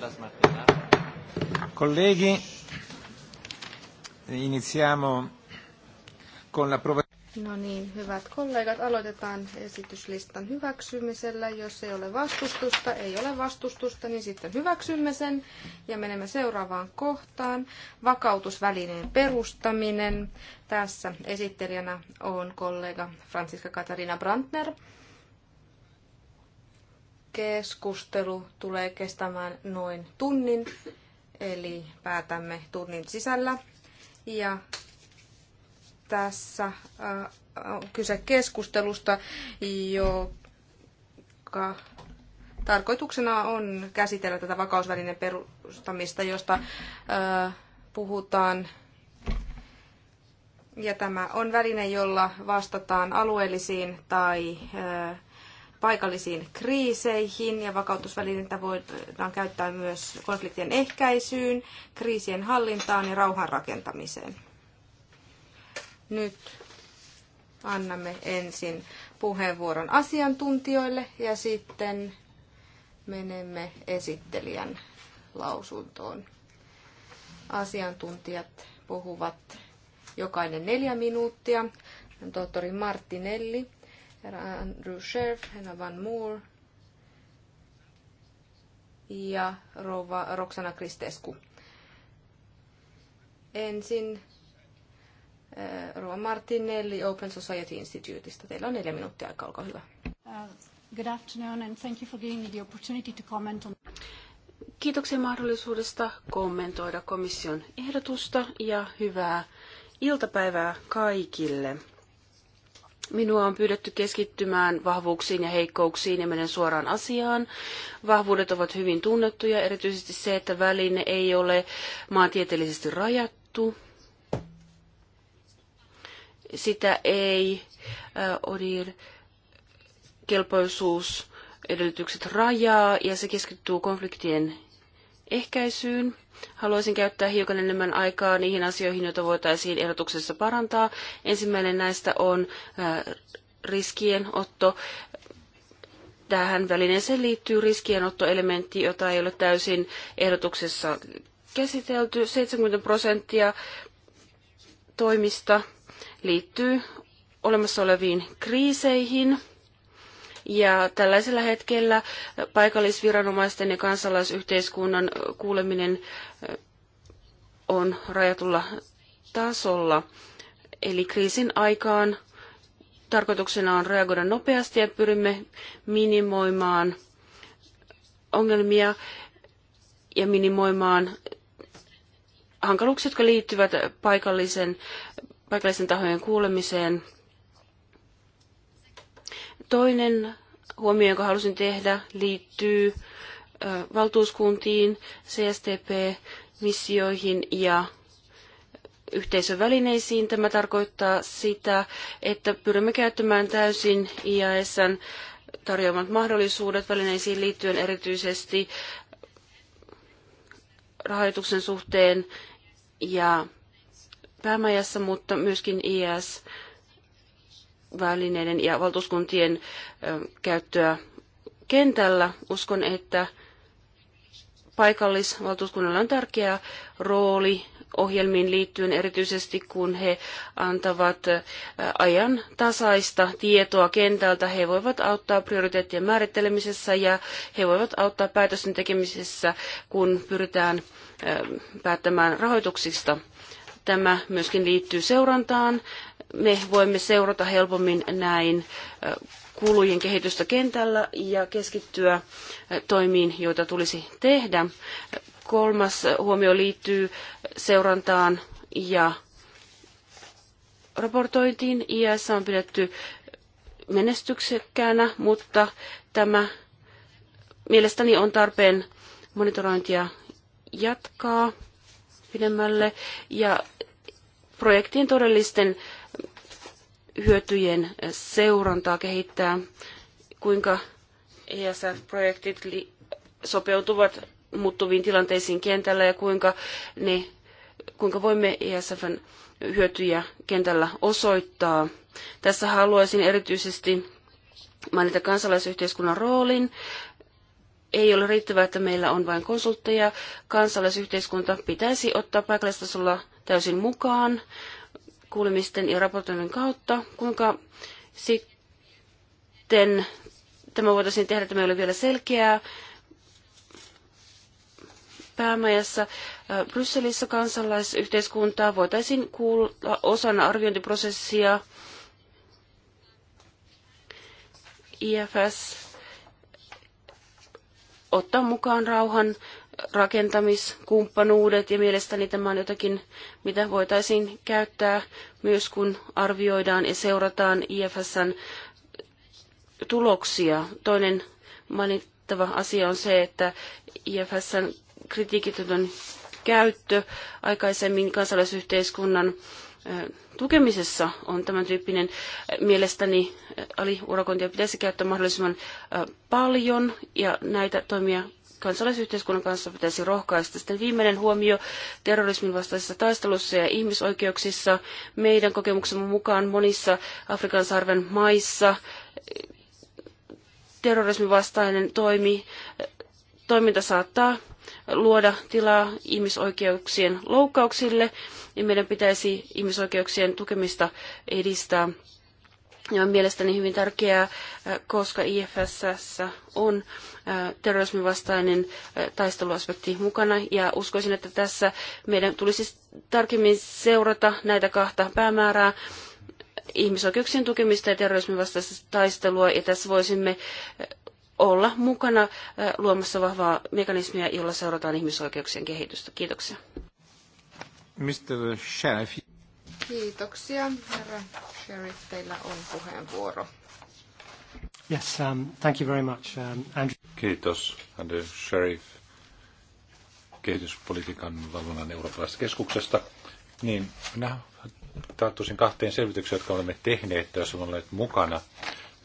la smattina. Colleghi, iniziamo con l'approvazione. No niin, hyvät kollegat, aloitetaan esityslistan hyväksymisellä. Jos ei ole vastustusta, ei ole vastustusta, niin sitten hyväksymme sen ja menemme seuraavaan kohtaan. Vakautusvälineen perustaminen. Tässä esittelijänä on kollega Franziska Katarina Brandner keskustelu tulee kestämään noin tunnin, eli päätämme tunnin sisällä. Ja tässä äh, on kyse keskustelusta, joka tarkoituksena on käsitellä tätä vakausvälineen perustamista, josta äh, puhutaan. Ja tämä on väline, jolla vastataan alueellisiin tai äh, paikallisiin kriiseihin ja vakautusvälineitä voidaan käyttää myös konfliktien ehkäisyyn, kriisien hallintaan ja rauhan rakentamiseen. Nyt annamme ensin puheenvuoron asiantuntijoille ja sitten menemme esittelijän lausuntoon. Asiantuntijat puhuvat jokainen neljä minuuttia. Tohtori Martinelli herra Andrew Scherf, Henna Van Moore ja rouva Roxana Kristesku. Ensin eh, Rova Martinelli Open Society Instituuteista. Teillä on neljä minuuttia aikaa, olkaa hyvä. Uh, good afternoon and thank you for giving me the opportunity to comment on... Kiitoksia mahdollisuudesta kommentoida komission ehdotusta ja hyvää iltapäivää kaikille. Minua on pyydetty keskittymään vahvuuksiin ja heikkouksiin ja menen suoraan asiaan. Vahvuudet ovat hyvin tunnettuja, erityisesti se, että väline ei ole maantieteellisesti rajattu. Sitä ei äh, ODIR kelpoisuusedellytykset rajaa ja se keskittyy konfliktien ehkäisyyn. Haluaisin käyttää hiukan enemmän aikaa niihin asioihin, joita voitaisiin ehdotuksessa parantaa. Ensimmäinen näistä on riskienotto. Tähän välineeseen liittyy riskienottoelementti, jota ei ole täysin ehdotuksessa käsitelty. 70 prosenttia toimista liittyy olemassa oleviin kriiseihin – ja tällaisella hetkellä paikallisviranomaisten ja kansalaisyhteiskunnan kuuleminen on rajatulla tasolla. Eli kriisin aikaan tarkoituksena on reagoida nopeasti ja pyrimme minimoimaan ongelmia ja minimoimaan hankaluuksia, jotka liittyvät paikallisen, paikallisen tahojen kuulemiseen – Toinen huomio, jonka halusin tehdä, liittyy valtuuskuntiin, CSTP-missioihin ja yhteisövälineisiin. Tämä tarkoittaa sitä, että pyrimme käyttämään täysin IASn tarjoamat mahdollisuudet välineisiin liittyen erityisesti rahoituksen suhteen ja päämajassa, mutta myöskin IAS välineiden ja valtuuskuntien käyttöä kentällä. Uskon, että paikallisvaltuuskunnalla on tärkeä rooli ohjelmiin liittyen erityisesti, kun he antavat ajan tasaista tietoa kentältä. He voivat auttaa prioriteettien määrittelemisessä ja he voivat auttaa päätösten tekemisessä, kun pyritään päättämään rahoituksista. Tämä myöskin liittyy seurantaan. Me voimme seurata helpommin näin kulujen kehitystä kentällä ja keskittyä toimiin, joita tulisi tehdä. Kolmas huomio liittyy seurantaan ja raportointiin. IS on pidetty menestyksekkäänä, mutta tämä mielestäni on tarpeen monitorointia jatkaa pidemmälle ja projektien todellisten hyötyjen eh, seurantaa kehittää, kuinka ESF-projektit sopeutuvat muuttuviin tilanteisiin kentällä ja kuinka, ne, kuinka voimme ESFn hyötyjä kentällä osoittaa. Tässä haluaisin erityisesti mainita kansalaisyhteiskunnan roolin, ei ole riittävää, että meillä on vain konsultteja. Kansalaisyhteiskunta pitäisi ottaa paikallistasolla täysin mukaan kuulemisten ja raportoinnin kautta. Kuinka sitten tämä voitaisiin tehdä, että meillä ei ole vielä selkeää päämajassa Brysselissä kansalaisyhteiskuntaa voitaisiin kuulla osana arviointiprosessia. IFS ottaa mukaan rauhan rakentamiskumppanuudet ja mielestäni tämä on jotakin, mitä voitaisiin käyttää myös kun arvioidaan ja seurataan IFSn tuloksia. Toinen mainittava asia on se, että IFSn kritiikitön käyttö aikaisemmin kansalaisyhteiskunnan tukemisessa on tämän tyyppinen. Mielestäni aliurakointia pitäisi käyttää mahdollisimman paljon ja näitä toimia kansalaisyhteiskunnan kanssa pitäisi rohkaista. Sitten viimeinen huomio terrorismin vastaisessa taistelussa ja ihmisoikeuksissa. Meidän kokemuksemme mukaan monissa Afrikan sarven maissa terrorismin vastainen toimi, toiminta saattaa luoda tilaa ihmisoikeuksien loukkauksille ja niin meidän pitäisi ihmisoikeuksien tukemista edistää. Ja on mielestäni hyvin tärkeää, äh, koska IFSS on äh, terrorismin vastainen äh, taisteluaspekti mukana. Ja uskoisin, että tässä meidän tulisi tarkemmin seurata näitä kahta päämäärää, ihmisoikeuksien tukemista ja terrorismin vastaista taistelua. Ja tässä voisimme olla mukana luomassa vahvaa mekanismia, jolla seurataan ihmisoikeuksien kehitystä. Kiitoksia. Mr. Sheriff. Kiitoksia, herra Sheriff. Teillä on puheenvuoro. Yes, um, thank you very much, um, Andrew. Kiitos, Andrew Sheriff kehityspolitiikan valvonnan eurooppalaisesta keskuksesta. Niin, minä tarttuisin kahteen selvitykseen, jotka olemme tehneet, jos olemme olleet mukana,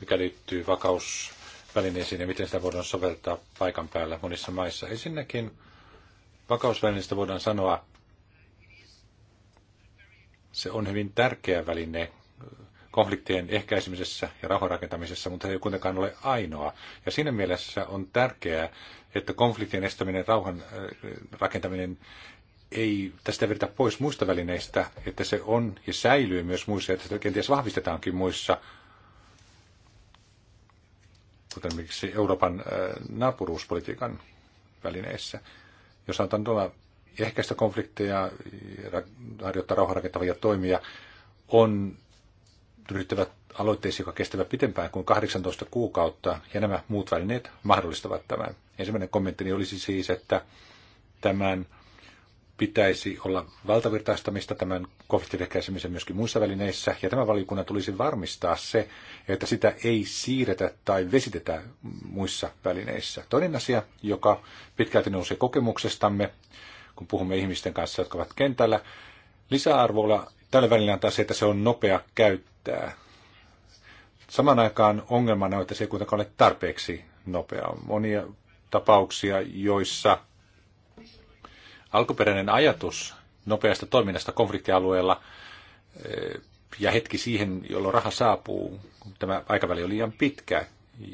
mikä liittyy vakaus vakausvälineisiin ja miten sitä voidaan soveltaa paikan päällä monissa maissa. Ensinnäkin vakausvälineistä voidaan sanoa, se on hyvin tärkeä väline konfliktien ehkäisemisessä ja rauhanrakentamisessa, mutta se ei kuitenkaan ole ainoa. Ja siinä mielessä on tärkeää, että konfliktien estäminen ja rauhan äh, rakentaminen ei tästä vedetä pois muista välineistä, että se on ja säilyy myös muissa, että sitä kenties vahvistetaankin muissa kuten miksi Euroopan äh, naapuruuspolitiikan välineissä. Jos antaa tuolla ehkäistä konflikteja, harjoittaa rauhanrakentavia toimia, on ryhtyvä aloitteisiin, joka kestävät pitempään kuin 18 kuukautta, ja nämä muut välineet mahdollistavat tämän. Ensimmäinen kommenttini olisi siis, että tämän pitäisi olla valtavirtaistamista tämän konfliktin ehkäisemisen myöskin muissa välineissä, ja tämän valiokunnan tulisi varmistaa se, että sitä ei siirretä tai vesitetä muissa välineissä. Toinen asia, joka pitkälti nousee kokemuksestamme, kun puhumme ihmisten kanssa, jotka ovat kentällä, lisäarvolla tällä välillä antaa se, että se on nopea käyttää. Saman aikaan ongelmana on, että se ei kuitenkaan ole tarpeeksi nopea. On monia tapauksia, joissa Alkuperäinen ajatus nopeasta toiminnasta konfliktialueella eh, ja hetki siihen, jolloin raha saapuu, tämä aikaväli oli liian pitkä,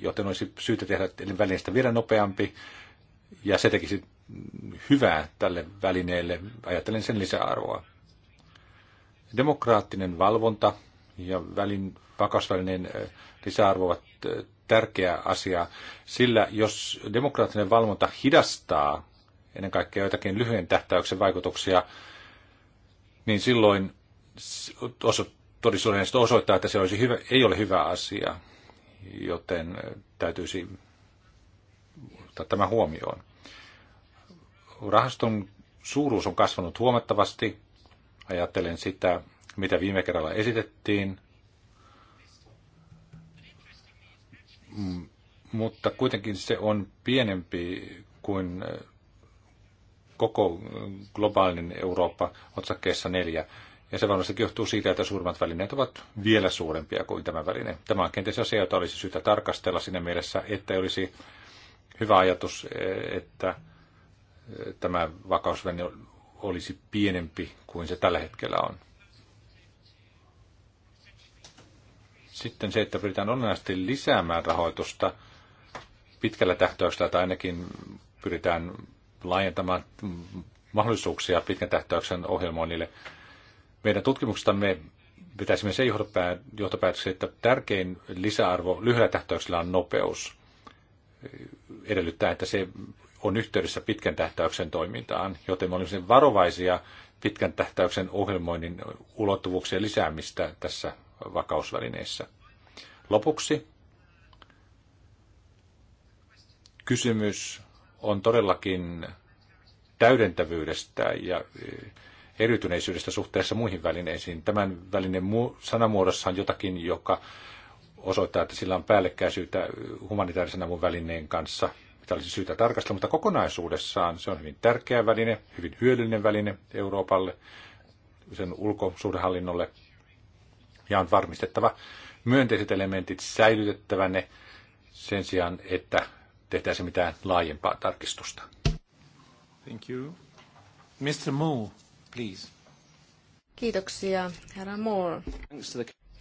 joten olisi syytä tehdä välineestä vielä nopeampi, ja se tekisi hyvää tälle välineelle, ajattelen sen lisäarvoa. Demokraattinen valvonta ja välin, vakausvälineen eh, lisäarvo ovat eh, tärkeä asia, sillä jos demokraattinen valvonta hidastaa ennen kaikkea joitakin lyhyen tähtäyksen vaikutuksia, niin silloin todellisuudessa osoittaa, että se olisi hyvä, ei ole hyvä asia, joten täytyisi ottaa tämä huomioon. Rahaston suuruus on kasvanut huomattavasti. Ajattelen sitä, mitä viime kerralla esitettiin. Mutta kuitenkin se on pienempi kuin koko äh, globaalinen Eurooppa otsakkeessa neljä. Ja se varmasti johtuu siitä, että suurimmat välineet ovat vielä suurempia kuin tämä väline. Tämä on kenties asia, jota olisi syytä tarkastella siinä mielessä, että olisi hyvä ajatus, e, että e, tämä vakausväline olisi pienempi kuin se tällä hetkellä on. Sitten se, että pyritään onnellisesti lisäämään rahoitusta pitkällä tähtäyksellä tai ainakin pyritään laajentamaan mahdollisuuksia pitkän tähtäyksen ohjelmoinnille. Meidän tutkimuksestamme pitäisimme se johtopäätös, että tärkein lisäarvo lyhyellä tähtäyksellä on nopeus. Edellyttää, että se on yhteydessä pitkän tähtäyksen toimintaan, joten me olisimme varovaisia pitkän tähtäyksen ohjelmoinnin ulottuvuuksien lisäämistä tässä vakausvälineessä. Lopuksi kysymys on todellakin täydentävyydestä ja e, eriytyneisyydestä suhteessa muihin välineisiin. Tämän välineen sanamuodossa on jotakin, joka osoittaa, että sillä on päällekkäisyyttä humanitaarisen avun välineen kanssa, mitä olisi syytä tarkastella, mutta kokonaisuudessaan se on hyvin tärkeä väline, hyvin hyödyllinen väline Euroopalle, sen ulkosuhdehallinnolle, ja on varmistettava myönteiset elementit säilytettävänne sen sijaan, että tehtäisiin mitään laajempaa tarkistusta. Thank you. Mr. Moore, please. Kiitoksia, herra Moore.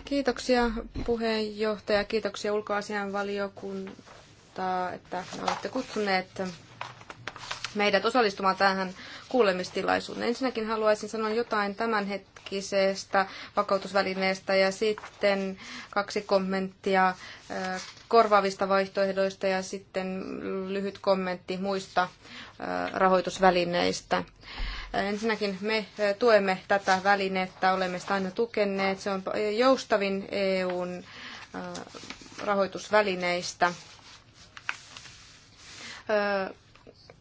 Kiitoksia puheenjohtaja, kiitoksia ulkoasianvaliokuntaa, että olette kutsuneet meidät osallistumaan tähän kuulemistilaisuuteen. Ensinnäkin haluaisin sanoa jotain tämän het- julkisesta vakautusvälineestä ja sitten kaksi kommenttia korvaavista vaihtoehdoista ja sitten lyhyt kommentti muista rahoitusvälineistä. Ensinnäkin me tuemme tätä välinettä, olemme sitä aina tukeneet. Se on joustavin EUn rahoitusvälineistä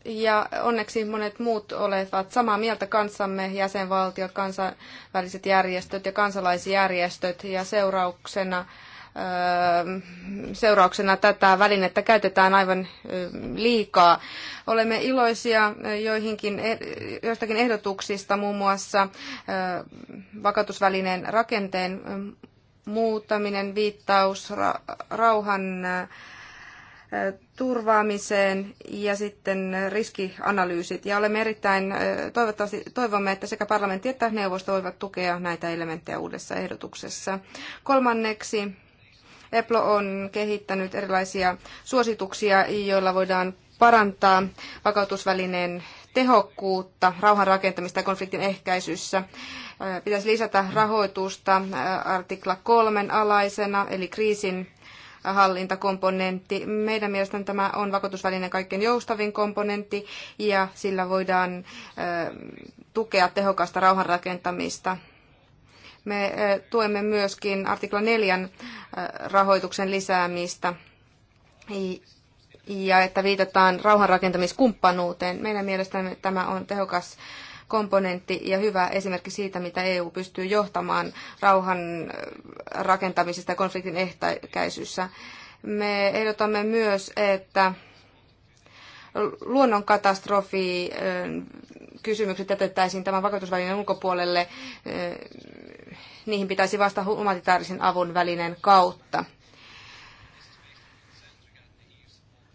ja onneksi monet muut olevat samaa mieltä kanssamme, jäsenvaltiot, kansainväliset järjestöt ja kansalaisjärjestöt. Ja seurauksena, seurauksena tätä välinettä käytetään aivan liikaa. Olemme iloisia joihinkin, e, joistakin ehdotuksista, muun muassa vakautusvälineen rakenteen muuttaminen, viittaus rauhan turvaamiseen ja sitten riskianalyysit. Ja olemme erittäin, toivottavasti, toivomme, että sekä parlamentti että neuvosto voivat tukea näitä elementtejä uudessa ehdotuksessa. Kolmanneksi EPLO on kehittänyt erilaisia suosituksia, joilla voidaan parantaa vakautusvälineen tehokkuutta rauhan rakentamista ja konfliktin ehkäisyssä. Pitäisi lisätä rahoitusta artikla kolmen alaisena, eli kriisin hallintakomponentti. Meidän mielestämme tämä on vakuutusvälineen kaikkein joustavin komponentti ja sillä voidaan tukea tehokasta rauhanrakentamista. Me tuemme myöskin artikla 4 rahoituksen lisäämistä ja että viitataan rauhanrakentamiskumppanuuteen. Meidän mielestämme tämä on tehokas komponentti ja hyvä esimerkki siitä, mitä EU pystyy johtamaan rauhan äh, rakentamisesta ja konfliktin ehkäisyssä. Me ehdotamme myös, että luonnonkatastrofi äh, kysymykset jätettäisiin tämän vakautusvälineen ulkopuolelle. Äh, niihin pitäisi vastata humanitaarisen avun välinen kautta.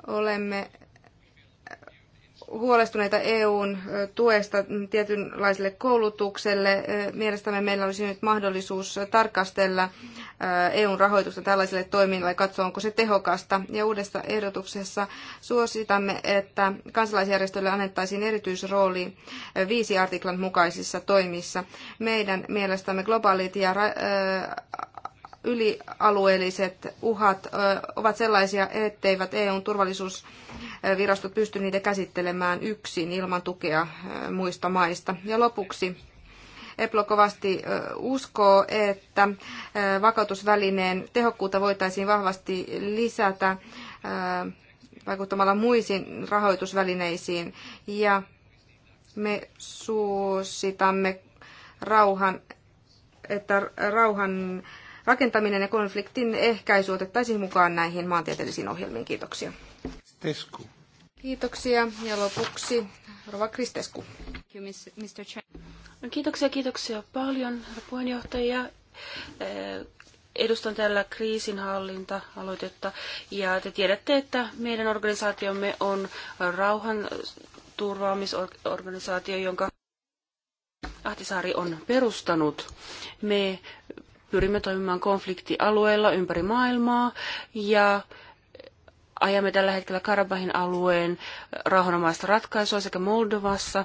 Olemme huolestuneita EUn tuesta tietynlaiselle koulutukselle. Mielestämme meillä olisi nyt mahdollisuus tarkastella EUn rahoitusta tällaiselle toiminnalle ja katsoa, onko se tehokasta. Ja uudessa ehdotuksessa suositamme, että kansalaisjärjestöille annettaisiin erityisrooli viisi artiklan mukaisissa toimissa. Meidän mielestämme globaalit ja ylialueelliset uhat ovat sellaisia, etteivät EUn turvallisuusvirastot pysty niitä käsittelemään yksin ilman tukea muista maista. Ja lopuksi Eplo kovasti uskoo, että vakautusvälineen tehokkuutta voitaisiin vahvasti lisätä vaikuttamalla muisiin rahoitusvälineisiin ja me suositamme rauhan, että rauhan rakentaminen ja konfliktin ehkäisy otettaisiin mukaan näihin maantieteellisiin ohjelmiin. Kiitoksia. Tesku. Kiitoksia ja lopuksi Rova Kristesku. No, kiitoksia, kiitoksia paljon puheenjohtaja. Eh, edustan tällä kriisinhallinta-aloitetta ja te tiedätte, että meidän organisaatiomme on rauhan turvaamisorganisaatio, jonka Ahtisaari on perustanut. Me pyrimme toimimaan konfliktialueilla ympäri maailmaa ja ajamme tällä hetkellä Karabahin alueen rauhanomaista ratkaisua sekä Moldovassa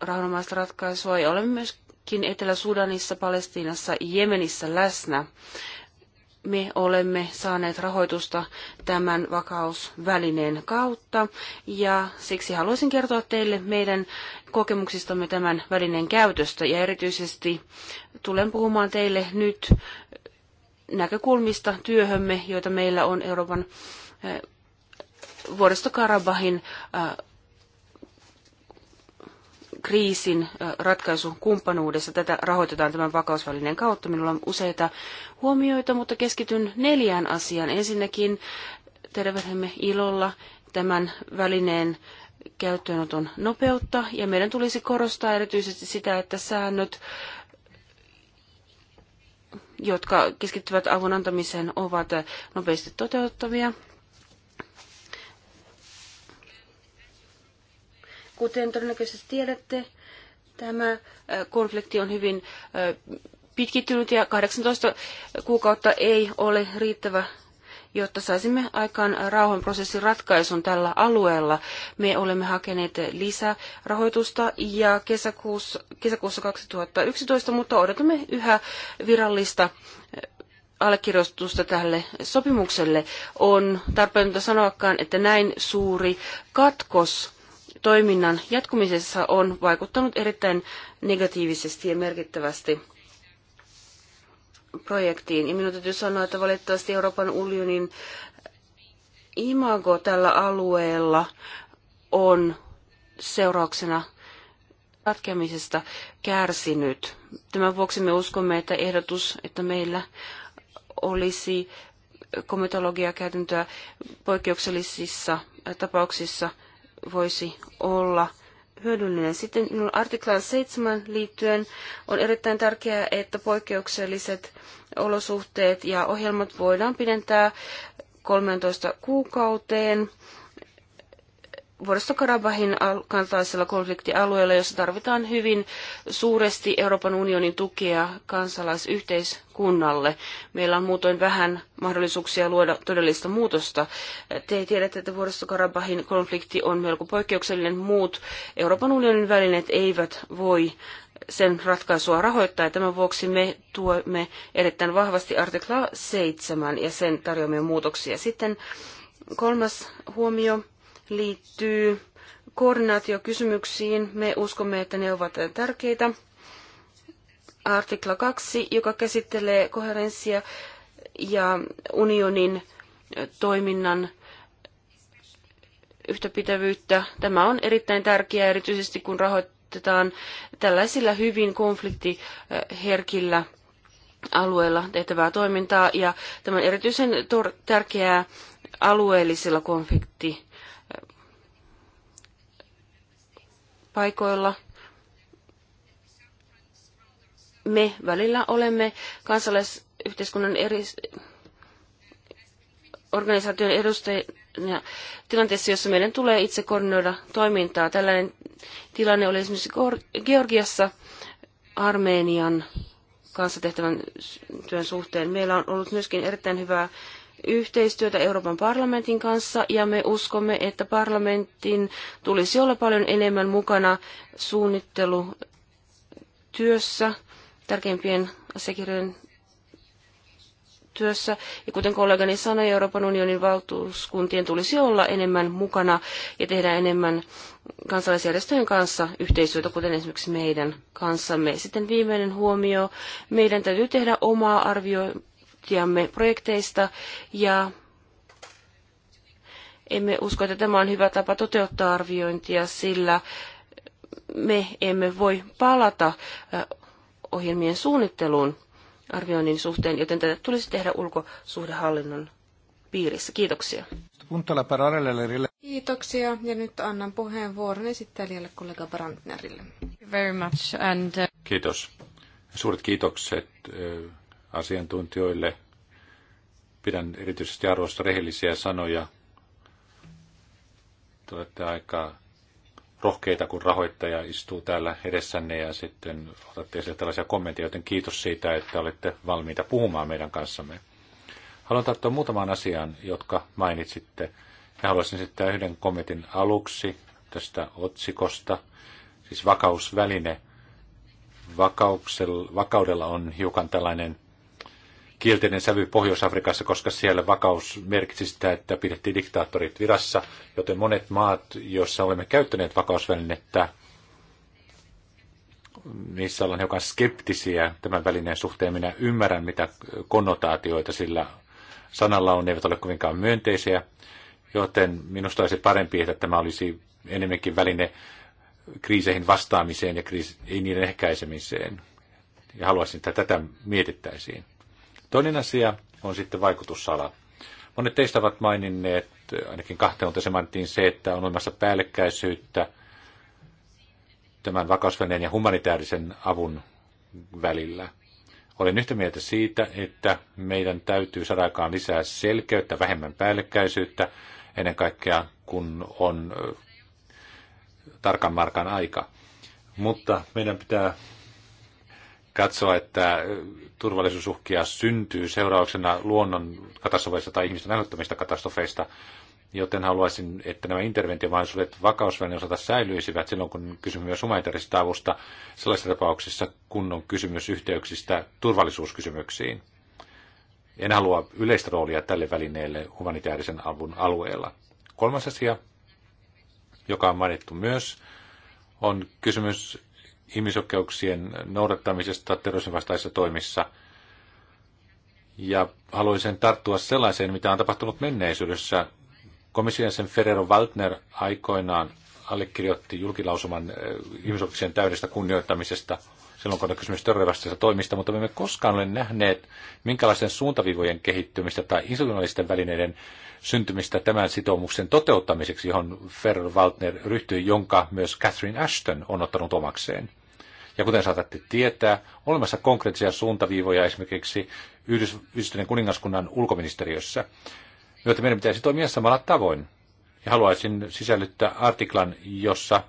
rauhanomaista ratkaisua ja olemme myöskin Etelä-Sudanissa, Palestiinassa, Jemenissä läsnä me olemme saaneet rahoitusta tämän vakausvälineen kautta ja siksi haluaisin kertoa teille meidän kokemuksistamme tämän välineen käytöstä ja erityisesti tulen puhumaan teille nyt näkökulmista työhömme, joita meillä on Euroopan eh, vuoristokarabahin eh, kriisin ratkaisukumppanuudessa. kumppanuudessa. Tätä rahoitetaan tämän vakausvälineen kautta. Minulla on useita huomioita, mutta keskityn neljään asiaan. Ensinnäkin tervehdemme ilolla tämän välineen käyttöönoton nopeutta ja meidän tulisi korostaa erityisesti sitä, että säännöt jotka keskittyvät avun antamiseen, ovat nopeasti toteuttavia. Kuten todennäköisesti tiedätte, tämä äh, konflikti on hyvin äh, pitkittynyt ja 18 kuukautta ei ole riittävä jotta saisimme aikaan rauhanprosessin ratkaisun tällä alueella. Me olemme hakeneet lisärahoitusta ja kesäkuussa, kesäkuussa 2011, mutta odotamme yhä virallista äh, allekirjoitusta tälle sopimukselle. On tarpeellista sanoakaan, että näin suuri katkos toiminnan jatkumisessa on vaikuttanut erittäin negatiivisesti ja merkittävästi projektiin. Ja minun täytyy sanoa, että valitettavasti Euroopan unionin imago tällä alueella on seurauksena katkeamisesta kärsinyt. Tämän vuoksi me uskomme, että ehdotus, että meillä olisi komitologiakäytäntöä poikkeuksellisissa tapauksissa – voisi olla hyödyllinen. Sitten artiklaan 7 liittyen on erittäin tärkeää, että poikkeukselliset olosuhteet ja ohjelmat voidaan pidentää 13 kuukauteen Vuoristokarabahin kaltaisella konfliktialueella, jossa tarvitaan hyvin suuresti Euroopan unionin tukea kansalaisyhteiskunnalle. Meillä on muutoin vähän mahdollisuuksia luoda todellista muutosta. Te tiedätte, että Vuoristokarabahin konflikti on melko poikkeuksellinen. Muut Euroopan unionin välineet eivät voi sen ratkaisua rahoittaa. Ja tämän vuoksi me tuemme erittäin vahvasti artiklaa 7 ja sen tarjoamia muutoksia. Sitten kolmas huomio liittyy koordinaatiokysymyksiin. Me uskomme, että ne ovat tärkeitä. Artikla 2, joka käsittelee koherenssia ja unionin toiminnan yhtäpitävyyttä. Tämä on erittäin tärkeää, erityisesti kun rahoitetaan tällaisilla hyvin konfliktiherkillä alueilla tehtävää toimintaa, ja tämä on erityisen tärkeää alueellisilla konfliktialueilla paikoilla me välillä olemme kansalaisyhteiskunnan eri organisaation edustajia tilanteessa, jossa meidän tulee itse koordinoida toimintaa. Tällainen tilanne oli esimerkiksi Georgiassa Armenian kanssa tehtävän työn suhteen. Meillä on ollut myöskin erittäin hyvää yhteistyötä Euroopan parlamentin kanssa ja me uskomme, että parlamentin tulisi olla paljon enemmän mukana suunnittelutyössä, tärkeimpien asiakirjojen työssä. Ja kuten kollegani sanoi, Euroopan unionin valtuuskuntien tulisi olla enemmän mukana ja tehdä enemmän kansalaisjärjestöjen kanssa yhteistyötä, kuten esimerkiksi meidän kanssamme. Sitten viimeinen huomio. Meidän täytyy tehdä omaa arviointia raporttiamme projekteista ja emme usko, että tämä on hyvä tapa toteuttaa arviointia, sillä me emme voi palata ohjelmien suunnitteluun arvioinnin suhteen, joten tätä tulisi tehdä ulkosuhdehallinnon piirissä. Kiitoksia. Kiitoksia ja nyt annan puheenvuoron esittelijälle kollega Brandnerille. Very much and, uh, Kiitos. Suuret kiitokset asiantuntijoille. Pidän erityisesti arvosta rehellisiä sanoja. Te olette aika rohkeita, kun rahoittaja istuu täällä edessänne ja sitten otatte esille tällaisia kommentteja, joten kiitos siitä, että olette valmiita puhumaan meidän kanssamme. Haluan tarttua muutamaan asiaan, jotka mainitsitte. Ja haluaisin esittää yhden kommentin aluksi tästä otsikosta, siis vakausväline. Vakauksel, vakaudella on hiukan tällainen kielteinen sävy Pohjois-Afrikassa, koska siellä vakaus merkitsi sitä, että pidettiin diktaattorit virassa, joten monet maat, joissa olemme käyttäneet vakausvälinettä, niissä ollaan hiukan skeptisiä tämän välineen suhteen. Minä ymmärrän, mitä konnotaatioita sillä sanalla on, ne eivät ole kovinkaan myönteisiä, joten minusta olisi parempi, että tämä olisi enemmänkin väline kriiseihin vastaamiseen ja ei niiden ehkäisemiseen. Ja haluaisin, että tätä mietittäisiin. Toinen asia on sitten vaikutusala. Monet teistä ovat maininneet, ainakin kahteen on mainittiin se, että on olemassa päällekkäisyyttä tämän vakausvälineen ja humanitaarisen avun välillä. Olen yhtä mieltä siitä, että meidän täytyy saada aikaan lisää selkeyttä, vähemmän päällekkäisyyttä, ennen kaikkea kun on tarkan markan aika. Mutta meidän pitää katsoa, että äh, turvallisuusuhkia syntyy seurauksena luonnon katastrofeista tai ihmisten aiheuttamista katastrofeista, joten haluaisin, että nämä interventiomahdollisuudet vakausvälineen osalta säilyisivät silloin, kun kysymys myös humanitaarisesta avusta sellaisissa tapauksissa, kun on kysymys yhteyksistä turvallisuuskysymyksiin. En halua yleistä roolia tälle välineelle humanitaarisen avun alueella. Kolmas asia, joka on mainittu myös, on kysymys ihmisoikeuksien noudattamisesta terrorisminvastaisissa toimissa. Ja haluaisin tarttua sellaiseen, mitä on tapahtunut menneisyydessä. Komission sen Ferrero Waltner aikoinaan allekirjoitti julkilausuman eh, ihmisoikeuksien täydestä kunnioittamisesta – silloin, kun on kysymys terrorivastaisista toimista, mutta me emme koskaan ole nähneet, minkälaisten suuntavivojen kehittymistä tai institutionaalisten välineiden syntymistä tämän sitoumuksen toteuttamiseksi, johon Ferrer Waltner ryhtyi, jonka myös Catherine Ashton on ottanut omakseen. Ja kuten saatatte tietää, olemassa konkreettisia suuntaviivoja esimerkiksi yhdysvallan Yhdistyneen kuningaskunnan ulkoministeriössä, joita meidän pitäisi toimia samalla tavoin. Ja haluaisin sisällyttää artiklan, jossa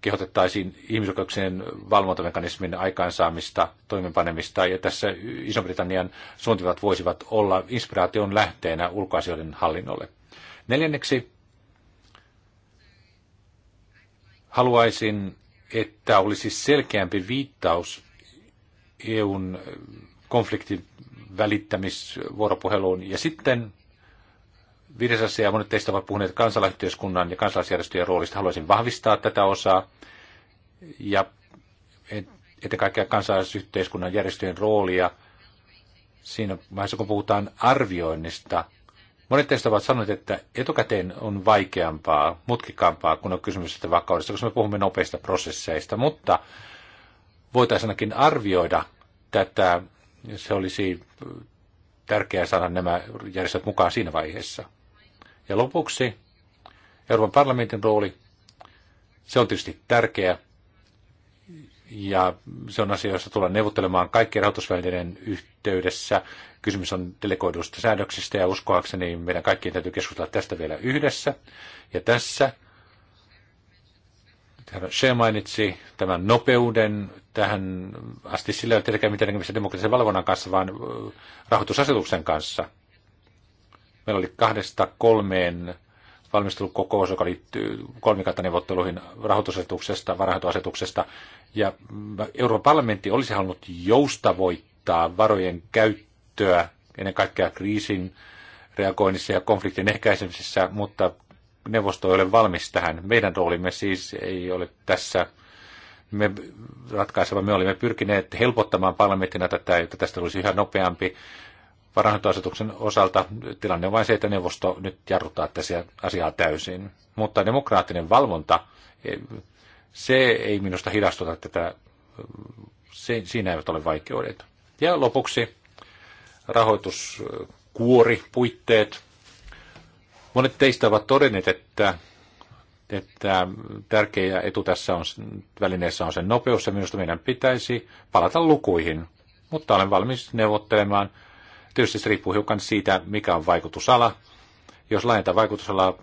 kehotettaisiin ihmisoikeuksien valvontamekanismin aikaansaamista, toimenpanemista, ja tässä Iso-Britannian suuntivat voisivat olla inspiraation lähteenä ulkoasioiden hallinnolle. Neljänneksi haluaisin, että olisi selkeämpi viittaus EUn konfliktin välittämisvuoropuheluun. Ja sitten viides asia, ja monet teistä ovat puhuneet kansalaisyhteiskunnan ja kansalaisjärjestöjen roolista. Haluaisin vahvistaa tätä osaa ja ennen kaikkea kansalaisyhteiskunnan järjestöjen roolia siinä vaiheessa, kun puhutaan arvioinnista. Monet teistä ovat sanoneet, että etukäteen on vaikeampaa, mutkikampaa, kun on kysymys sitä vakaudesta, koska me puhumme nopeista prosesseista, mutta voitaisiin ainakin arvioida tätä, se olisi tärkeää saada nämä järjestöt mukaan siinä vaiheessa. Ja lopuksi Euroopan parlamentin rooli, se on tietysti tärkeä, ja se on asia, jossa tullaan neuvottelemaan kaikkien rahoitusvälineiden yhteydessä. Kysymys on delegoiduista säädöksistä ja uskoakseni meidän kaikkien täytyy keskustella tästä vielä yhdessä. Ja tässä se mainitsi tämän nopeuden tähän asti sillä ei ole tietenkään mitään demokratisen demokraattisen valvonnan kanssa, vaan rahoitusasetuksen kanssa. Meillä oli kahdesta kolmeen valmistelukokous, joka liittyy kolmikantaneuvotteluihin rahoitusasetuksesta, varahoitusasetuksesta. Ja Euroopan parlamentti olisi halunnut joustavoittaa varojen käyttöä ennen kaikkea kriisin reagoinnissa ja konfliktin ehkäisemisessä, mutta neuvosto ei ole valmis tähän. Meidän roolimme siis ei ole tässä me ratkaiseva. Me olimme pyrkineet helpottamaan parlamenttina tätä, että tästä olisi yhä nopeampi varainhoitoasetuksen osalta tilanne on vain se, että neuvosto nyt jarruttaa tässä asiaa täysin. Mutta demokraattinen valvonta, se ei minusta hidastuta tätä, se, siinä eivät ole vaikeudet. Ja lopuksi rahoituskuori, puitteet. Monet teistä ovat todenneet, että, että tärkeä etu tässä on, välineessä on sen nopeus, ja minusta meidän pitäisi palata lukuihin. Mutta olen valmis neuvottelemaan – Tietysti se riippuu hiukan siitä, mikä on vaikutusala. Jos laajentaa vaikutusalaa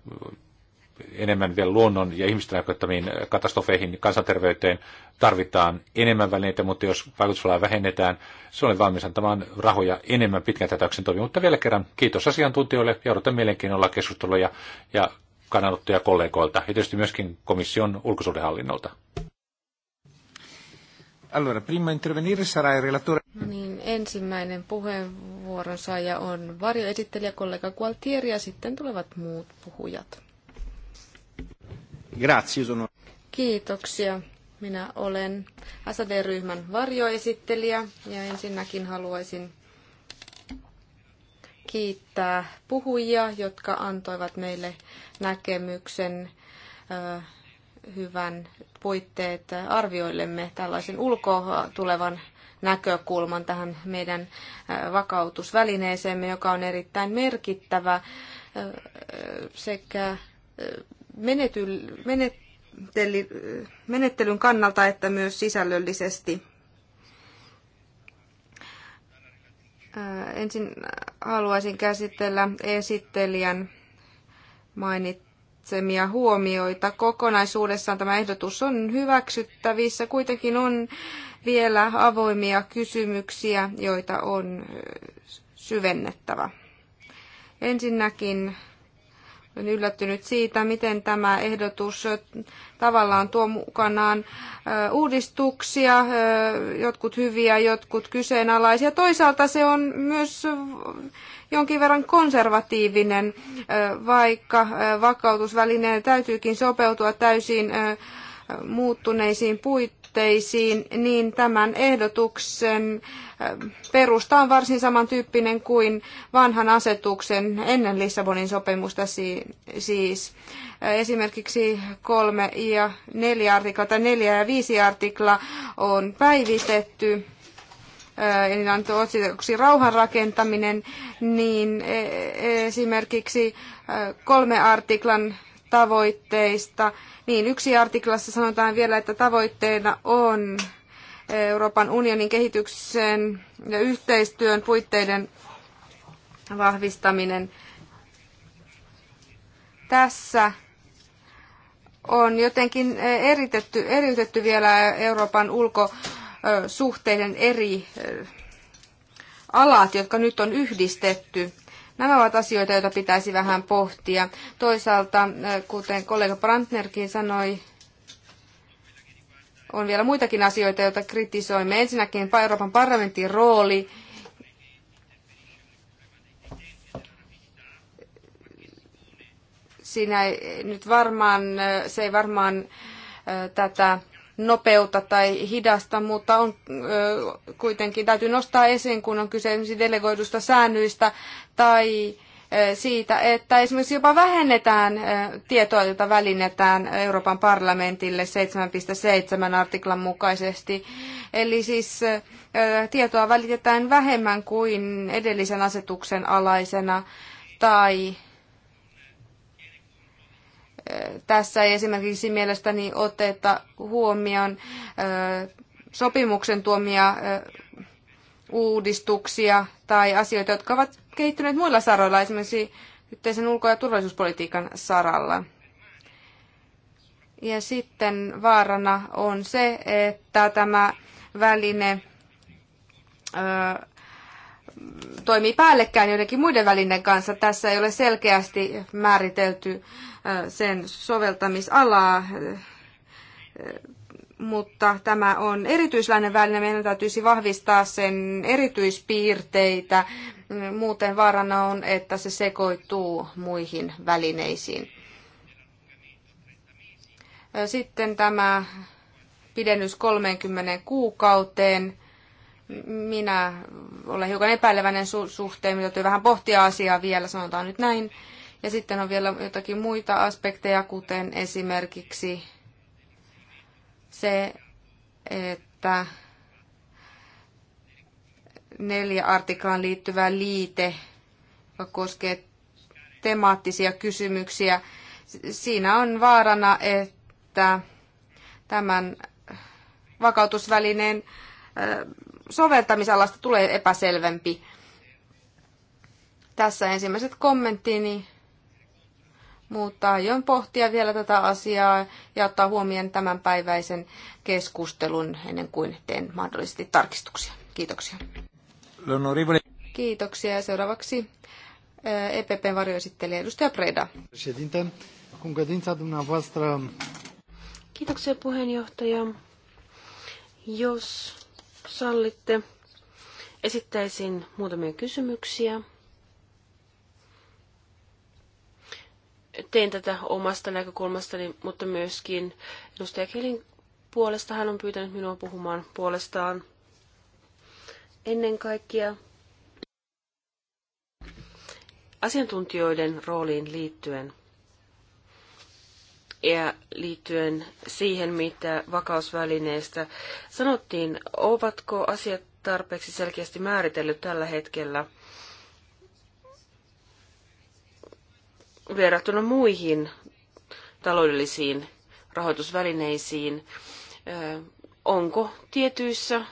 enemmän vielä luonnon ja ihmisten aiheuttamiin katastrofeihin, kansanterveyteen tarvitaan enemmän välineitä, mutta jos vaikutusalaa vähennetään, se olen valmis antamaan rahoja enemmän pitkän tätäyksen toimiin. Mutta vielä kerran kiitos asiantuntijoille ja odotan mielenkiinnolla keskusteluja ja kannanottoja kollegoilta ja tietysti myöskin komission ulkosuudenhallinnolta. Allora, prima intervenire sarà il relatore. No niin, ensimmäinen puheenvuoron saaja on varjoesittelijä kollega Gualtieri ja sitten tulevat muut puhujat. Grazie, sono... Kiitoksia. Minä olen SAD-ryhmän varjoesittelijä ja ensinnäkin haluaisin kiittää puhujia, jotka antoivat meille näkemyksen hyvän puitteet arvioillemme tällaisen ulkoa tulevan näkökulman tähän meidän äh, vakautusvälineeseemme, joka on erittäin merkittävä äh, sekä äh, menety, menettely, menettelyn kannalta että myös sisällöllisesti. Ensin haluaisin käsitellä esittelijän mainit, mainitsemia huomioita. Kokonaisuudessaan tämä ehdotus on hyväksyttävissä. Kuitenkin on vielä avoimia kysymyksiä, joita on syvennettävä. Ensinnäkin olen yllättynyt siitä, miten tämä ehdotus tavallaan tuo mukanaan uudistuksia, jotkut hyviä, jotkut kyseenalaisia. Toisaalta se on myös jonkin verran konservatiivinen, vaikka vakautusvälineen täytyykin sopeutua täysin muuttuneisiin puitteisiin tavoitteisiin, niin tämän ehdotuksen äh, perusta on varsin samantyyppinen kuin vanhan asetuksen ennen Lissabonin sopimusta siis. Äh, esimerkiksi kolme ja neljä artikla tai neljä ja viisi artikla on päivitetty äh, eli on otsikoksi rauhan rakentaminen, niin e-, e-, esimerkiksi kolme artiklan tavoitteista, niin yksi artiklassa sanotaan vielä, että tavoitteena on Euroopan unionin kehityksen ja yhteistyön puitteiden vahvistaminen. Tässä on jotenkin eritetty, eriytetty vielä Euroopan ulkosuhteiden eri alat, jotka nyt on yhdistetty. Nämä ovat asioita, joita pitäisi vähän pohtia. Toisaalta, kuten kollega Brandnerkin sanoi, on vielä muitakin asioita, joita kritisoimme. Ensinnäkin Euroopan parlamentin rooli siinä ei nyt varmaan, se ei varmaan tätä nopeuta tai hidasta, mutta on kuitenkin täytyy nostaa esiin, kun on kyse esimerkiksi delegoidusta säännöistä tai siitä, että esimerkiksi jopa vähennetään tietoa, jota välinnetään Euroopan parlamentille 7.7 artiklan mukaisesti. Eli siis tietoa välitetään vähemmän kuin edellisen asetuksen alaisena tai tässä ei esimerkiksi mielestäni oteta huomioon sopimuksen tuomia uudistuksia tai asioita, jotka ovat kehittyneet muilla saroilla, esimerkiksi yhteisen ulko- ja turvallisuuspolitiikan saralla. Ja sitten vaarana on se, että tämä väline ö, toimii päällekkäin joidenkin muiden välineiden kanssa. Tässä ei ole selkeästi määritelty sen soveltamisalaa, mutta tämä on erityisläinen väline. Meidän täytyisi vahvistaa sen erityispiirteitä. Muuten vaarana on, että se sekoittuu muihin välineisiin. Sitten tämä pidennys 30 kuukauteen minä olen hiukan epäileväinen su- suhteen, täytyy vähän pohtia asiaa vielä, sanotaan nyt näin. Ja sitten on vielä jotakin muita aspekteja, kuten esimerkiksi se, että neljä artiklaan liittyvä liite, joka koskee temaattisia kysymyksiä. Siinä on vaarana, että tämän vakautusvälineen soveltamisalasta tulee epäselvempi. Tässä ensimmäiset kommenttini, mutta aion pohtia vielä tätä asiaa ja ottaa huomioon tämänpäiväisen keskustelun ennen kuin teen mahdollisesti tarkistuksia. Kiitoksia. Kiitoksia ja seuraavaksi EPPn eh, e varjoesittelijä edustaja Preda. Kiitoksia puheenjohtaja. Jos sallitte, esittäisin muutamia kysymyksiä. Tein tätä omasta näkökulmastani, mutta myöskin edustaja Kelin puolesta. Hän on pyytänyt minua puhumaan puolestaan ennen kaikkea asiantuntijoiden rooliin liittyen ja liittyen siihen, mitä vakausvälineestä sanottiin, ovatko asiat tarpeeksi selkeästi määritellyt tällä hetkellä verrattuna muihin taloudellisiin rahoitusvälineisiin? Onko tietyissä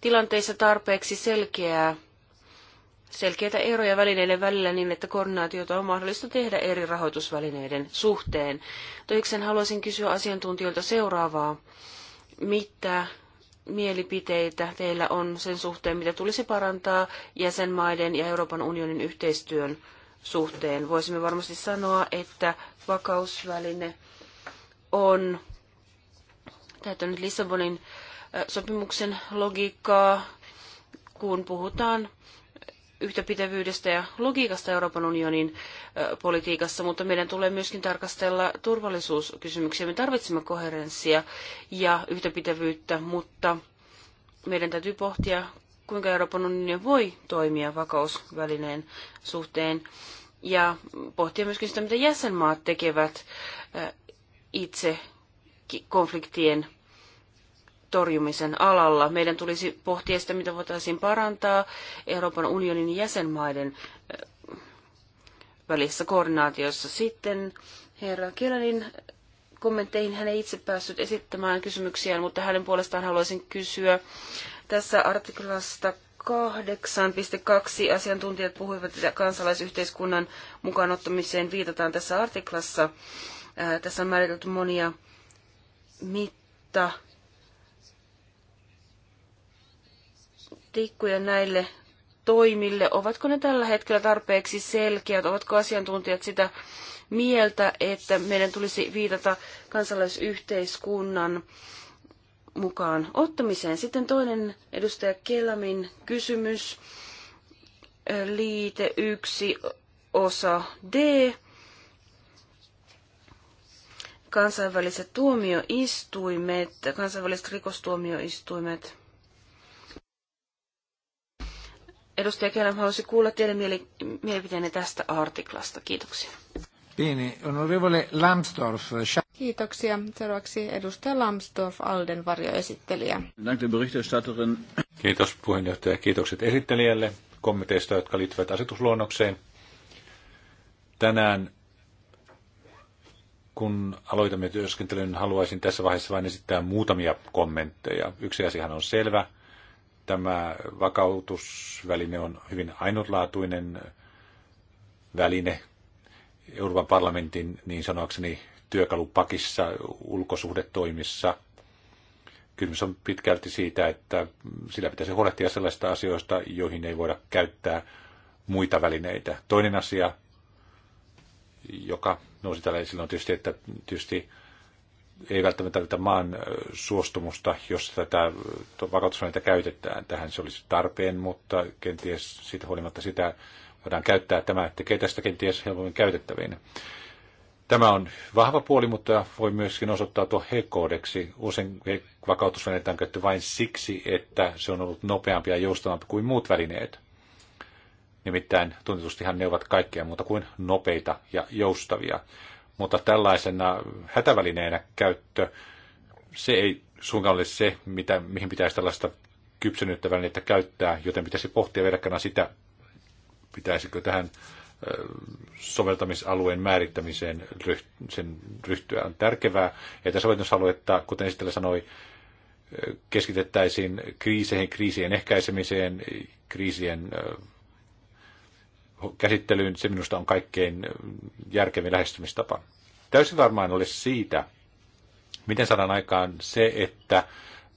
tilanteissa tarpeeksi selkeää selkeitä eroja välineiden välillä niin, että koordinaatiota on mahdollista tehdä eri rahoitusvälineiden suhteen. Toikseen haluaisin kysyä asiantuntijoilta seuraavaa. Mitä mielipiteitä teillä on sen suhteen, mitä tulisi parantaa jäsenmaiden ja Euroopan unionin yhteistyön suhteen? Voisimme varmasti sanoa, että vakausväline on täyttänyt Lissabonin sopimuksen logiikkaa, kun puhutaan yhtäpitävyydestä ja logiikasta Euroopan unionin politiikassa, mutta meidän tulee myöskin tarkastella turvallisuuskysymyksiä. Me tarvitsemme koherenssia ja yhtäpitävyyttä, mutta meidän täytyy pohtia, kuinka Euroopan unioni voi toimia vakausvälineen suhteen ja pohtia myöskin sitä, mitä jäsenmaat tekevät itse konfliktien torjumisen alalla. Meidän tulisi pohtia sitä, mitä voitaisiin parantaa Euroopan unionin jäsenmaiden eh, välissä koordinaatiossa. Sitten herra Kielanin kommentteihin hän ei itse päässyt esittämään kysymyksiä, mutta hänen puolestaan haluaisin kysyä tässä artiklasta 8.2 asiantuntijat puhuivat, että kansalaisyhteiskunnan mukaanottamiseen viitataan tässä artiklassa. Ää, tässä on määritelty monia mitta tikkuja näille toimille? Ovatko ne tällä hetkellä tarpeeksi selkeät? Ovatko asiantuntijat sitä mieltä, että meidän tulisi viitata kansalaisyhteiskunnan mukaan ottamiseen? Sitten toinen edustaja Kelamin kysymys, liite 1, osa D, kansainväliset tuomioistuimet, kansainväliset rikostuomioistuimet – Edustaja Kelem halusi kuulla teidän mielipiteenne tästä artiklasta. Kiitoksia. Bene, onorevole Lambsdorff. Kiitoksia. Seuraavaksi edustaja Lambsdorff, Alden varjoesittelijä. Kiitos puheenjohtaja. Kiitokset esittelijälle kommenteista, jotka liittyvät asetusluonnokseen. Tänään, kun aloitamme työskentelyn, haluaisin tässä vaiheessa vain esittää muutamia kommentteja. Yksi asiahan on selvä – Tämä vakautusväline on hyvin ainutlaatuinen väline Euroopan parlamentin niin sanokseni työkalupakissa, ulkosuhdetoimissa. Kysymys on pitkälti siitä, että sillä pitäisi huolehtia sellaista asioista, joihin ei voida käyttää muita välineitä. Toinen asia, joka nousi tällä esille, on tietysti, että tietysti ei välttämättä tarvita maan suostumusta, jos tätä vakautusvälineitä käytetään. Tähän se olisi tarpeen, mutta kenties siitä huolimatta sitä voidaan käyttää. Tämä tekee tästä kenties helpommin käytettäviin. Tämä on vahva puoli, mutta voi myöskin tuo heikkoudeksi. Usein vakautusvälineitä on käytetty vain siksi, että se on ollut nopeampi ja joustavampi kuin muut välineet. Nimittäin tunnetustihan ne ovat kaikkea muuta kuin nopeita ja joustavia mutta tällaisena hätävälineenä käyttö, se ei suinkaan ole se, mitä, mihin pitäisi tällaista kypsennyttä välineitä käyttää, joten pitäisi pohtia verkkana sitä, pitäisikö tähän soveltamisalueen määrittämiseen sen ryhtyä on tärkevää. Että soveltamisaluetta, kuten esittely sanoi, keskitettäisiin kriiseihin, kriisien ehkäisemiseen, kriisien käsittelyyn, se minusta on kaikkein järkevin lähestymistapa. Täysin varmaan olisi siitä, miten saadaan aikaan se, että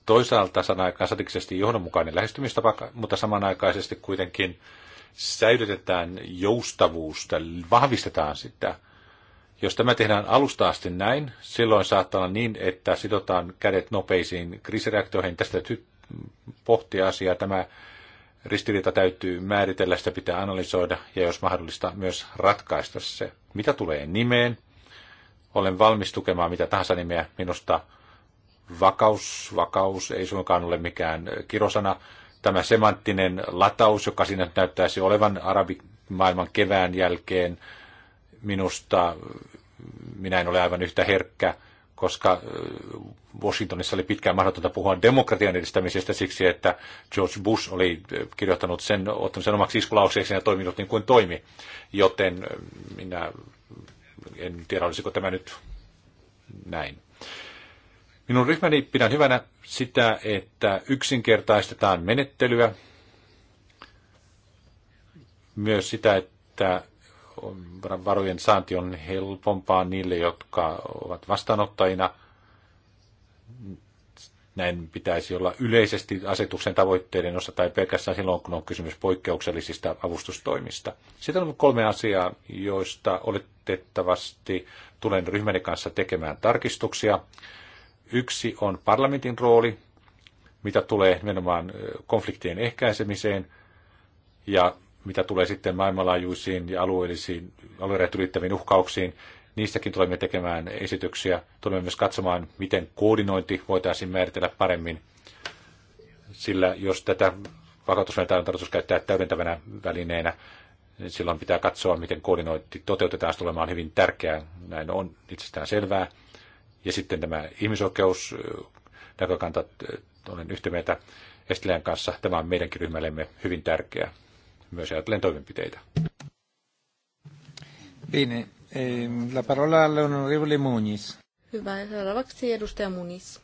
toisaalta saadaan aikaan satiksesti johdonmukainen lähestymistapa, mutta samanaikaisesti kuitenkin säilytetään joustavuusta, vahvistetaan sitä. Jos tämä tehdään alusta asti näin, silloin saattaa olla niin, että sidotaan kädet nopeisiin kriisireaktioihin. Tästä täytyy pohtia asiaa. Tämä Ristiriita täytyy määritellä, sitä pitää analysoida ja jos mahdollista myös ratkaista se. Mitä tulee nimeen? Olen valmis tukemaan mitä tahansa nimeä. Minusta vakaus, vakaus ei suinkaan ole mikään kirosana. Tämä semanttinen lataus, joka siinä näyttäisi olevan arabimaailman kevään jälkeen, minusta minä en ole aivan yhtä herkkä koska Washingtonissa oli pitkään mahdotonta puhua demokratian edistämisestä siksi, että George Bush oli kirjoittanut sen, ottanut sen omaksi iskulauseeksi ja toiminut niin kuin toimi. Joten minä en tiedä, olisiko tämä nyt näin. Minun ryhmäni pidän hyvänä sitä, että yksinkertaistetaan menettelyä, myös sitä, että varojen saanti on helpompaa niille, jotka ovat vastaanottajina. Näin pitäisi olla yleisesti asetuksen tavoitteiden osa tai pelkästään silloin, kun on kysymys poikkeuksellisista avustustoimista. Sitten on kolme asiaa, joista oletettavasti tulen ryhmäni kanssa tekemään tarkistuksia. Yksi on parlamentin rooli, mitä tulee nimenomaan konfliktien ehkäisemiseen, ja mitä tulee sitten maailmanlaajuisiin ja alueellisiin, alueiden ylittäviin uhkauksiin, niistäkin tulemme tekemään esityksiä. Tulemme myös katsomaan, miten koordinointi voitaisiin määritellä paremmin, sillä jos tätä vakautusvälineitä on tarkoitus käyttää täydentävänä välineenä, niin silloin pitää katsoa, miten koordinointi toteutetaan. Se tulemaan hyvin tärkeää, näin on itsestään selvää. Ja sitten tämä ihmisoikeus näkökanta, olen yhtä mieltä Estilän kanssa, tämä on meidänkin ryhmällemme hyvin tärkeää myös ajatellen toimenpiteitä. Bene. Ehm, la parola all'onorevole Muniz. Hyvä. Seuraavaksi edustaja Muniz.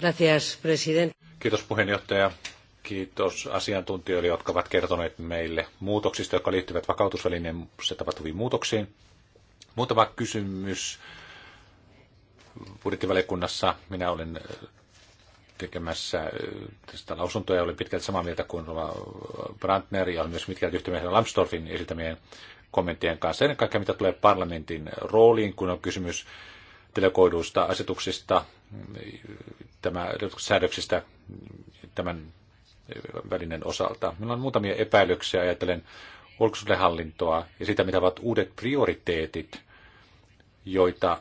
Gracias, president. Kiitos puheenjohtaja. Kiitos asiantuntijoille, jotka ovat kertoneet meille muutoksista, jotka liittyvät vakautusvälineen tapahtuviin muutoksiin. Muutama kysymys budjettivaliokunnassa minä olen tekemässä tästä lausuntoja. oli pitkälti samaa mieltä kuin Brandner ja myös pitkälti yhtä mieltä Lambsdorffin esittämien kommenttien kanssa. Ennen kaikkea mitä tulee parlamentin rooliin, kun on kysymys delegoiduista asetuksista, tämä, säädöksistä tämän välinen osalta. Minulla on muutamia epäilyksiä, ajatellen ulkosuhdehallintoa ja sitä, mitä ovat uudet prioriteetit, joita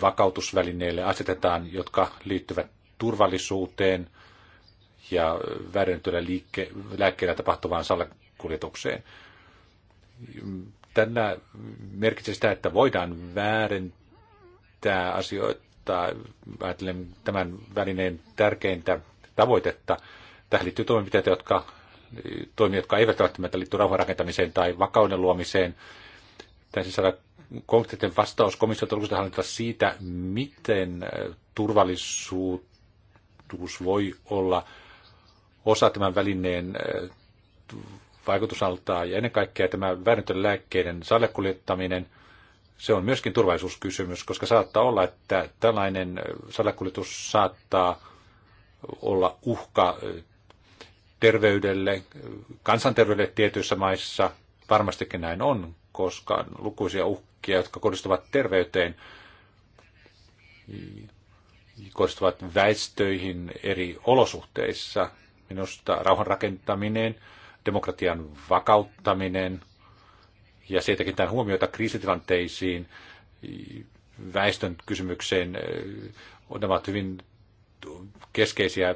vakautusvälineille asetetaan, jotka liittyvät turvallisuuteen ja väärennetyllä liikke- lääkkeellä tapahtuvaan salakuljetukseen. Tänä merkitsee sitä, että voidaan väärentää asioita. Ajattelen tämän välineen tärkeintä tavoitetta. Tähän liittyy toimenpiteitä, jotka toimii, jotka eivät välttämättä liittyy rauhanrakentamiseen tai vakauden luomiseen. Tässä siis saada konkreettinen vastaus komissiolta siitä, miten turvallisuus ulottuvuus voi olla osa tämän välineen eh, vaikutusaltaa ja ennen kaikkea tämä väännetön lääkkeiden salakuljettaminen, se on myöskin turvallisuuskysymys, koska saattaa olla, että tällainen eh, salakuljetus saattaa olla uhka eh, terveydelle, kansanterveydelle tietyissä maissa. Varmastikin näin on, koska lukuisia uhkia, jotka kohdistuvat terveyteen, koistuvat väestöihin eri olosuhteissa. Minusta rauhan rakentaminen, demokratian vakauttaminen ja se kiinnitän huomiota kriisitilanteisiin, väestön kysymykseen, ne ovat hyvin keskeisiä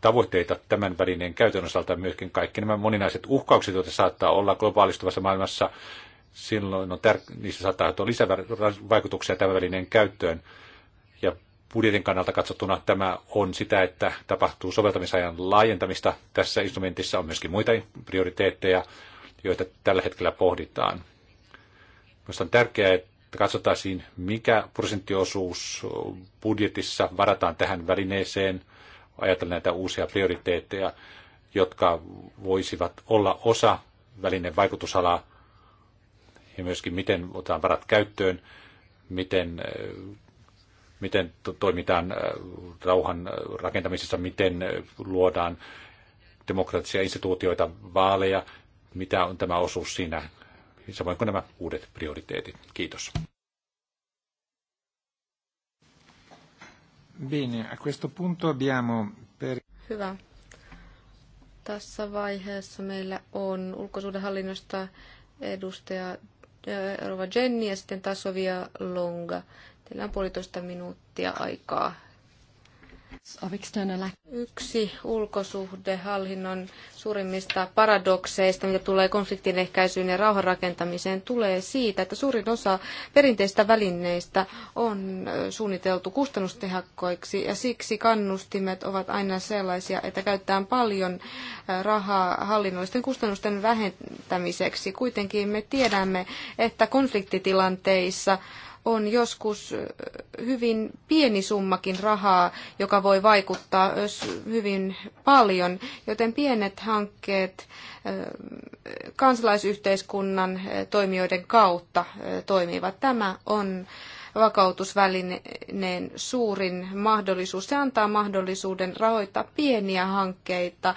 tavoitteita tämän välineen käytön osalta myöskin kaikki nämä moninaiset uhkaukset, joita saattaa olla globaalistuvassa maailmassa, silloin on tär- niissä saattaa olla lisävaikutuksia tämän välineen käyttöön budjetin kannalta katsottuna tämä on sitä, että tapahtuu soveltamisajan laajentamista. Tässä instrumentissa on myöskin muita prioriteetteja, joita tällä hetkellä pohditaan. Minusta on tärkeää, että katsotaan mikä prosenttiosuus budjetissa varataan tähän välineeseen. Ajatellen näitä uusia prioriteetteja, jotka voisivat olla osa välineen vaikutusalaa ja myöskin miten otetaan varat käyttöön, miten miten toimitaan äh, rauhan äh, rakentamisessa, miten äh, luodaan demokraattisia instituutioita, vaaleja, mitä on tämä osuus siinä, samoin kuin nämä uudet prioriteetit. Kiitos. Bene, a questo punto abbiamo per... Hyvä. Tässä vaiheessa meillä on ulkosuudenhallinnosta edustaja Rova Jenni ja sitten Tasovia Longa. Teillä on puolitoista minuuttia aikaa. Yksi ulkosuhdehallinnon suurimmista paradokseista, mitä tulee konfliktin ehkäisyyn ja rauhanrakentamiseen, tulee siitä, että suurin osa perinteistä välineistä on suunniteltu kustannustehakkoiksi ja siksi kannustimet ovat aina sellaisia, että käytetään paljon rahaa hallinnollisten kustannusten vähentämiseksi. Kuitenkin me tiedämme, että konfliktitilanteissa on joskus hyvin pieni summakin rahaa, joka voi vaikuttaa hyvin paljon, joten pienet hankkeet eh, kansalaisyhteiskunnan eh, toimijoiden kautta eh, toimivat. Tämä on vakautusvälineen suurin mahdollisuus. Se antaa mahdollisuuden rahoittaa pieniä hankkeita,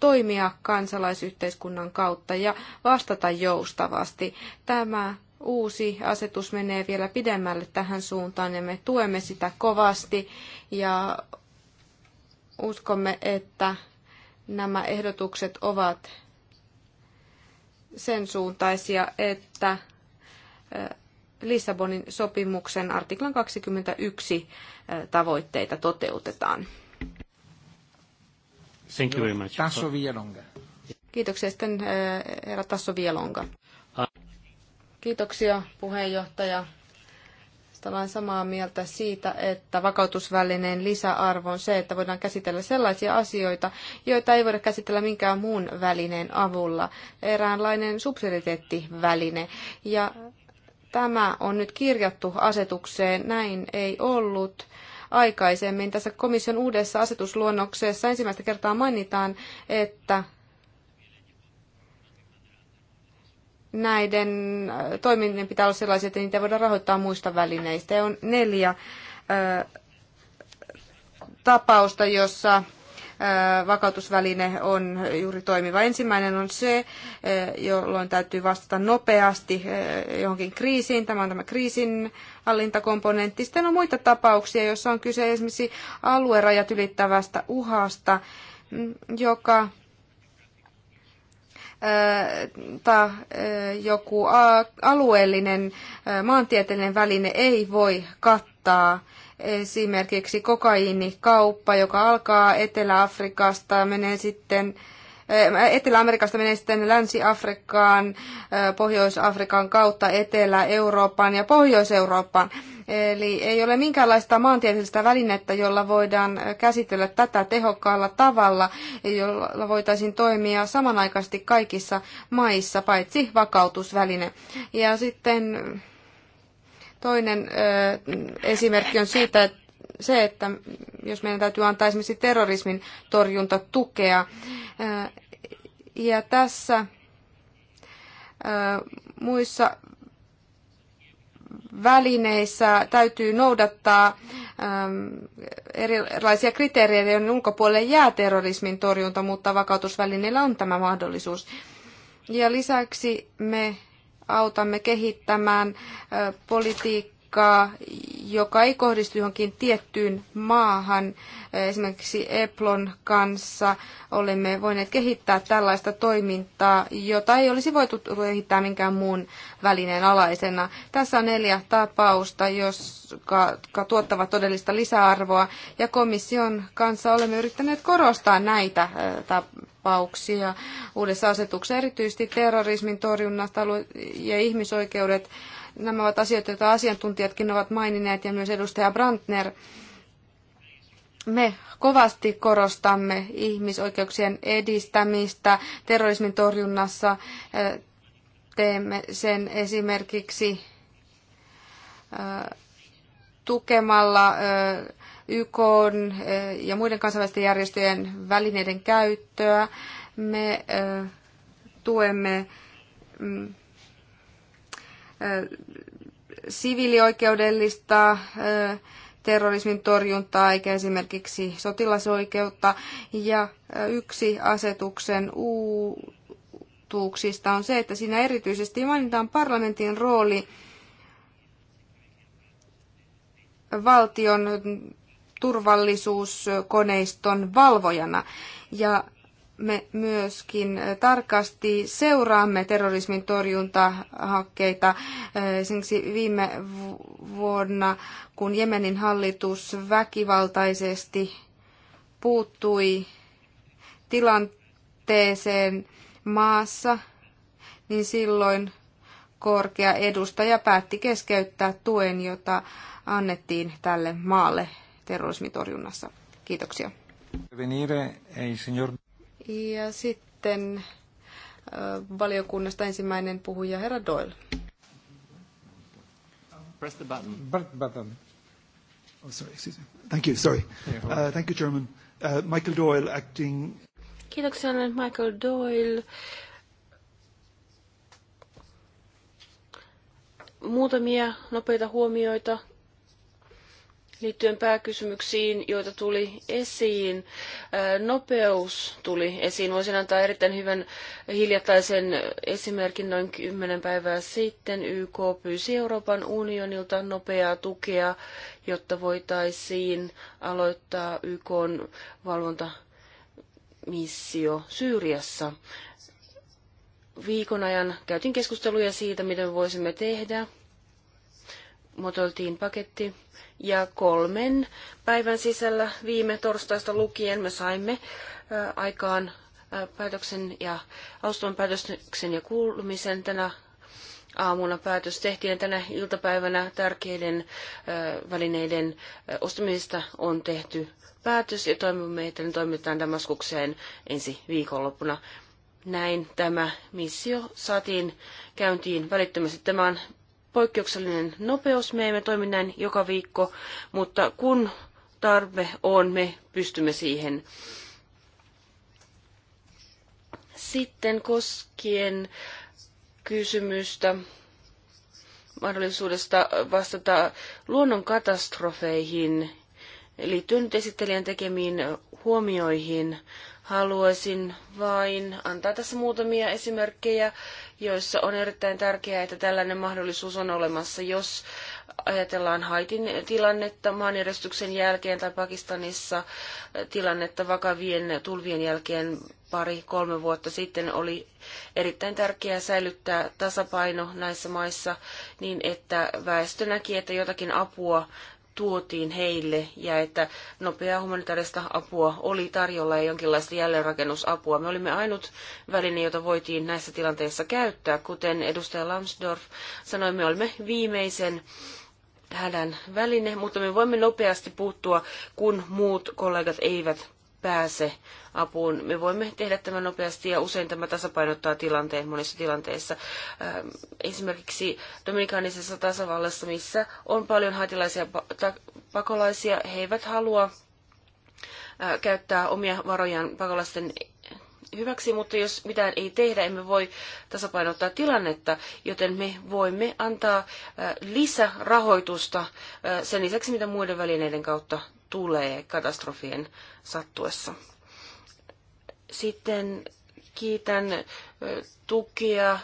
toimia kansalaisyhteiskunnan kautta ja vastata joustavasti. Tämä uusi asetus menee vielä pidemmälle tähän suuntaan ja me tuemme sitä kovasti ja uskomme, että nämä ehdotukset ovat sen suuntaisia, että Lissabonin sopimuksen artiklan 21 tavoitteita toteutetaan. Thank you very much. Tasso Kiitoksia sitten herra Tasso Kiitoksia puheenjohtaja. Olen samaa mieltä siitä, että vakautusvälineen lisäarvo on se, että voidaan käsitellä sellaisia asioita, joita ei voida käsitellä minkään muun välineen avulla. Eräänlainen subsiditeettiväline. Ja tämä on nyt kirjattu asetukseen. Näin ei ollut aikaisemmin. Tässä komission uudessa asetusluonnoksessa ensimmäistä kertaa mainitaan, että näiden äh, toiminnan pitää olla sellaisia, että niitä voidaan rahoittaa muista välineistä. Ja on neljä ö, äh, tapausta, jossa äh, vakautusväline on juuri toimiva. Ensimmäinen on se, jolloin täytyy vastata nopeasti johonkin kriisiin. Tämä on tämä kriisin hallintakomponentti. Sitten on muita tapauksia, joissa on kyse esimerkiksi aluerajat ylittävästä uhasta, mm, joka ta, joku alueellinen maantieteellinen väline ei voi kattaa esimerkiksi kokaiinikauppa, joka alkaa Etelä-Afrikasta, menee sitten Etelä-Amerikasta menee sitten Länsi-Afrikkaan, Pohjois-Afrikan kautta etelä eurooppaan ja pohjois eurooppaan Eli ei ole minkäänlaista maantieteellistä välinettä, jolla voidaan käsitellä tätä tehokkaalla tavalla, jolla voitaisiin toimia samanaikaisesti kaikissa maissa, paitsi vakautusväline. Ja sitten toinen esimerkki on siitä, että se, että jos meidän täytyy antaa esimerkiksi terrorismin torjunta tukea. Ja tässä muissa välineissä täytyy noudattaa ähm, erilaisia kriteerejä, joiden ulkopuolelle jää terrorismin torjunta, mutta vakautusvälineillä on tämä mahdollisuus. Ja lisäksi me autamme kehittämään äh, politiikkaa politiikkaa, joka ei kohdistu johonkin tiettyyn maahan. Esimerkiksi Eplon kanssa olemme voineet kehittää tällaista toimintaa, jota ei olisi voitu kehittää minkään muun välineen alaisena. Tässä on neljä tapausta, jotka tuottavat todellista lisäarvoa, ja komission kanssa olemme yrittäneet korostaa näitä tapauksia uudessa asetuksessa, erityisesti terrorismin torjunnasta ja ihmisoikeudet Nämä ovat asioita, joita asiantuntijatkin ovat maininneet ja myös edustaja Brandner. Me kovasti korostamme ihmisoikeuksien edistämistä terrorismin torjunnassa. Teemme sen esimerkiksi äh, tukemalla äh, YK äh, ja muiden kansainvälisten järjestöjen välineiden käyttöä. Me tuemme mm, siviilioikeudellista terrorismin torjuntaa eikä esimerkiksi sotilasoikeutta. Ja yksi asetuksen uutuuksista on se, että siinä erityisesti mainitaan parlamentin rooli valtion turvallisuuskoneiston valvojana. Ja me myöskin äh, tarkasti seuraamme terrorismin torjuntahakkeita. Äh, esimerkiksi viime vuonna, kun Jemenin hallitus väkivaltaisesti puuttui tilanteeseen maassa, niin silloin korkea edustaja päätti keskeyttää tuen, jota annettiin tälle maalle terrorismitorjunnassa. Kiitoksia. Venire, ei, signor... Ja sitten valiokunnasta ensimmäinen puhuja, herra Doyle. Press the button. button. Oh, sorry, excuse me. Thank you, sorry. Uh, thank you, Chairman. Uh, Michael Doyle acting... Kiitoksia, olen Michael Doyle. Muutamia nopeita huomioita liittyen pääkysymyksiin, joita tuli esiin. Nopeus tuli esiin. Voisin antaa erittäin hyvän hiljattaisen esimerkin noin kymmenen päivää sitten. YK pyysi Euroopan unionilta nopeaa tukea, jotta voitaisiin aloittaa YK valvontamissio Syyriassa. Viikon ajan käytin keskusteluja siitä, miten voisimme tehdä muotoiltiin paketti. Ja kolmen päivän sisällä viime torstaista lukien me saimme aikaan päätöksen ja Austuvan päätöksen ja kuulumisen tänä aamuna päätös tehtiin. Tänä iltapäivänä tärkeiden välineiden ostamisesta on tehty päätös ja toimimme että ne toimitetaan Damaskukseen ensi viikonloppuna. Näin tämä missio saatiin käyntiin välittömästi. Tämä on poikkeuksellinen nopeus. Me emme toimi näin joka viikko, mutta kun tarve on, me pystymme siihen. Sitten koskien kysymystä mahdollisuudesta vastata luonnon katastrofeihin liittyen nyt esittelijän tekemiin huomioihin. Haluaisin vain antaa tässä muutamia esimerkkejä joissa on erittäin tärkeää, että tällainen mahdollisuus on olemassa, jos ajatellaan Haitin tilannetta maanjärjestyksen jälkeen tai Pakistanissa tilannetta vakavien tulvien jälkeen pari-kolme vuotta sitten oli erittäin tärkeää säilyttää tasapaino näissä maissa niin, että väestö näki, että jotakin apua tuotiin heille ja että nopeaa humanitaarista apua oli tarjolla ja jonkinlaista jälleenrakennusapua. Me olimme ainut väline, jota voitiin näissä tilanteissa käyttää. Kuten edustaja Lambsdorff sanoi, me olimme viimeisen hädän väline, mutta me voimme nopeasti puuttua, kun muut kollegat eivät pääse apuun. Me voimme tehdä tämän nopeasti ja usein tämä tasapainottaa tilanteen monissa tilanteissa. Ähm, esimerkiksi Dominikaanisessa tasavallassa, missä on paljon haitilaisia pakolaisia, he eivät halua äh, käyttää omia varojaan pakolaisten hyväksi, mutta jos mitään ei tehdä, emme voi tasapainottaa tilannetta, joten me voimme antaa äh, lisärahoitusta äh, sen lisäksi, mitä muiden välineiden kautta tulee katastrofien sattuessa. Sitten kiitän tukea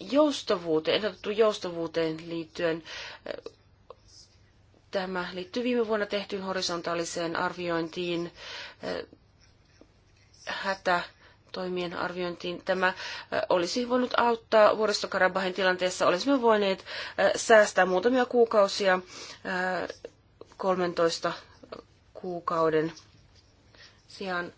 joustavuuteen, ehdotettu joustavuuteen liittyen. Tämä liittyy viime vuonna tehtyyn horisontaaliseen arviointiin, hätätoimien arviointiin. Tämä olisi voinut auttaa vuoristokarabahin tilanteessa. Olisimme voineet säästää muutamia kuukausia 13 kuukauden sijaan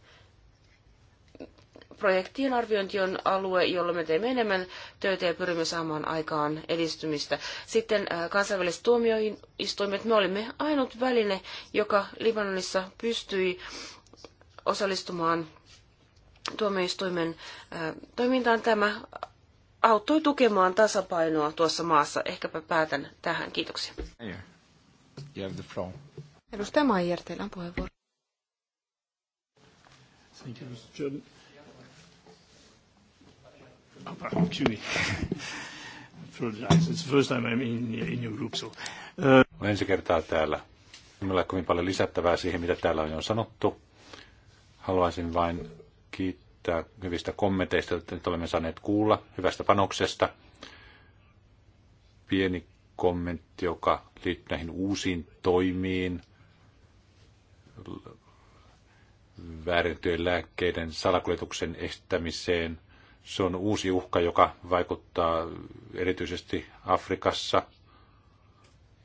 projektien arviointi on alue, jolla me teemme enemmän töitä ja pyrimme saamaan aikaan edistymistä. Sitten äh, kansainväliset tuomioistuimet, me olimme ainut väline, joka Libanonissa pystyi osallistumaan tuomioistuimen äh, toimintaan. Tämä auttoi tukemaan tasapainoa tuossa maassa. Ehkäpä päätän tähän. Kiitoksia. You have the floor. Edustaja Maijer, teillä on puheenvuoro. Thank you, Mr. Chairman. Oh, excuse It's the first time I'm in, in your group, so. Uh... Ensi kertaa täällä. Minulla ole kovin paljon lisättävää siihen, mitä täällä on jo sanottu. Haluaisin vain kiittää hyvistä kommenteista, joita nyt olemme saaneet kuulla, hyvästä panoksesta. Pieni kommentti, joka liittyy näihin uusiin toimiin – väärintyjen lääkkeiden salakuljetuksen estämiseen. Se on uusi uhka, joka vaikuttaa erityisesti Afrikassa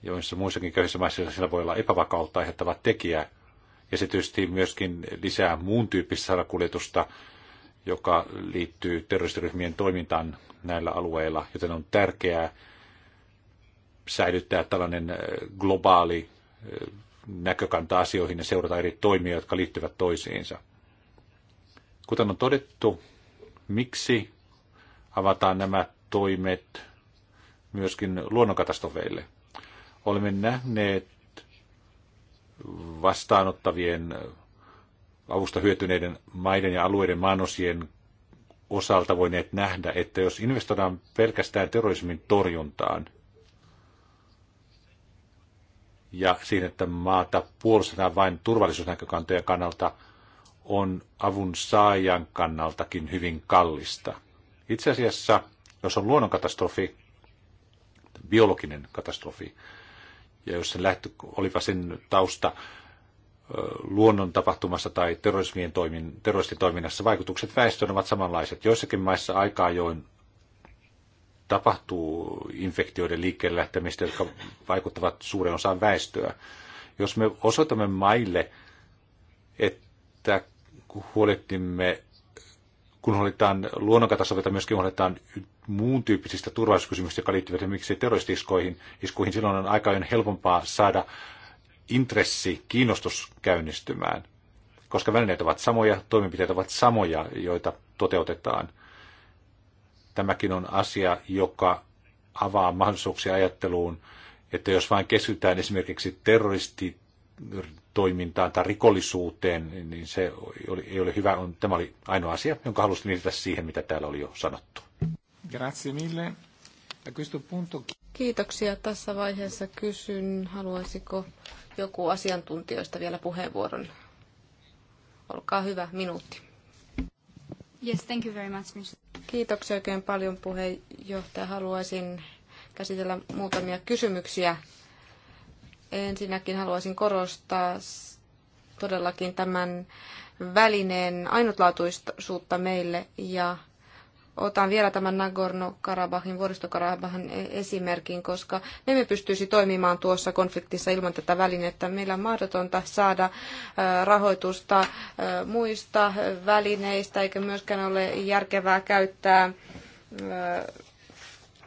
joissa muissakin köyhissä maissa siellä voi olla epävakautta aiheuttava tekijä. Ja se tietysti myöskin lisää muun tyyppistä salakuljetusta, joka liittyy terroristiryhmien toimintaan näillä alueilla, joten on tärkeää säilyttää tällainen äh, globaali äh, näkökanta asioihin ja seurata eri toimia, jotka liittyvät toisiinsa. Kuten on todettu, miksi avataan nämä toimet myöskin luonnonkatastrofeille? Olemme nähneet vastaanottavien avusta hyötyneiden maiden ja alueiden maanosien osalta voineet nähdä, että jos investoidaan pelkästään terrorismin torjuntaan, ja siinä, että maata puolustetaan vain turvallisuusnäkökantojen kannalta, on avun saajan kannaltakin hyvin kallista. Itse asiassa, jos on luonnonkatastrofi, biologinen katastrofi, ja jos sen lähtö, olipa sen tausta luonnon tapahtumassa tai terrorismien toimin, terroristitoiminnassa, vaikutukset väestöön ovat samanlaiset. Joissakin maissa aika ajoin tapahtuu infektioiden liikkeelle lähtemistä, jotka vaikuttavat suureen osaan väestöä. Jos me osoitamme maille, että huolehdimme, kun huolitaan luonnonkatastrofeita, myöskin huolitaan muun tyyppisistä turvallisuuskysymyksistä, jotka liittyvät esimerkiksi terroristiskoihin, iskuihin silloin on aika helpompaa saada intressi, kiinnostus käynnistymään, koska välineet ovat samoja, toimenpiteet ovat samoja, joita toteutetaan – tämäkin on asia, joka avaa mahdollisuuksia ajatteluun, että jos vain keskitytään esimerkiksi terroristitoimintaan tai rikollisuuteen, niin se ei ole hyvä. Tämä oli ainoa asia, jonka halusin liittää siihen, mitä täällä oli jo sanottu. Grazie mille. A punto... Kiitoksia. Tässä vaiheessa kysyn, haluaisiko joku asiantuntijoista vielä puheenvuoron? Olkaa hyvä, minuutti. Yes, thank you very much, Mr. Kiitoksia oikein paljon puheenjohtaja. Haluaisin käsitellä muutamia kysymyksiä. Ensinnäkin haluaisin korostaa todellakin tämän välineen ainutlaatuisuutta meille ja otan vielä tämän Nagorno-Karabahin, vuoristokarabahin e- esimerkin, koska me emme pystyisi toimimaan tuossa konfliktissa ilman tätä välinettä. Meillä on mahdotonta saada rahoitusta muista välineistä, eikä myöskään ole järkevää käyttää,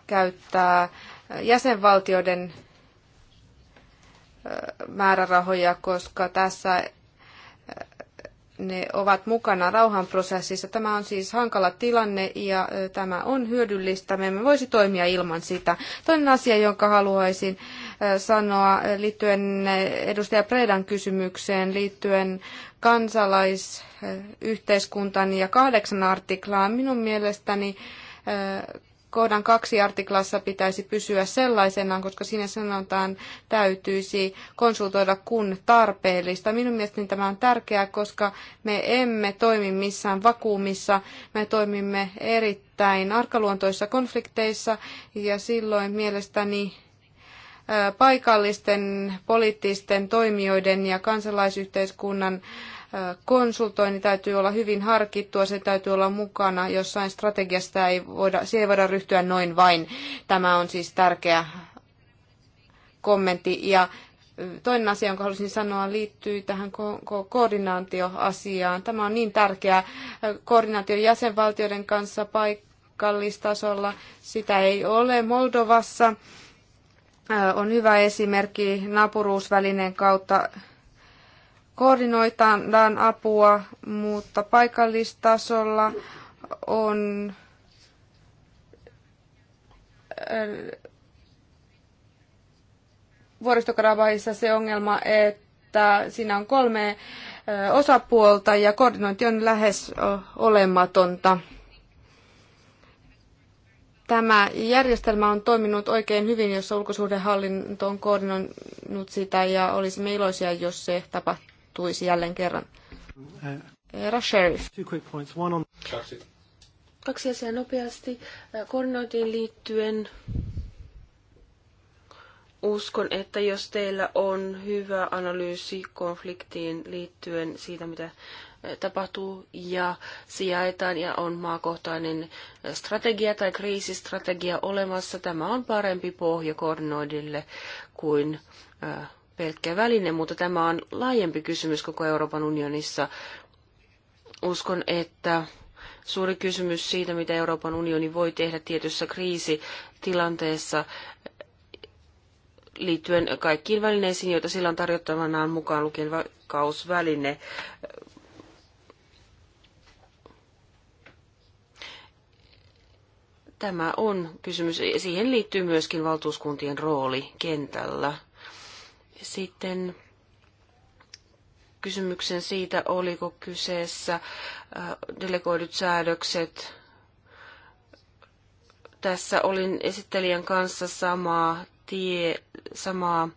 käyttää jäsenvaltioiden määrärahoja, koska tässä ne ovat mukana rauhanprosessissa. Tämä on siis hankala tilanne ja tämä on hyödyllistä. Me emme voisi toimia ilman sitä. Toinen asia, jonka haluaisin sanoa liittyen edustaja Predan kysymykseen liittyen kansalaisyhteiskuntaan ja kahdeksan artiklaan. Minun mielestäni kohdan kaksi artiklassa pitäisi pysyä sellaisenaan, koska siinä sanotaan täytyisi konsultoida kun tarpeellista. Minun mielestäni tämä on tärkeää, koska me emme toimi missään vakuumissa, me toimimme erittäin arkaluontoissa konflikteissa ja silloin mielestäni paikallisten poliittisten toimijoiden ja kansalaisyhteiskunnan konsultoinnin täytyy olla hyvin harkittua, se täytyy olla mukana jossain strategiasta, ei voida, siihen ei voida ryhtyä noin vain. Tämä on siis tärkeä kommentti. Ja toinen asia, jonka halusin sanoa, liittyy tähän ko- ko- koordinaatioasiaan. Tämä on niin tärkeä koordinaatio jäsenvaltioiden kanssa paikallistasolla. Sitä ei ole Moldovassa. On hyvä esimerkki naapuruusvälineen kautta koordinoidaan apua, mutta paikallistasolla on äh, vuoristokarabahissa se ongelma, että siinä on kolme äh, osapuolta ja koordinointi on lähes olematonta. Tämä järjestelmä on toiminut oikein hyvin, jos ulkosuhdehallinto on koordinoinut sitä ja olisimme iloisia, jos se tapahtuu muuttuisi jälleen kerran. Era eh. Sheriff. Kaksi asiaa nopeasti. Eh, koordinointiin liittyen uskon, että jos teillä on hyvä analyysi konfliktiin liittyen siitä, mitä eh, tapahtuu ja sijaitaan ja on maakohtainen strategia tai kriisistrategia olemassa, tämä on parempi pohja koordinoidille kuin pelkkä väline, mutta tämä on laajempi kysymys koko Euroopan unionissa. Uskon, että suuri kysymys siitä, mitä Euroopan unioni voi tehdä tietyssä kriisitilanteessa liittyen kaikkiin välineisiin, joita sillä on tarjottavanaan mukaan lukien vakausväline. Tämä on kysymys. Siihen liittyy myöskin valtuuskuntien rooli kentällä. Sitten kysymyksen siitä, oliko kyseessä äh, delegoidut säädökset. Tässä olin esittelijän kanssa samaa, tie, samaa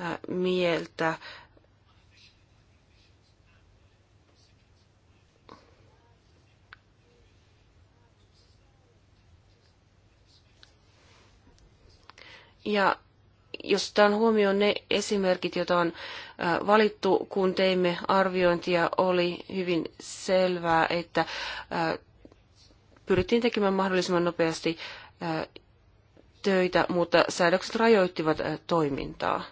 äh, mieltä. Ja jos otetaan huomioon ne esimerkit, joita on valittu, kun teimme arviointia, oli hyvin selvää, että pyrittiin tekemään mahdollisimman nopeasti töitä, mutta säädökset rajoittivat toimintaa.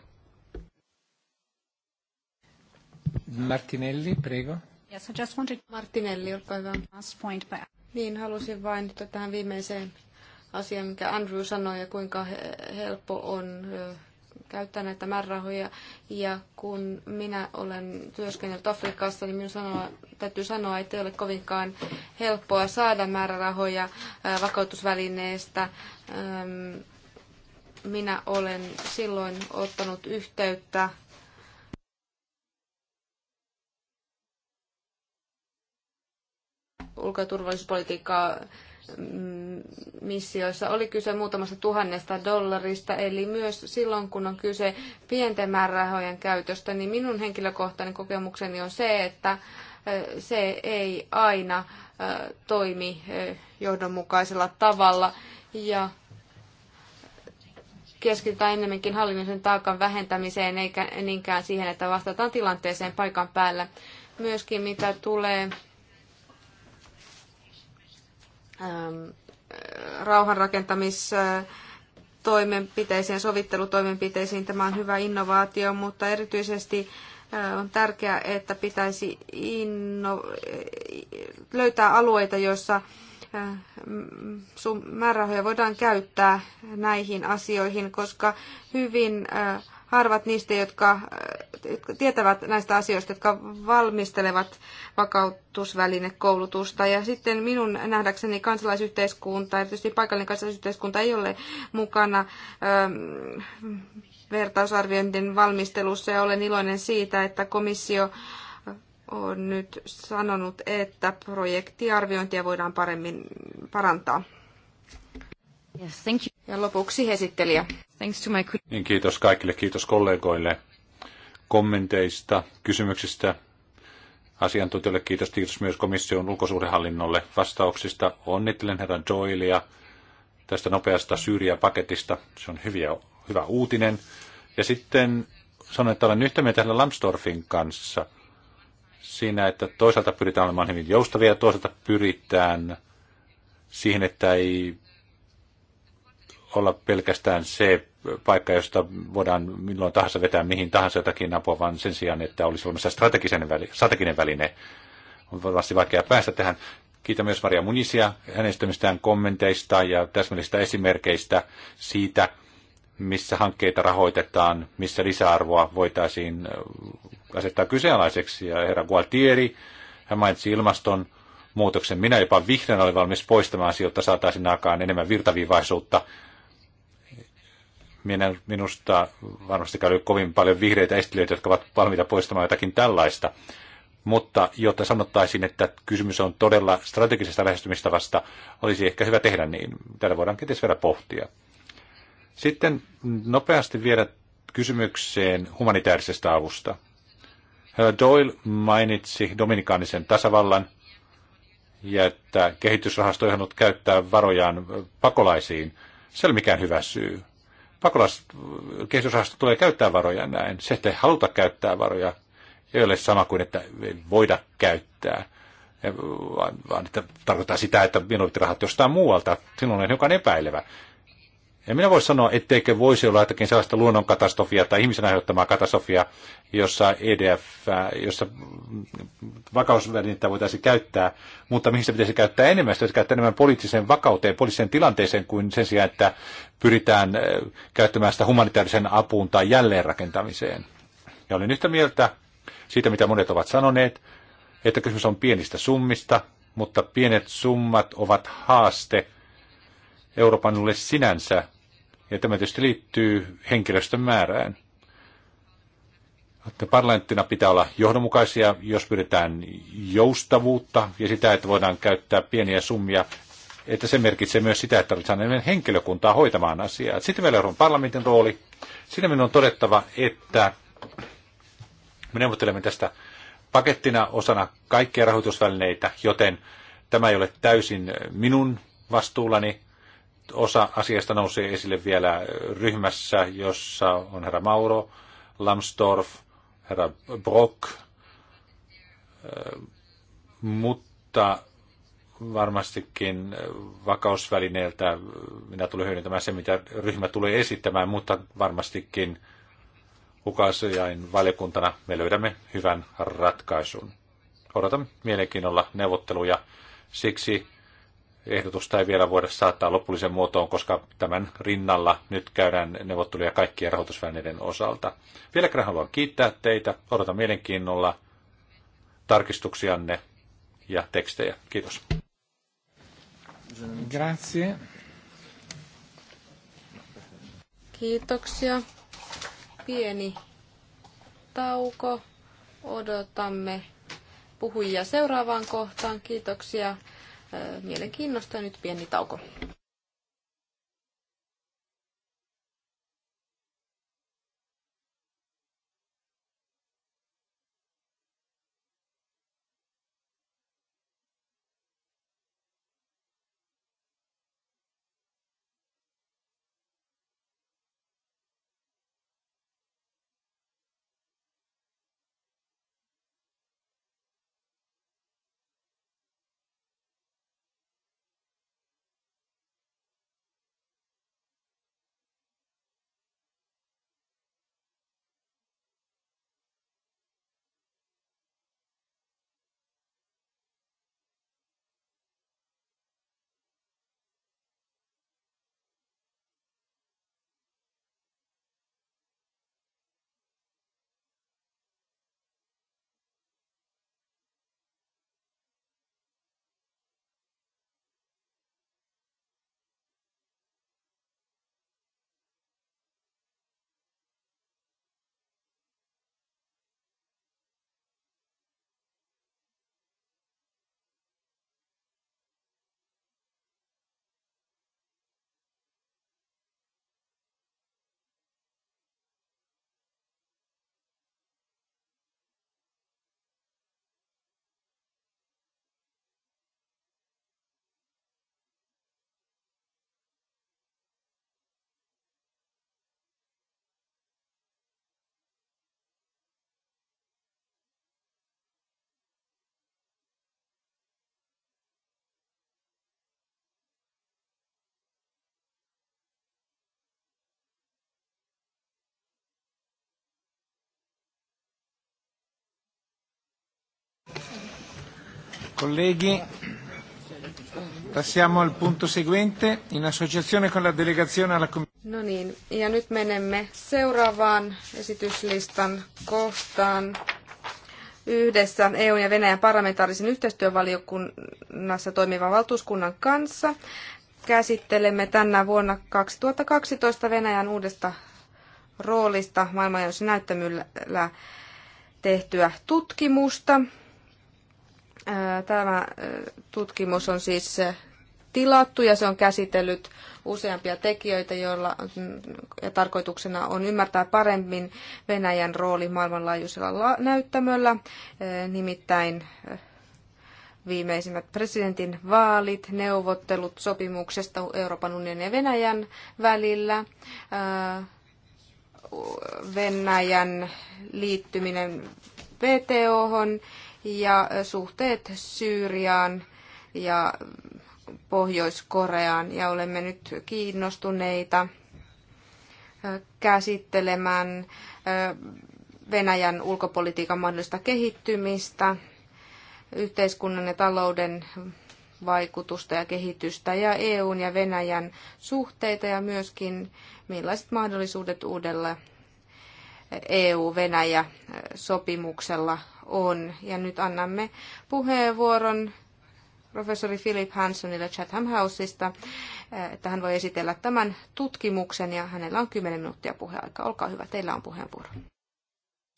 Martinelli, prego. Yes, I just wanted... Martinelli, olkaa hyvä. Last point, but... Niin, halusin vain tähän viimeiseen asia, mikä Andrew sanoi ja kuinka helppo on käyttää näitä määrärahoja. Ja kun minä olen työskennellyt Afrikassa, niin minun sanoa, täytyy sanoa, että ei ole kovinkaan helppoa saada määrärahoja vakautusvälineestä. Minä olen silloin ottanut yhteyttä ulko- ja turvallisuuspolitiikkaa missioissa oli kyse muutamasta tuhannesta dollarista, eli myös silloin kun on kyse pienten määrärahojen käytöstä, niin minun henkilökohtainen kokemukseni on se, että se ei aina toimi johdonmukaisella tavalla ja keskitytään enemmänkin hallinnollisen taakan vähentämiseen eikä niinkään siihen, että vastataan tilanteeseen paikan päällä. Myöskin mitä tulee Ähm, äh, rauhanrakentamistoimenpiteisiin, sovittelutoimenpiteisiin. Tämä on hyvä innovaatio, mutta erityisesti äh, on tärkeää, että pitäisi inno- äh, löytää alueita, joissa sun määrärahoja voidaan käyttää näihin asioihin, koska hyvin äh, harvat niistä, jotka tietävät näistä asioista, jotka valmistelevat vakautusvälinekoulutusta. Ja sitten minun nähdäkseni kansalaisyhteiskunta, erityisesti paikallinen kansalaisyhteiskunta, ei ole mukana ähm, vertausarviointien valmistelussa ja olen iloinen siitä, että komissio on nyt sanonut, että projektiarviointia voidaan paremmin parantaa. Yes, thank you. Ja lopuksi esittelijä. Thanks to my... niin, kiitos kaikille, kiitos kollegoille kommenteista, kysymyksistä, asiantuntijoille kiitos, kiitos myös komission ulkosuhdehallinnolle vastauksista. Onnittelen herra Doylea tästä nopeasta Syyria-paketista. Se on hyviä, hyvä uutinen. Ja sitten sanon, että olen yhtä mieltä Lambsdorffin kanssa siinä, että toisaalta pyritään olemaan hyvin joustavia ja toisaalta pyritään siihen, että ei olla pelkästään se paikka, josta voidaan milloin tahansa vetää mihin tahansa jotakin apua, vaan sen sijaan, että olisi olemassa strategisen väline, strateginen väline. On varmasti vaikea päästä tähän. Kiitän myös Maria Munisia hänestämistään kommenteista ja täsmällisistä esimerkkeistä siitä, missä hankkeita rahoitetaan, missä lisäarvoa voitaisiin äh, asettaa kyseenalaiseksi. Ja herra Gualtieri, hän mainitsi muutoksen Minä jopa vihreän olen valmis poistamaan sieltä saataisiin aikaan enemmän virtaviivaisuutta minä, minusta varmasti käy kovin paljon vihreitä esittelijöitä, jotka ovat valmiita poistamaan jotakin tällaista. Mutta jotta sanottaisiin, että kysymys on todella strategisesta lähestymistavasta, olisi ehkä hyvä tehdä niin. Tätä voidaan kenties vielä pohtia. Sitten nopeasti vielä kysymykseen humanitaarisesta avusta. Herra Doyle mainitsi Dominikaanisen tasavallan ja että kehitysrahasto on käyttää varojaan pakolaisiin. Se ei ole mikään hyvä syy pakolaiskehitysrahasto tulee käyttää varoja näin. Se, ei haluta käyttää varoja, ei ole sama kuin, että ei voida käyttää. Vaan, vaan että tarkoittaa sitä, että minulta rahat jostain muualta. Silloin on hiukan epäilevä. En minä voi sanoa, etteikö voisi olla jotakin sellaista luonnonkatastrofia tai ihmisen aiheuttamaa katastrofia, jossa EDF, jossa vakausvälinettä voitaisiin käyttää, mutta mihin se pitäisi käyttää enemmän? Se pitäisi käyttää enemmän poliittiseen vakauteen, poliittiseen tilanteeseen kuin sen sijaan, että pyritään käyttämään sitä humanitaarisen apuun tai jälleenrakentamiseen. Ja olen yhtä mieltä siitä, mitä monet ovat sanoneet, että kysymys on pienistä summista, mutta pienet summat ovat haaste Euroopanulle sinänsä, ja tämä tietysti liittyy henkilöstön määrään. Parlamenttina pitää olla johdonmukaisia, jos pyritään joustavuutta ja sitä, että voidaan käyttää pieniä summia, että se merkitsee myös sitä, että tarvitaan enemmän henkilökuntaa hoitamaan asiaa. Sitten meillä on parlamentin rooli. Siinä minun on todettava, että me neuvottelemme tästä pakettina osana kaikkia rahoitusvälineitä, joten tämä ei ole täysin minun vastuullani, osa asiasta nousee esille vielä ryhmässä, jossa on herra Mauro, Lamstorf, herra Brock, mutta varmastikin vakausvälineeltä minä tulen hyödyntämään se, mitä ryhmä tulee esittämään, mutta varmastikin ulkoasiain valiokuntana me löydämme hyvän ratkaisun. Odotan mielenkiinnolla neuvotteluja. Siksi ehdotusta ei vielä voida saattaa lopulliseen muotoon, koska tämän rinnalla nyt käydään neuvotteluja kaikkien rahoitusvälineiden osalta. Vielä kerran haluan kiittää teitä. Odotan mielenkiinnolla tarkistuksianne ja tekstejä. Kiitos. Grazie. Kiitoksia. Pieni tauko. Odotamme puhujia seuraavaan kohtaan. Kiitoksia Äh, mielenkiinnosta. Nyt pieni tauko. Colleghi, passiamo al punto seguente, in associazione con la delegazione alla Commissione. No niin, ja nyt menemme seuraavaan esityslistan kohtaan yhdessä EU- ja Venäjän parlamentaarisen yhteistyövaliokunnassa toimivan valtuuskunnan kanssa. Käsittelemme tänä vuonna 2012 Venäjän uudesta roolista maailmanjohdon näyttämyllä tehtyä tutkimusta. Tämä tutkimus on siis tilattu ja se on käsitellyt useampia tekijöitä, joilla mm, ja tarkoituksena on ymmärtää paremmin Venäjän rooli maailmanlaajuisella näyttämöllä, nimittäin viimeisimmät presidentin vaalit, neuvottelut sopimuksesta Euroopan unionin ja Venäjän välillä, Venäjän liittyminen VTOhon ja suhteet Syyriaan ja Pohjois-Koreaan ja olemme nyt kiinnostuneita käsittelemään Venäjän ulkopolitiikan mahdollista kehittymistä, yhteiskunnan ja talouden vaikutusta ja kehitystä ja EUn ja Venäjän suhteita ja myöskin millaiset mahdollisuudet uudella EU-Venäjä-sopimuksella on. Ja nyt annamme puheenvuoron professori Philip Hansonille Chatham Houseista, että hän voi esitellä tämän tutkimuksen ja hänellä on 10 minuuttia puheaika. Olkaa hyvä, teillä on puheenvuoro.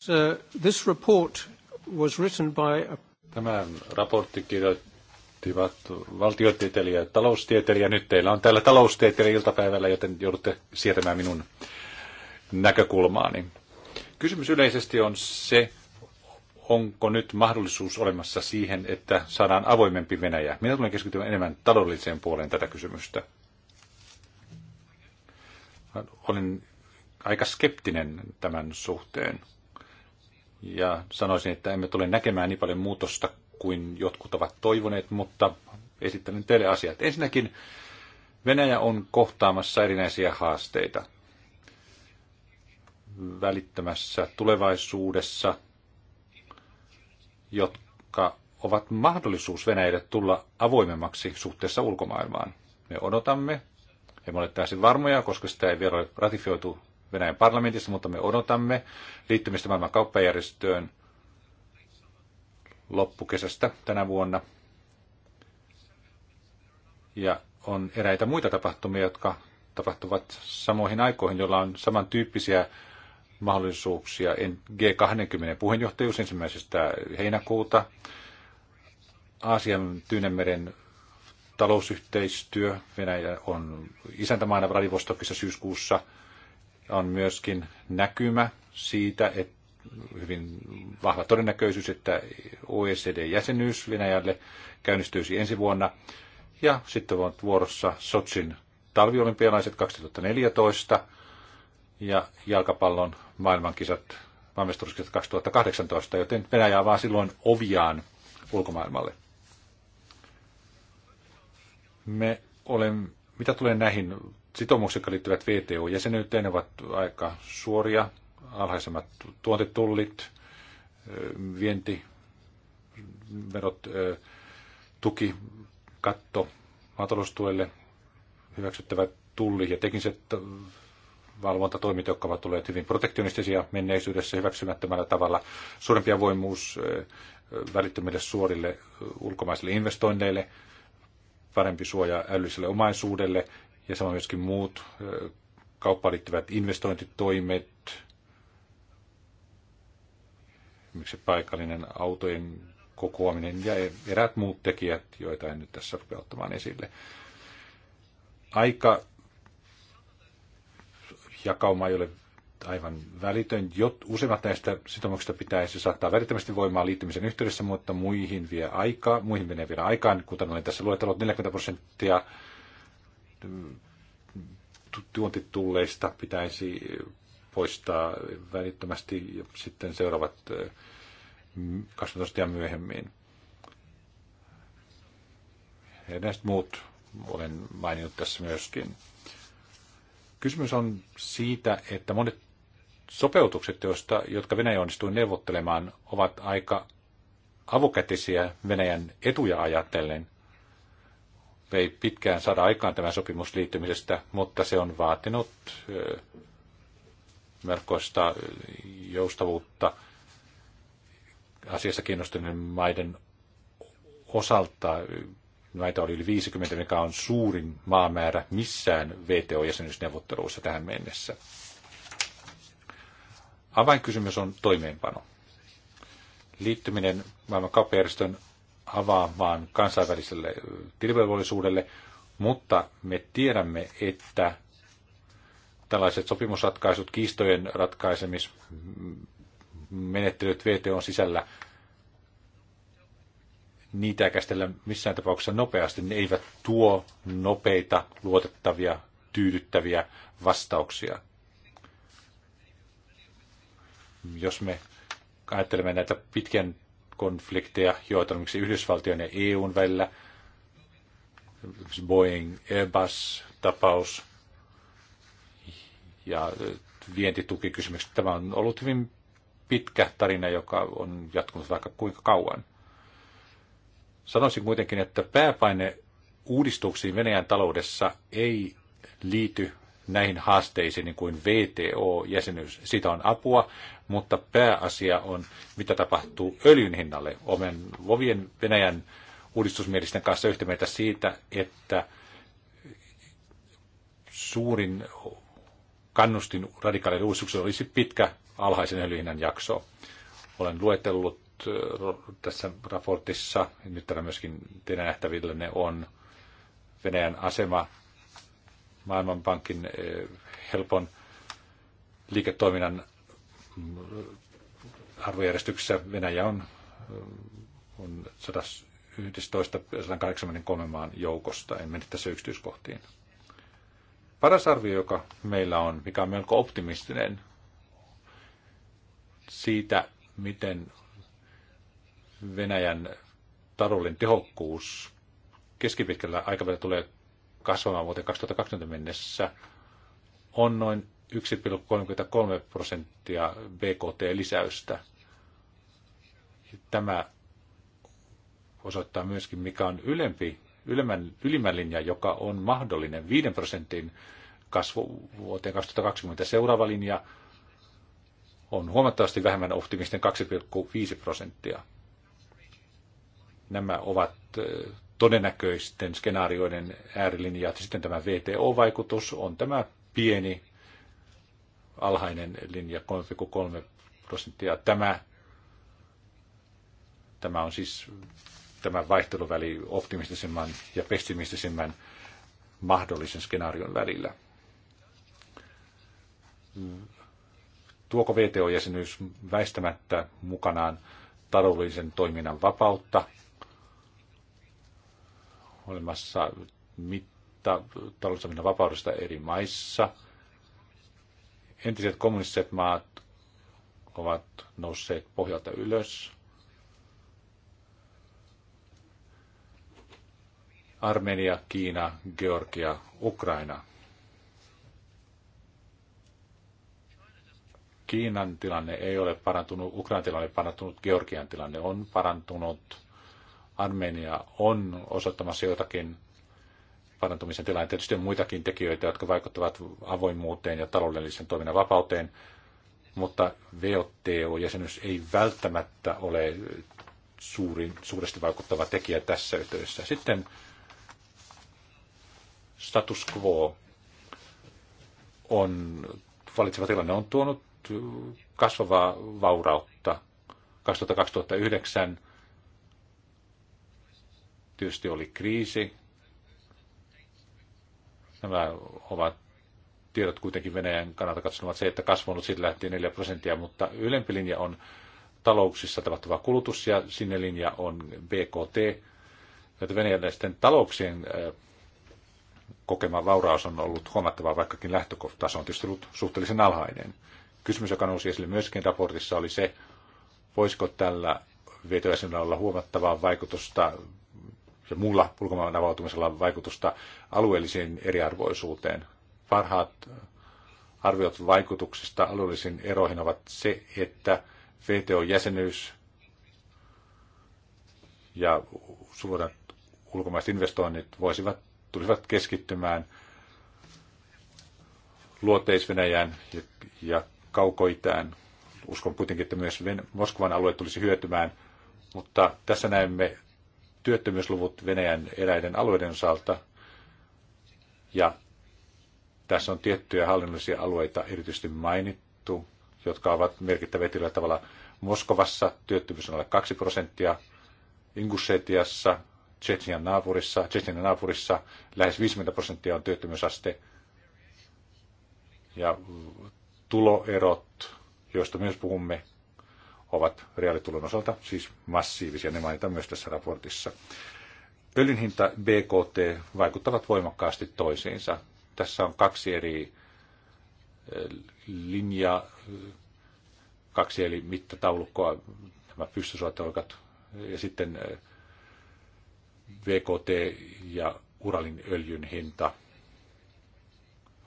So, this report was written by a... Tämä raportti kirjoittivat valtiotieteilijä ja taloustieteilijä. Nyt teillä on täällä taloustieteilijä iltapäivällä, joten joudutte sietämään minun näkökulmaani. Kysymys yleisesti on se, onko nyt mahdollisuus olemassa siihen, että saadaan avoimempi Venäjä? Minä tulen keskittymään enemmän taloudelliseen puoleen tätä kysymystä. Olin aika skeptinen tämän suhteen. Ja sanoisin, että emme tule näkemään niin paljon muutosta kuin jotkut ovat toivoneet, mutta esittelen teille asiat. Ensinnäkin Venäjä on kohtaamassa erinäisiä haasteita välittömässä tulevaisuudessa jotka ovat mahdollisuus Venäjälle tulla avoimemmaksi suhteessa ulkomaailmaan. Me odotamme, emme ole täysin varmoja, koska sitä ei vielä ole ratifioitu Venäjän parlamentissa, mutta me odotamme liittymistä maailman kauppajärjestöön loppukesästä tänä vuonna. Ja on eräitä muita tapahtumia, jotka tapahtuvat samoihin aikoihin, joilla on samantyyppisiä mahdollisuuksia G20 puheenjohtajuus ensimmäisestä heinäkuuta, Aasian Tyynemeren talousyhteistyö, Venäjä on isäntämaana Vladivostokissa syyskuussa, on myöskin näkymä siitä, että hyvin vahva todennäköisyys, että OECD-jäsenyys Venäjälle käynnistyisi ensi vuonna. Ja sitten on vuorossa Sotsin talviolimpialaiset 2014 ja jalkapallon maailmankisat, maailmanmestaruuskisat 2018, joten Venäjä avaa silloin oviaan ulkomaailmalle. Me olemme, mitä tulee näihin sitoumuksiin, jotka liittyvät VTO-jäsenyyteen, ovat aika suoria, alhaisemmat tuontitullit, verot, tuki, katto maataloustuelle, hyväksyttävät tulli- ja tekniset valvontatoimit, jotka ovat tulleet hyvin protektionistisia menneisyydessä hyväksymättömällä tavalla, suurempi avoimuus välittömille suorille ulkomaisille investoinneille, parempi suoja älylliselle omaisuudelle ja samoin myöskin muut kauppaan liittyvät investointitoimet, miksi paikallinen autojen kokoaminen ja e-, eräät muut tekijät, joita en nyt tässä rupea ottamaan esille. Aika jakauma ei ole aivan välitön. Jot, useimmat näistä sitoumuksista pitäisi saattaa välittömästi voimaan liittymisen yhteydessä, mutta muihin vie aikaa, muihin menee vielä aikaan, kuten olen tässä luetellut 40 prosenttia tuontitulleista pitäisi poistaa välittömästi ja sitten seuraavat 12 myöhemmin. Ja näistä muut olen maininnut tässä myöskin. Kysymys on siitä, että monet sopeutukset, joista, jotka Venäjä onnistui neuvottelemaan, ovat aika avukätisiä Venäjän etuja ajatellen. Ei pitkään saada aikaan tämän sopimus liittymisestä, mutta se on vaatinut melkoista joustavuutta asiassa kiinnostuneiden maiden osalta Näitä oli yli 50, mikä on suurin maamäärä missään VTO-jäsenyysneuvotteluissa tähän mennessä. Avainkysymys on toimeenpano. Liittyminen maailman kauppajärjestön avaamaan kansainväliselle tilivelvollisuudelle, mutta me tiedämme, että tällaiset sopimusratkaisut, kiistojen ratkaisemismenettelyt VTOn sisällä niitä käsitellä missään tapauksessa nopeasti. Ne eivät tuo nopeita, luotettavia, tyydyttäviä vastauksia. Jos me ajattelemme näitä pitkän konflikteja, joita on miksi Yhdysvaltion ja EUn välillä, Boeing, Airbus-tapaus ja vientitukikysymykset. Tämä on ollut hyvin pitkä tarina, joka on jatkunut vaikka kuinka kauan. Sanoisin kuitenkin, että pääpaine uudistuksiin Venäjän taloudessa ei liity näihin haasteisiin, niin kuin VTO-jäsenyys. Siitä on apua, mutta pääasia on, mitä tapahtuu öljyn hinnalle. Olen Vovien Venäjän uudistusmielisten kanssa yhtä mieltä siitä, että suurin kannustin radikaalille uudistukselle olisi pitkä alhaisen öljyhinnan jakso. Olen luetellut tässä raportissa, nyt täällä myöskin teidän nähtävillä ne on Venäjän asema Maailmanpankin helpon liiketoiminnan mm, arvojärjestyksessä Venäjä on, on 111 183 maan joukosta. En mene tässä yksityiskohtiin. Paras arvio, joka meillä on, mikä on melko optimistinen siitä, miten Venäjän taloudellinen tehokkuus keskipitkällä aikavälillä tulee kasvamaan vuoteen 2020 mennessä, on noin 1,33 prosenttia BKT-lisäystä. Tämä osoittaa myöskin, mikä on ylempi, ylemmän, ylimmän linja, joka on mahdollinen 5 prosentin kasvu vuoteen 2020. Seuraava linja on huomattavasti vähemmän optimisten 2,5 prosenttia. Nämä ovat todennäköisten skenaarioiden äärilinjat. Sitten tämä VTO-vaikutus on tämä pieni alhainen linja 3,3 prosenttia. Tämä, tämä on siis tämä vaihteluväli optimistisemman ja pessimistisemman mahdollisen skenaarion välillä. Tuoko VTO-jäsenyys väistämättä mukanaan taloudellisen toiminnan vapautta – olemassa mitta taloudellisesta vapaudesta eri maissa. Entiset kommunistiset maat ovat nousseet pohjalta ylös. Armenia, Kiina, Georgia, Ukraina. Kiinan tilanne ei ole parantunut, Ukrainan tilanne on parantunut, Georgian tilanne on parantunut. Armenia on osoittamassa jotakin parantumisen tilaa. Tietysti on muitakin tekijöitä, jotka vaikuttavat avoimuuteen ja taloudellisen toiminnan vapauteen, mutta VOTU-jäsenyys ei välttämättä ole suuri, suuresti vaikuttava tekijä tässä yhteydessä. Sitten status quo on, valitseva tilanne on tuonut kasvavaa vaurautta. 2009 Tietysti oli kriisi. Nämä ovat tiedot kuitenkin Venäjän kannalta katsomaan se, että kasvanut siitä lähtien 4 prosenttia, mutta ylempi linja on talouksissa tapahtuva kulutus ja sinne linja on BKT, Venäjän venäläisten talouksien äh, kokema vauraus on ollut huomattava, vaikkakin lähtökohtaso on tietysti ollut suhteellisen alhainen. Kysymys, joka nousi esille myöskin raportissa, oli se, voisiko tällä vetäjäisellä olla huomattavaa vaikutusta ja muulla ulkomaan avautumisella on vaikutusta alueellisiin eriarvoisuuteen. Parhaat arviot vaikutuksista alueellisiin eroihin ovat se, että VTO-jäsenyys ja suuret ulkomaiset investoinnit voisivat, tulisivat keskittymään luoteis ja, ja kaukoitään. Uskon kuitenkin, että myös Moskovan alue tulisi hyötymään, mutta tässä näemme työttömyysluvut Venäjän eräiden alueiden osalta. Ja tässä on tiettyjä hallinnollisia alueita erityisesti mainittu, jotka ovat merkittäviä tietyllä tavalla. Moskovassa työttömyys on alle 2 prosenttia, Ingushetiassa, Tsetsian naapurissa, Tsetsian naapurissa lähes 50 prosenttia on työttömyysaste. Ja tuloerot, joista myös puhumme, ovat reaalitulon osalta siis massiivisia, ne mainitaan myös tässä raportissa. Öljyn hinta BKT vaikuttavat voimakkaasti toisiinsa. Tässä on kaksi eri eh, linjaa, kaksi eri mittataulukkoa, nämä pystysuotelukat ja sitten eh, VKT ja Uralin öljyn hinta.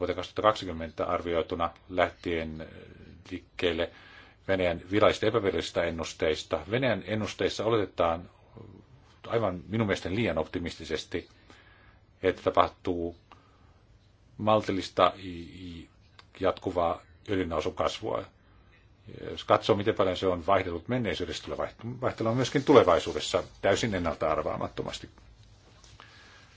Vuoteen 2020 arvioituna lähtien eh, liikkeelle Venäjän virallisista epävirallisista ennusteista. Venäjän ennusteissa oletetaan aivan minun mielestäni liian optimistisesti, että tapahtuu maltillista jatkuvaa öljynnousukasvua. Jos katsoo, miten paljon se on vaihdellut menneisyydestä, tulee vaihtelua myöskin tulevaisuudessa täysin ennalta arvaamattomasti.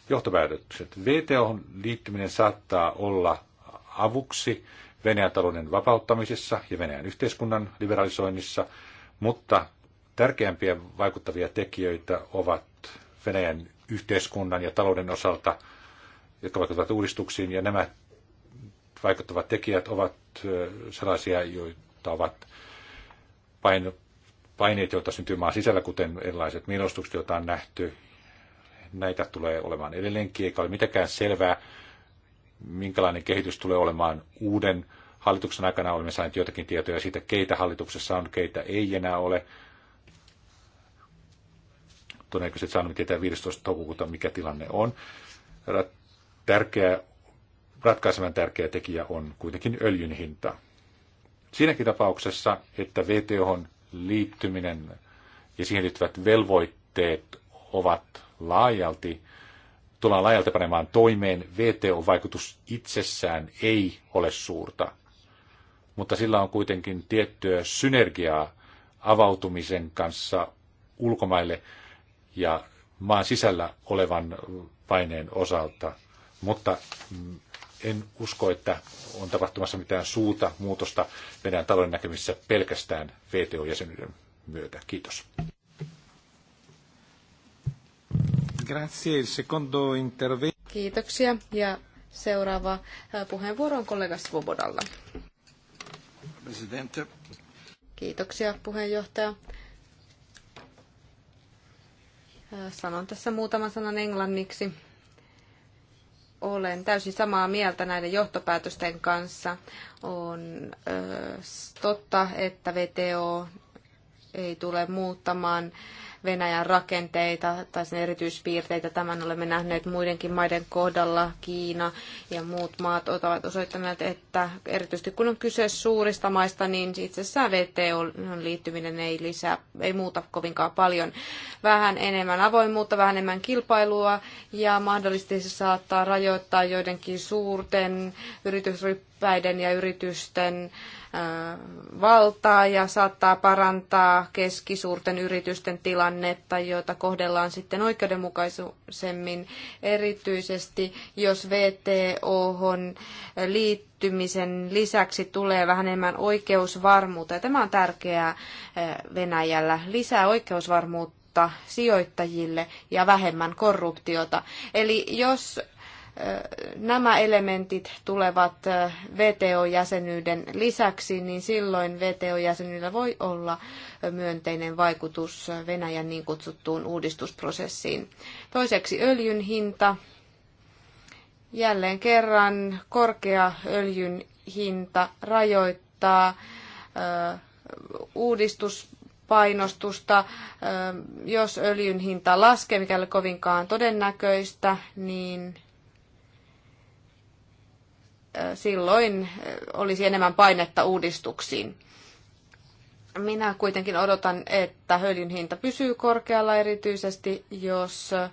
Johtopäätökset. vto liittyminen saattaa olla avuksi Venäjän talouden vapauttamisessa ja Venäjän yhteiskunnan liberalisoinnissa, mutta tärkeämpiä vaikuttavia tekijöitä ovat Venäjän yhteiskunnan ja talouden osalta, jotka vaikuttavat uudistuksiin, ja nämä vaikuttavat tekijät ovat sellaisia, joita ovat paineet, joita syntyy maan sisällä, kuten erilaiset mielostukset, joita on nähty. Näitä tulee olemaan edelleenkin, eikä ole mitenkään selvää, minkälainen kehitys tulee olemaan uuden hallituksen aikana. Olemme saaneet joitakin tietoja siitä, keitä hallituksessa on, keitä ei enää ole. Todennäköisesti saamme tietää 15. toukokuuta, mikä tilanne on. Tärkeä, ratkaisevan tärkeä tekijä on kuitenkin öljyn hinta. Siinäkin tapauksessa, että VTOhon liittyminen ja siihen liittyvät velvoitteet ovat laajalti tullaan laajalta panemaan toimeen, VTO-vaikutus itsessään ei ole suurta, mutta sillä on kuitenkin tiettyä synergiaa avautumisen kanssa ulkomaille ja maan sisällä olevan paineen osalta. Mutta mm, en usko, että on tapahtumassa mitään suuta muutosta meidän talouden näkymissä pelkästään VTO-jäsenyyden myötä. Kiitos. Grazie. Il secondo intervento. Kiitoksia. Ja seuraava puheenvuoro on kollega Svobodalla. Presidente. Kiitoksia puheenjohtaja. Sanon tässä muutaman sanan englanniksi. Olen täysin samaa mieltä näiden johtopäätösten kanssa. On totta, että VTO ei tule muuttamaan Venäjän rakenteita tai sen erityispiirteitä. Tämän olemme nähneet muidenkin maiden kohdalla. Kiina ja muut maat ovat osoittaneet, että erityisesti kun on kyse suurista maista, niin asiassa VTOn liittyminen ei, lisää, ei muuta kovinkaan paljon. Vähän enemmän avoimuutta, vähän enemmän kilpailua ja mahdollisesti se saattaa rajoittaa joidenkin suurten yritysryppien oppilaiden ja yritysten valtaa ja saattaa parantaa keskisuurten yritysten tilannetta, joita kohdellaan sitten oikeudenmukaisemmin, erityisesti jos VTO liittymisen lisäksi tulee vähän enemmän oikeusvarmuutta. Ja tämä on tärkeää Venäjällä. Lisää oikeusvarmuutta sijoittajille ja vähemmän korruptiota. Eli jos nämä elementit tulevat VTO-jäsenyyden lisäksi, niin silloin VTO-jäsenyydellä voi olla myönteinen vaikutus Venäjän niin kutsuttuun uudistusprosessiin. Toiseksi öljyn hinta. Jälleen kerran korkea öljyn hinta rajoittaa uudistus painostusta. Jos öljyn hinta laskee, mikä ei ole kovinkaan todennäköistä, niin silloin eh, olisi enemmän painetta uudistuksiin. Minä kuitenkin odotan, että höljyn hinta pysyy korkealla erityisesti, jos eh,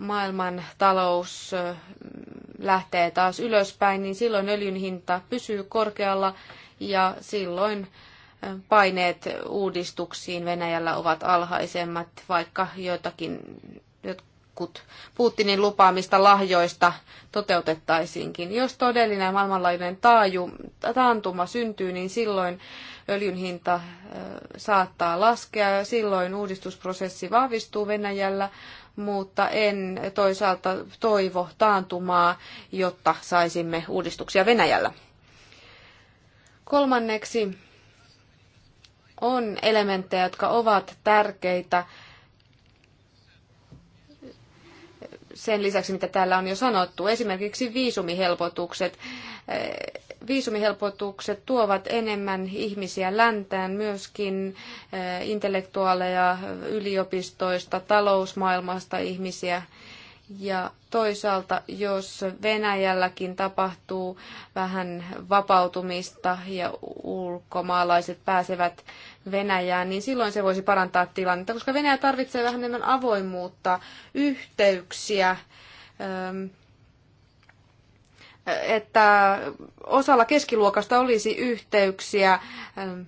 maailman talous eh, lähtee taas ylöspäin, niin silloin öljyn hinta pysyy korkealla ja silloin paineet uudistuksiin Venäjällä ovat alhaisemmat, vaikka jotakin jotkut Putinin lupaamista lahjoista toteutettaisiinkin. Jos todellinen maailmanlainen taaju, taantuma syntyy, niin silloin öljyn hinta saattaa laskea ja silloin uudistusprosessi vahvistuu Venäjällä, mutta en toisaalta toivo taantumaa, jotta saisimme uudistuksia Venäjällä. Kolmanneksi on elementtejä, jotka ovat tärkeitä sen lisäksi, mitä täällä on jo sanottu. Esimerkiksi viisumihelpotukset. Eh, viisumihelpotukset tuovat enemmän ihmisiä läntään, myöskin eh, intellektuaaleja yliopistoista, talousmaailmasta ihmisiä. Ja toisaalta, jos Venäjälläkin tapahtuu vähän vapautumista ja ulkomaalaiset pääsevät Venäjää, niin silloin se voisi parantaa tilannetta, koska Venäjä tarvitsee vähän enemmän avoimuutta, yhteyksiä, ähm, että osalla keskiluokasta olisi yhteyksiä ähm,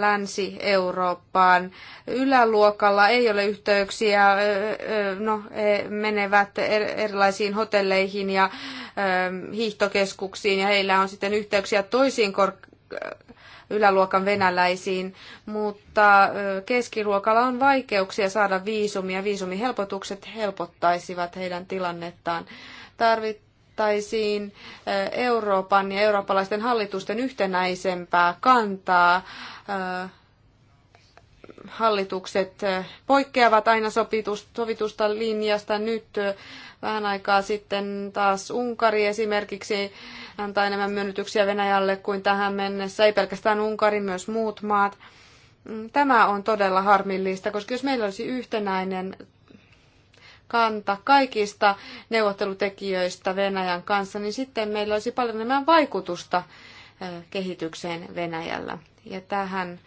Länsi-Eurooppaan. Yläluokalla ei ole yhteyksiä, äh, äh, no, he menevät er-, erilaisiin hotelleihin ja ähm, hiihtokeskuksiin ja heillä on sitten yhteyksiä toisiin kor- yläluokan venäläisiin, mutta keskiluokalla on vaikeuksia saada viisumia. Viisumihelpotukset helpottaisivat heidän tilannettaan. Tarvittaisiin Euroopan ja eurooppalaisten hallitusten yhtenäisempää kantaa hallitukset poikkeavat aina sovitusta linjasta. Nyt vähän aikaa sitten taas Unkari esimerkiksi antaa enemmän myönnytyksiä Venäjälle kuin tähän mennessä, ei pelkästään Unkari, myös muut maat. Tämä on todella harmillista, koska jos meillä olisi yhtenäinen kanta kaikista neuvottelutekijöistä Venäjän kanssa, niin sitten meillä olisi paljon enemmän vaikutusta kehitykseen Venäjällä. Ja tähän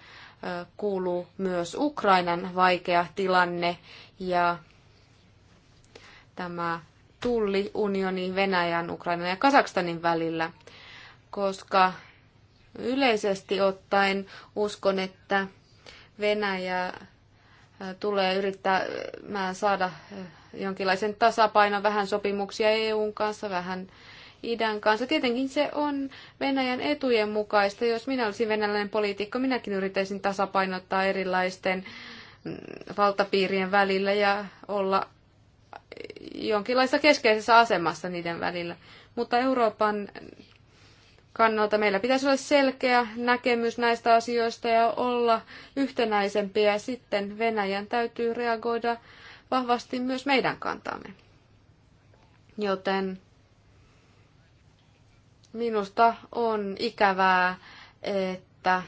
kuuluu myös Ukrainan vaikea tilanne ja tämä tulliunioni Venäjän, Ukrainan ja Kazakstanin välillä, koska yleisesti ottaen uskon, että Venäjä äh, tulee yrittämään saada äh, jonkinlaisen tasapainon, vähän sopimuksia EUn kanssa, vähän idän kanssa. Tietenkin se on Venäjän etujen mukaista. Jos minä olisin venäläinen poliitikko, minäkin yrittäisin tasapainottaa erilaisten mm, valtapiirien välillä ja olla jonkinlaisessa keskeisessä asemassa niiden välillä. Mutta Euroopan kannalta meillä pitäisi olla selkeä näkemys näistä asioista ja olla yhtenäisempiä. Sitten Venäjän täytyy reagoida vahvasti myös meidän kantaamme. Joten minusta on ikävää, että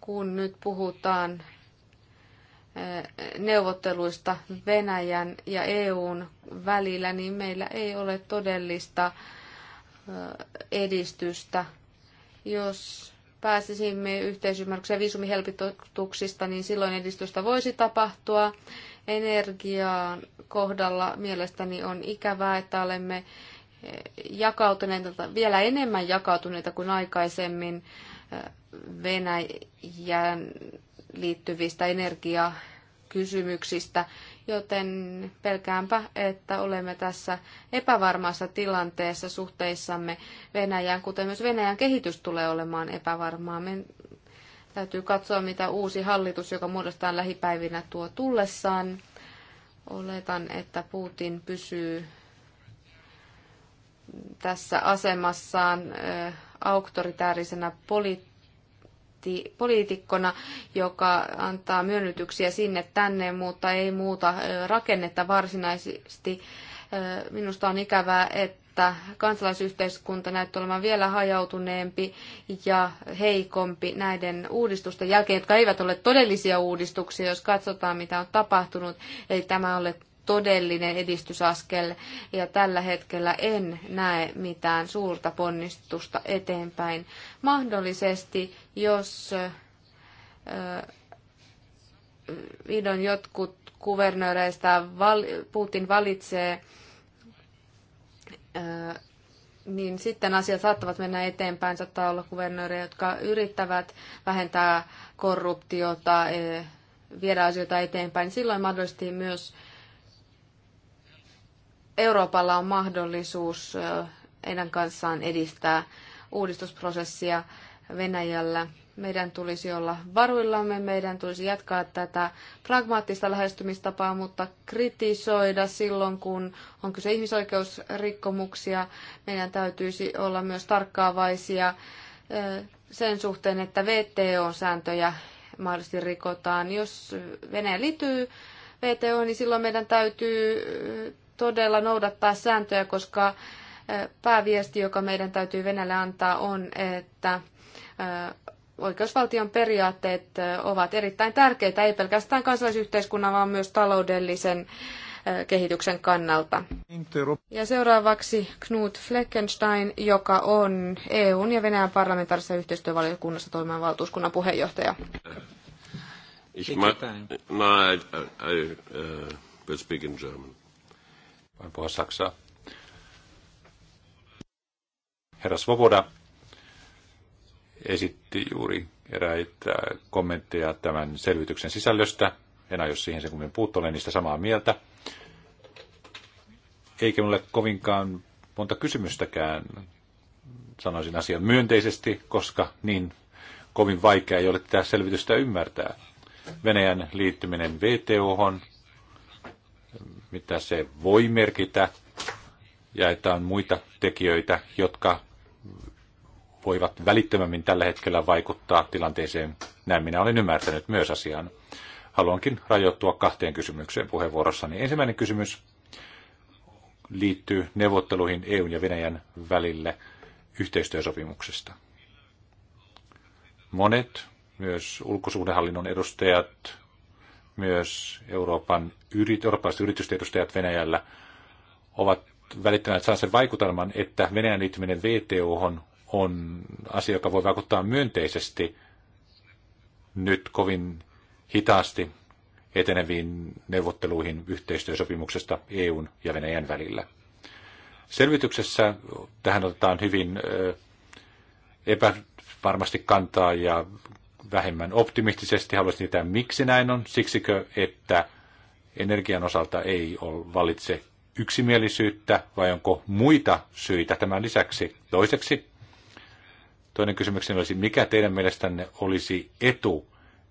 kun nyt puhutaan neuvotteluista Venäjän ja EUn välillä, niin meillä ei ole todellista edistystä. Jos pääsisimme yhteisymmärrykseen viisumihelpituksista, niin silloin edistystä voisi tapahtua. Energiaan kohdalla mielestäni on ikävää, että olemme jakautuneita, vielä enemmän jakautuneita kuin aikaisemmin Venäjän liittyvistä energiakysymyksistä, joten pelkäänpä, että olemme tässä epävarmassa tilanteessa suhteissamme Venäjään, kuten myös Venäjän kehitys tulee olemaan epävarmaa. Me täytyy katsoa, mitä uusi hallitus, joka muodostaa lähipäivinä, tuo tullessaan. Oletan, että Putin pysyy tässä asemassaan auktoritäärisenä poliittisena poliitti, poliitikkona, joka antaa myönnytyksiä sinne tänne, mutta ei muuta rakennetta varsinaisesti. Minusta on ikävää, että kansalaisyhteiskunta näyttää olevan vielä hajautuneempi ja heikompi näiden uudistusten jälkeen, jotka eivät ole todellisia uudistuksia, jos katsotaan mitä on tapahtunut. Ei tämä ole todellinen edistysaskel ja tällä hetkellä en näe mitään suurta ponnistusta eteenpäin. Mahdollisesti, jos vihdoin jotkut kuvernööreistä Putin valitsee, niin sitten asiat saattavat mennä eteenpäin. Saattaa olla kuvernöörejä, jotka yrittävät vähentää korruptiota, viedä asioita eteenpäin. Silloin mahdollisesti myös Euroopalla on mahdollisuus heidän kanssaan edistää uudistusprosessia Venäjällä. Meidän tulisi olla varuillamme, meidän tulisi jatkaa tätä pragmaattista lähestymistapaa, mutta kritisoida silloin, kun on kyse ihmisoikeusrikkomuksia. Meidän täytyisi olla myös tarkkaavaisia sen suhteen, että VTO-sääntöjä mahdollisesti rikotaan. Jos Venäjä liittyy VTO, niin silloin meidän täytyy todella noudattaa sääntöjä, koska pääviesti, joka meidän täytyy Venäjälle antaa, on, että oikeusvaltion periaatteet ovat erittäin tärkeitä, ei pelkästään kansalaisyhteiskunnan, vaan myös taloudellisen kehityksen kannalta. Ja seuraavaksi Knut Fleckenstein, joka on EUn ja Venäjän parlamentaarisessa yhteistyövaliokunnassa toimivan valtuuskunnan puheenjohtaja. Ich ma- no, I, I, I, uh, speak in German. Voin puhua saksaa. Herra Svoboda esitti juuri eräitä kommentteja tämän selvityksen sisällöstä. En aio siihen sen kummin puuttua, olen niistä samaa mieltä. Eikä minulle kovinkaan monta kysymystäkään sanoisin asian myönteisesti, koska niin kovin vaikea ei ole tätä selvitystä ymmärtää. Venäjän liittyminen VTOhon mitä se voi merkitä, ja että on muita tekijöitä, jotka voivat välittömämmin tällä hetkellä vaikuttaa tilanteeseen. Näin minä olen ymmärtänyt myös asian. Haluankin rajoittua kahteen kysymykseen puheenvuorossani. Ensimmäinen kysymys liittyy neuvotteluihin EUn ja Venäjän välille yhteistyösopimuksesta. Monet, myös ulkosuhdehallinnon edustajat, myös Euroopan yrit, eurooppalaiset yritystiedustajat Venäjällä ovat välittäneet saa sen vaikutelman, että Venäjän liittyminen VTO on asia, joka voi vaikuttaa myönteisesti nyt kovin hitaasti eteneviin neuvotteluihin yhteistyösopimuksesta EUn ja Venäjän välillä. Selvityksessä tähän otetaan hyvin epävarmasti kantaa ja vähemmän optimistisesti. Haluaisin tietää, miksi näin on. Siksikö, että energian osalta ei ole valitse yksimielisyyttä vai onko muita syitä tämän lisäksi? Toiseksi, toinen kysymys olisi, mikä teidän mielestänne olisi etu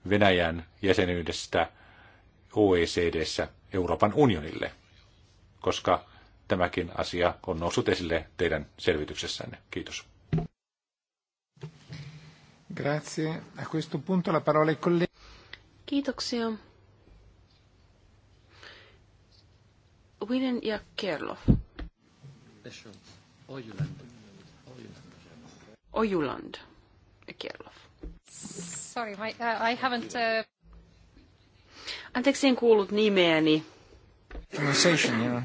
Venäjän jäsenyydestä OECDssä Euroopan unionille? Koska tämäkin asia on noussut esille teidän selvityksessänne. Kiitos. Grazie. A questo punto la parola è collega. Kiitoksia. Winen ja Kerlof. Ojuland. Ojuland ja Sorry, my, uh, I haven't... Uh... Anteeksi, en kuullut nimeäni. Pronunciation, yeah.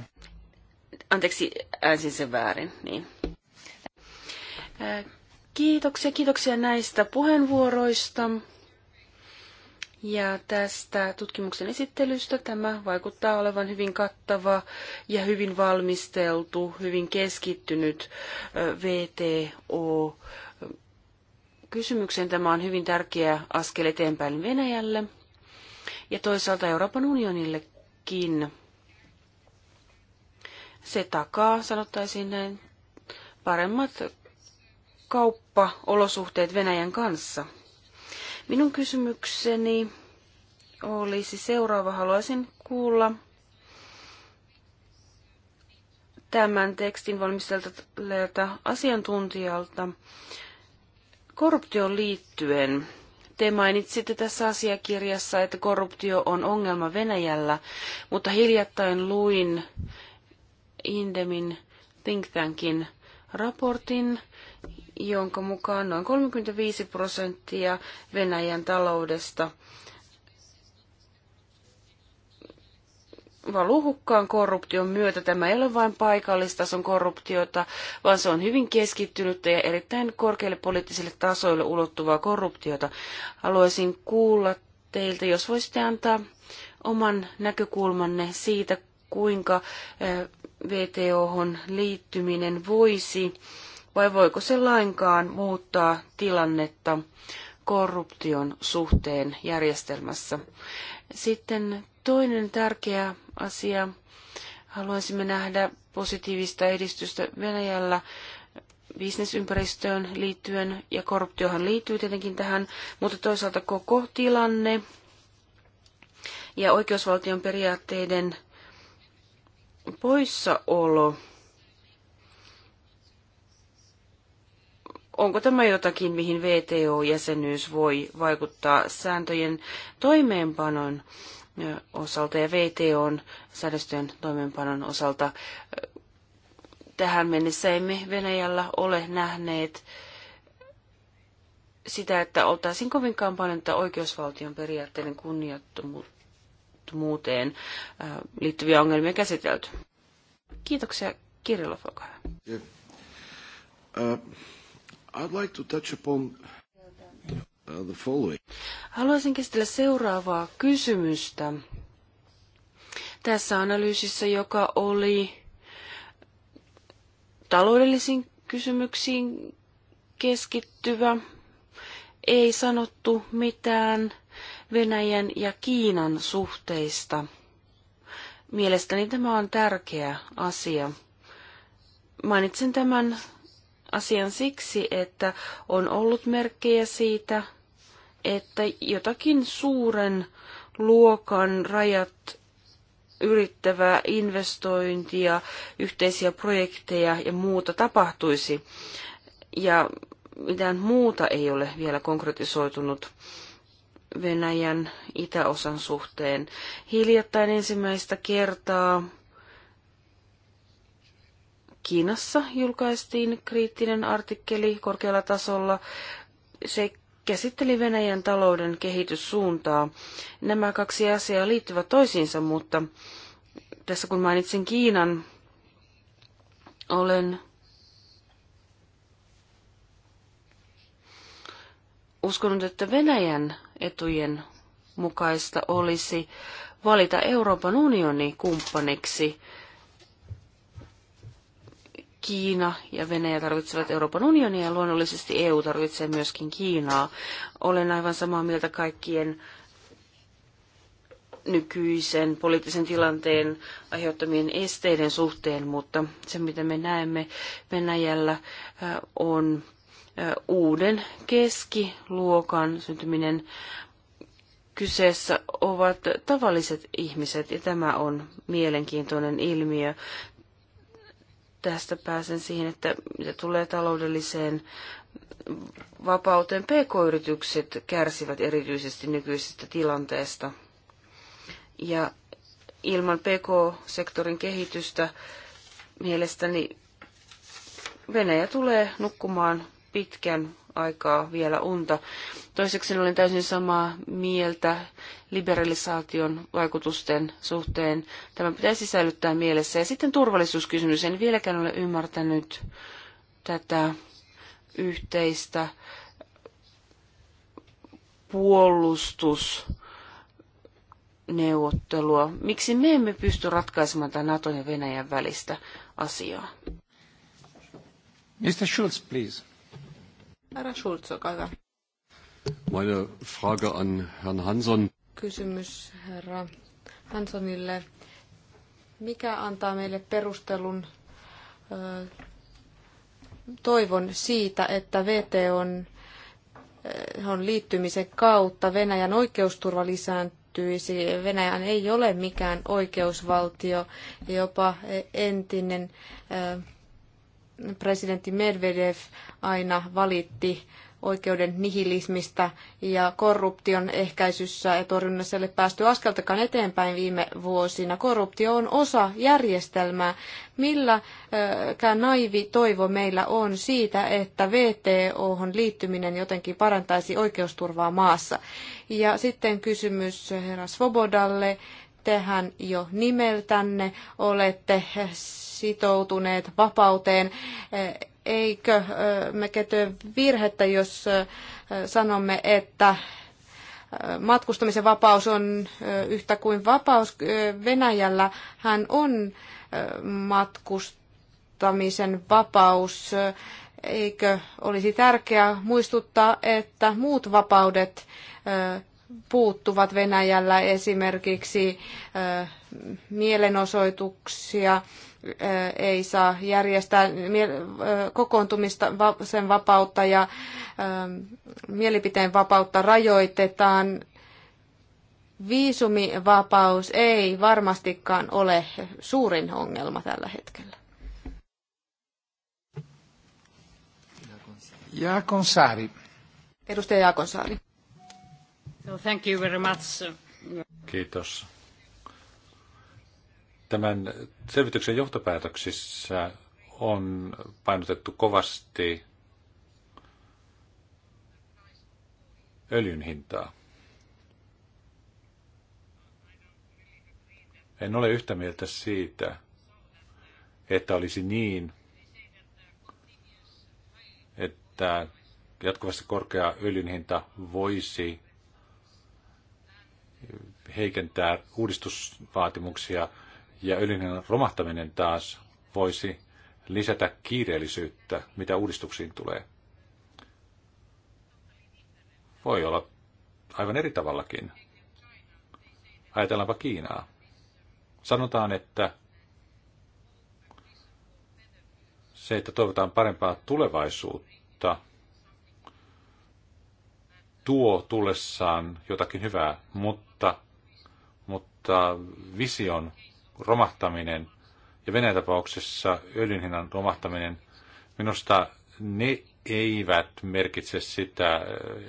Anteeksi, äänsin sen väärin, niin. Uh, Kiitoksia, kiitoksia näistä puheenvuoroista ja tästä tutkimuksen esittelystä. Tämä vaikuttaa olevan hyvin kattava ja hyvin valmisteltu, hyvin keskittynyt VTO. Kysymyksen tämä on hyvin tärkeä askel eteenpäin Venäjälle ja toisaalta Euroopan unionillekin. Se takaa, sanottaisiin näin, paremmat kauppaolosuhteet Venäjän kanssa. Minun kysymykseni olisi seuraava. Haluaisin kuulla tämän tekstin valmisteltajalta asiantuntijalta korruptioon liittyen. Te mainitsitte tässä asiakirjassa, että korruptio on ongelma Venäjällä, mutta hiljattain luin Indemin think tankin raportin, jonka mukaan noin 35 prosenttia Venäjän taloudesta valuu hukkaan korruption myötä. Tämä ei ole vain paikallistason korruptiota, vaan se on hyvin keskittynyttä ja erittäin korkeille poliittisille tasoille ulottuvaa korruptiota. Haluaisin kuulla teiltä, jos voisitte antaa oman näkökulmanne siitä, kuinka eh, VTO-hon liittyminen voisi vai voiko se lainkaan muuttaa tilannetta korruption suhteen järjestelmässä. Sitten toinen tärkeä asia. Haluaisimme nähdä positiivista edistystä Venäjällä bisnesympäristöön liittyen, ja korruptiohan liittyy tietenkin tähän, mutta toisaalta koko tilanne ja oikeusvaltion periaatteiden poissaolo onko tämä jotakin, mihin VTO-jäsenyys voi vaikuttaa sääntöjen toimeenpanon osalta ja VTOn säädöstöjen toimeenpanon osalta. Tähän mennessä emme Venäjällä ole nähneet sitä, että oltaisiin kovinkaan paljon että oikeusvaltion periaatteiden kunniattomuuteen liittyviä ongelmia käsitelty. Kiitoksia. Kirillov, olkaa hyvä. I'd like to touch upon uh, the following. Haluaisin käsitellä seuraavaa kysymystä. Tässä analyysissä, joka oli taloudellisiin kysymyksiin keskittyvä, ei sanottu mitään Venäjän ja Kiinan suhteista. Mielestäni tämä on tärkeä asia. Mainitsen tämän asian siksi, että on ollut merkkejä siitä, että jotakin suuren luokan rajat yrittävää investointia, yhteisiä projekteja ja muuta tapahtuisi. Ja mitään muuta ei ole vielä konkretisoitunut Venäjän itäosan suhteen. Hiljattain ensimmäistä kertaa Kiinassa julkaistiin kriittinen artikkeli korkealla tasolla. Se käsitteli Venäjän talouden kehityssuuntaa. Nämä kaksi asiaa liittyvät toisiinsa, mutta tässä kun mainitsin Kiinan, olen uskonut, että Venäjän etujen mukaista olisi valita Euroopan unioni kumppaniksi Kiina ja Venäjä tarvitsevat Euroopan unionia ja luonnollisesti EU tarvitsee myöskin Kiinaa. Olen aivan samaa mieltä kaikkien nykyisen poliittisen tilanteen aiheuttamien esteiden suhteen, mutta se mitä me näemme Venäjällä on uuden keskiluokan syntyminen. Kyseessä ovat tavalliset ihmiset ja tämä on mielenkiintoinen ilmiö tästä pääsen siihen, että mitä tulee taloudelliseen vapauteen, pk-yritykset kärsivät erityisesti nykyisestä tilanteesta. Ja ilman pk-sektorin kehitystä mielestäni Venäjä tulee nukkumaan pitkän aikaa vielä unta. Toiseksi olen täysin samaa mieltä liberalisaation vaikutusten suhteen. Tämä pitäisi sisällyttää mielessä. Ja sitten turvallisuuskysymys. En vieläkään ole ymmärtänyt tätä yhteistä puolustus neuvottelua. Miksi me emme pysty ratkaisemaan tämän Naton ja Venäjän välistä asiaa? Mr. Schulz, please. Herra Schulz, olkaa hyvä. Meine Frage an Herrn Hanson. Kysymys herra Hansonille. Mikä antaa meille perustelun ö, toivon siitä, että VTOn on liittymisen kautta Venäjän oikeusturva lisääntyisi. Venäjän ei ole mikään oikeusvaltio, jopa e- entinen ö, presidentti Medvedev aina valitti oikeuden nihilismistä ja korruption ehkäisyssä ja torjunnassa ei ole päästy askeltakaan eteenpäin viime vuosina. Korruptio on osa järjestelmää. Milläkään naivi toivo meillä on siitä, että VTOhon liittyminen jotenkin parantaisi oikeusturvaa maassa. Ja sitten kysymys herra Svobodalle tehän jo nimeltänne, olette sitoutuneet vapauteen. Eikö me ketö virhettä, jos sanomme, että matkustamisen vapaus on yhtä kuin vapaus. Venäjällä hän on matkustamisen vapaus. Eikö olisi tärkeää muistuttaa, että muut vapaudet puuttuvat Venäjällä esimerkiksi mielenosoituksia ei saa järjestää, kokoontumista, sen vapautta ja mielipiteen vapautta rajoitetaan. Viisumivapaus ei varmastikaan ole suurin ongelma tällä hetkellä. Jaakonsaari. Edustaja Jaakonsaari thank you very much. Kiitos. Tämän selvityksen johtopäätöksissä on painotettu kovasti öljyn hintaa. En ole yhtä mieltä siitä, että olisi niin, että jatkuvasti korkea öljyn hinta voisi heikentää uudistusvaatimuksia ja öljyn romahtaminen taas voisi lisätä kiireellisyyttä, mitä uudistuksiin tulee. Voi olla aivan eri tavallakin. Ajatellaanpa Kiinaa. Sanotaan, että se, että toivotaan parempaa tulevaisuutta, tuo tullessaan jotakin hyvää, mutta, mutta vision romahtaminen ja Venäjän tapauksessa öljynhinnan romahtaminen, minusta ne eivät merkitse sitä,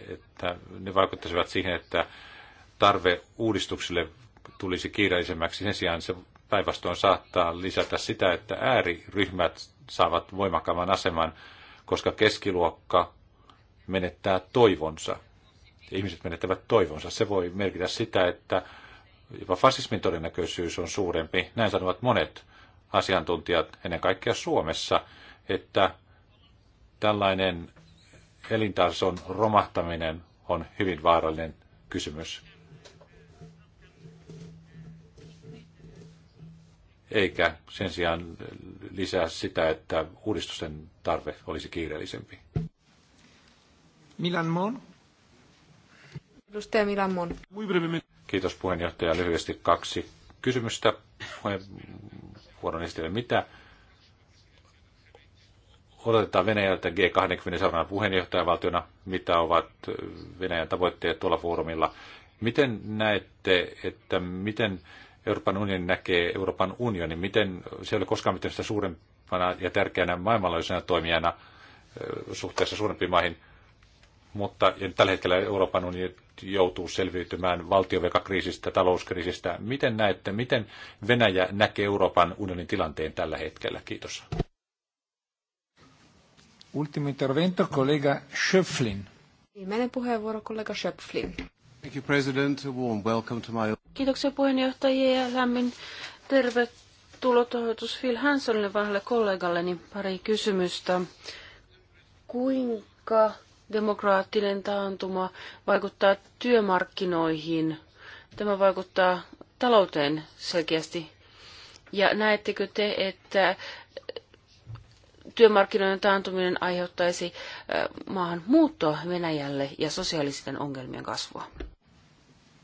että ne vaikuttaisivat siihen, että tarve uudistuksille tulisi kiireisemmäksi. Sen sijaan se päinvastoin saattaa lisätä sitä, että ääriryhmät saavat voimakkaamman aseman, koska keskiluokka menettää toivonsa ihmiset menettävät toivonsa. Se voi merkitä sitä, että jopa fasismin todennäköisyys on suurempi. Näin sanovat monet asiantuntijat, ennen kaikkea Suomessa, että tällainen elintason romahtaminen on hyvin vaarallinen kysymys. Eikä sen sijaan lisää sitä, että uudistusten tarve olisi kiireellisempi. Milan Mon. Edustaja Milamon. Kiitos puheenjohtaja. Lyhyesti kaksi kysymystä. Vuoron esitellä mitä odotetaan Venäjältä G20 seuraavana puheenjohtajavaltiona. Mitä ovat eh, Venäjän tavoitteet tuolla foorumilla? Miten näette, että miten Euroopan unioni näkee Euroopan unionin? Miten se ei ole koskaan mitään sitä suurempana ja tärkeänä maailmanlaajuisena toimijana eh, suhteessa suurempiin maihin? mutta tällä hetkellä Euroopan unioni joutuu selviytymään valtiovekakriisistä, talouskriisistä. Miten näette, miten Venäjä näkee Euroopan unionin tilanteen tällä hetkellä? Kiitos. Ultimo intervento, kollega Schöpflin. Viimeinen puheenvuoro, kollega Schöpflin. Thank you, President. A warm welcome to my... Kiitoksia puheenjohtajia ja lämmin tervetuloa toivotus Phil Hansonille vahvalle kollegalleni pari kysymystä. Kuinka demokraattinen taantuma vaikuttaa työmarkkinoihin. Tämä vaikuttaa talouteen selkeästi. Ja näettekö te, että työmarkkinoiden taantuminen aiheuttaisi äh, maahan muuttoa Venäjälle ja sosiaalisten ongelmien kasvua?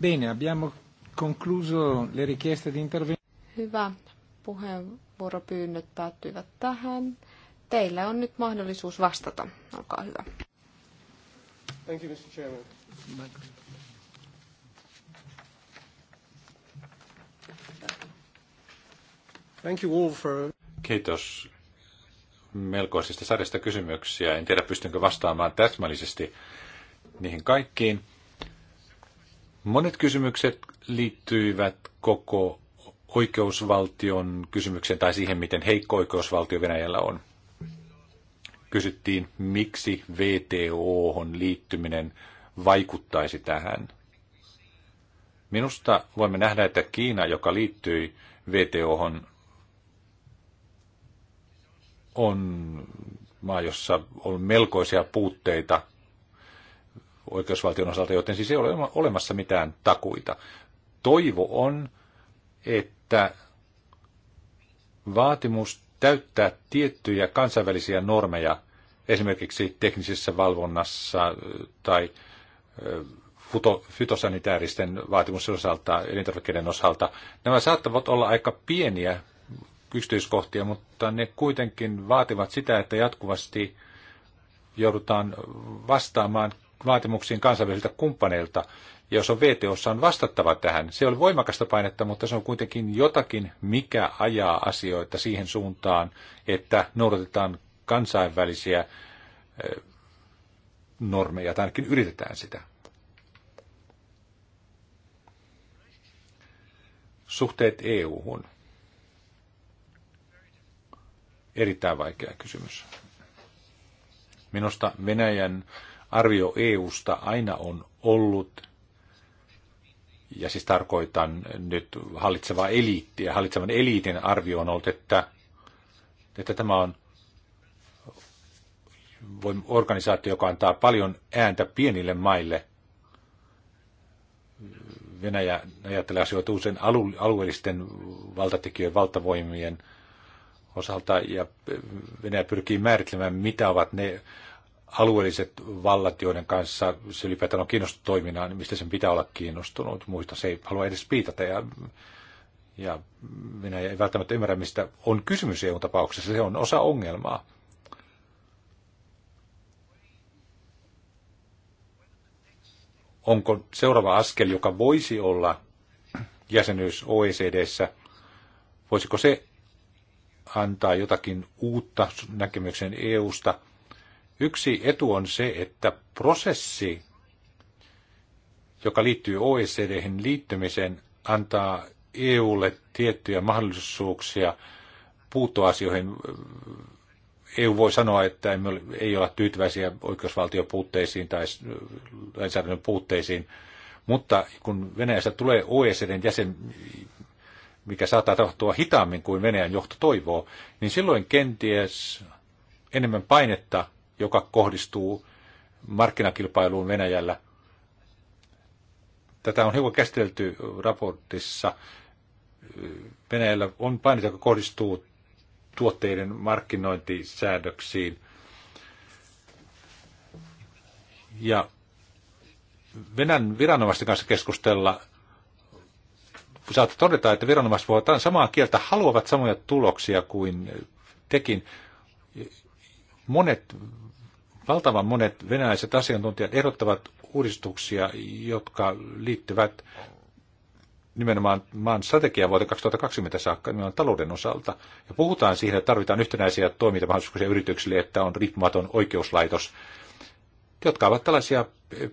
Bene, abbiamo concluso le richieste di intervento. Hyvä. Puheenvuoropyynnöt päättyivät tähän. Teillä on nyt mahdollisuus vastata. Olkaa hyvä. Thank you, Mr. Chairman. Thank you all for... Kiitos melkoisista sarjasta kysymyksiä. En tiedä, pystynkö vastaamaan täsmällisesti niihin kaikkiin. Monet kysymykset liittyivät koko oikeusvaltion kysymykseen tai siihen, miten heikko oikeusvaltio Venäjällä on kysyttiin, miksi VTO-hon liittyminen vaikuttaisi tähän. Minusta voimme nähdä, että Kiina, joka liittyi VTO-hon, on maa, jossa on melkoisia puutteita oikeusvaltion osalta, joten siis ei ole olemassa mitään takuita. Toivo on, että vaatimus täyttää tiettyjä kansainvälisiä normeja, esimerkiksi teknisessä valvonnassa äh, tai äh, fytosanitääristen vaatimusten osalta, elintarvikkeiden osalta. Nämä saattavat olla aika pieniä yksityiskohtia, mutta ne kuitenkin vaativat sitä, että jatkuvasti joudutaan vastaamaan vaatimuksiin kansainvälisiltä kumppaneilta jos on VTOssa on vastattava tähän. Se on voimakasta painetta, mutta se on kuitenkin jotakin, mikä ajaa asioita siihen suuntaan, että noudatetaan kansainvälisiä normeja, tai ainakin yritetään sitä. Suhteet EU-hun. Erittäin vaikea kysymys. Minusta Venäjän arvio EUsta aina on ollut ja siis tarkoitan nyt hallitsevaa eliittiä, hallitsevan eliitin arvio on ollut, että, että tämä on organisaatio, joka antaa paljon ääntä pienille maille. Venäjä ajattelee asioita usein alueellisten valtatekijöiden, valtavoimien osalta, ja Venäjä pyrkii määrittelemään, mitä ovat ne alueelliset vallat, joiden kanssa se ylipäätään on kiinnostunut toiminnan, niin mistä sen pitää olla kiinnostunut. Muista se ei halua edes piitata ja, ja minä en välttämättä ymmärrä, mistä on kysymys EU-tapauksessa. Se on osa ongelmaa. Onko seuraava askel, joka voisi olla jäsenyys OECDssä, voisiko se antaa jotakin uutta näkemyksen EUsta – Yksi etu on se, että prosessi, joka liittyy OECD liittymiseen, antaa EUlle tiettyjä mahdollisuuksia puuttua asioihin. EU voi sanoa, että emme ole, ei olla tyytyväisiä oikeusvaltiopuutteisiin tai lainsäädännön puutteisiin, mutta kun Venäjästä tulee OECDn jäsen, mikä saattaa tapahtua hitaammin kuin Venäjän johto toivoo, niin silloin kenties enemmän painetta joka kohdistuu markkinakilpailuun Venäjällä. Tätä on hiukan käsitelty raportissa. Venäjällä on paineita, joka kohdistuu tuotteiden markkinointisäädöksiin. Ja Venäjän viranomaisten kanssa keskustella saattaa todeta, että viranomaiset voivat samaa kieltä, haluavat samoja tuloksia kuin tekin monet, valtavan monet venäläiset asiantuntijat ehdottavat uudistuksia, jotka liittyvät nimenomaan maan strategiaa vuoteen 2020 saakka nimenomaan talouden osalta. Ja puhutaan siihen, että tarvitaan yhtenäisiä toimintamahdollisuuksia yrityksille, että on riippumaton oikeuslaitos, jotka ovat tällaisia eh,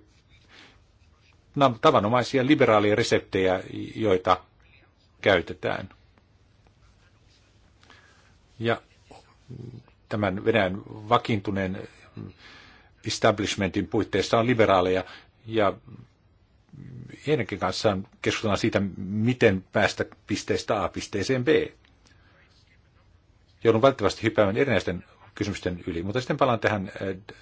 tavanomaisia liberaalia reseptejä, joita käytetään. Ja tämän Venäjän vakiintuneen establishmentin puitteissa on liberaaleja ja heidänkin kanssaan keskustellaan siitä, miten päästä pisteestä A pisteeseen B. Joudun välttämättä hyppäämään erinäisten kysymysten yli, mutta sitten palaan tähän äh,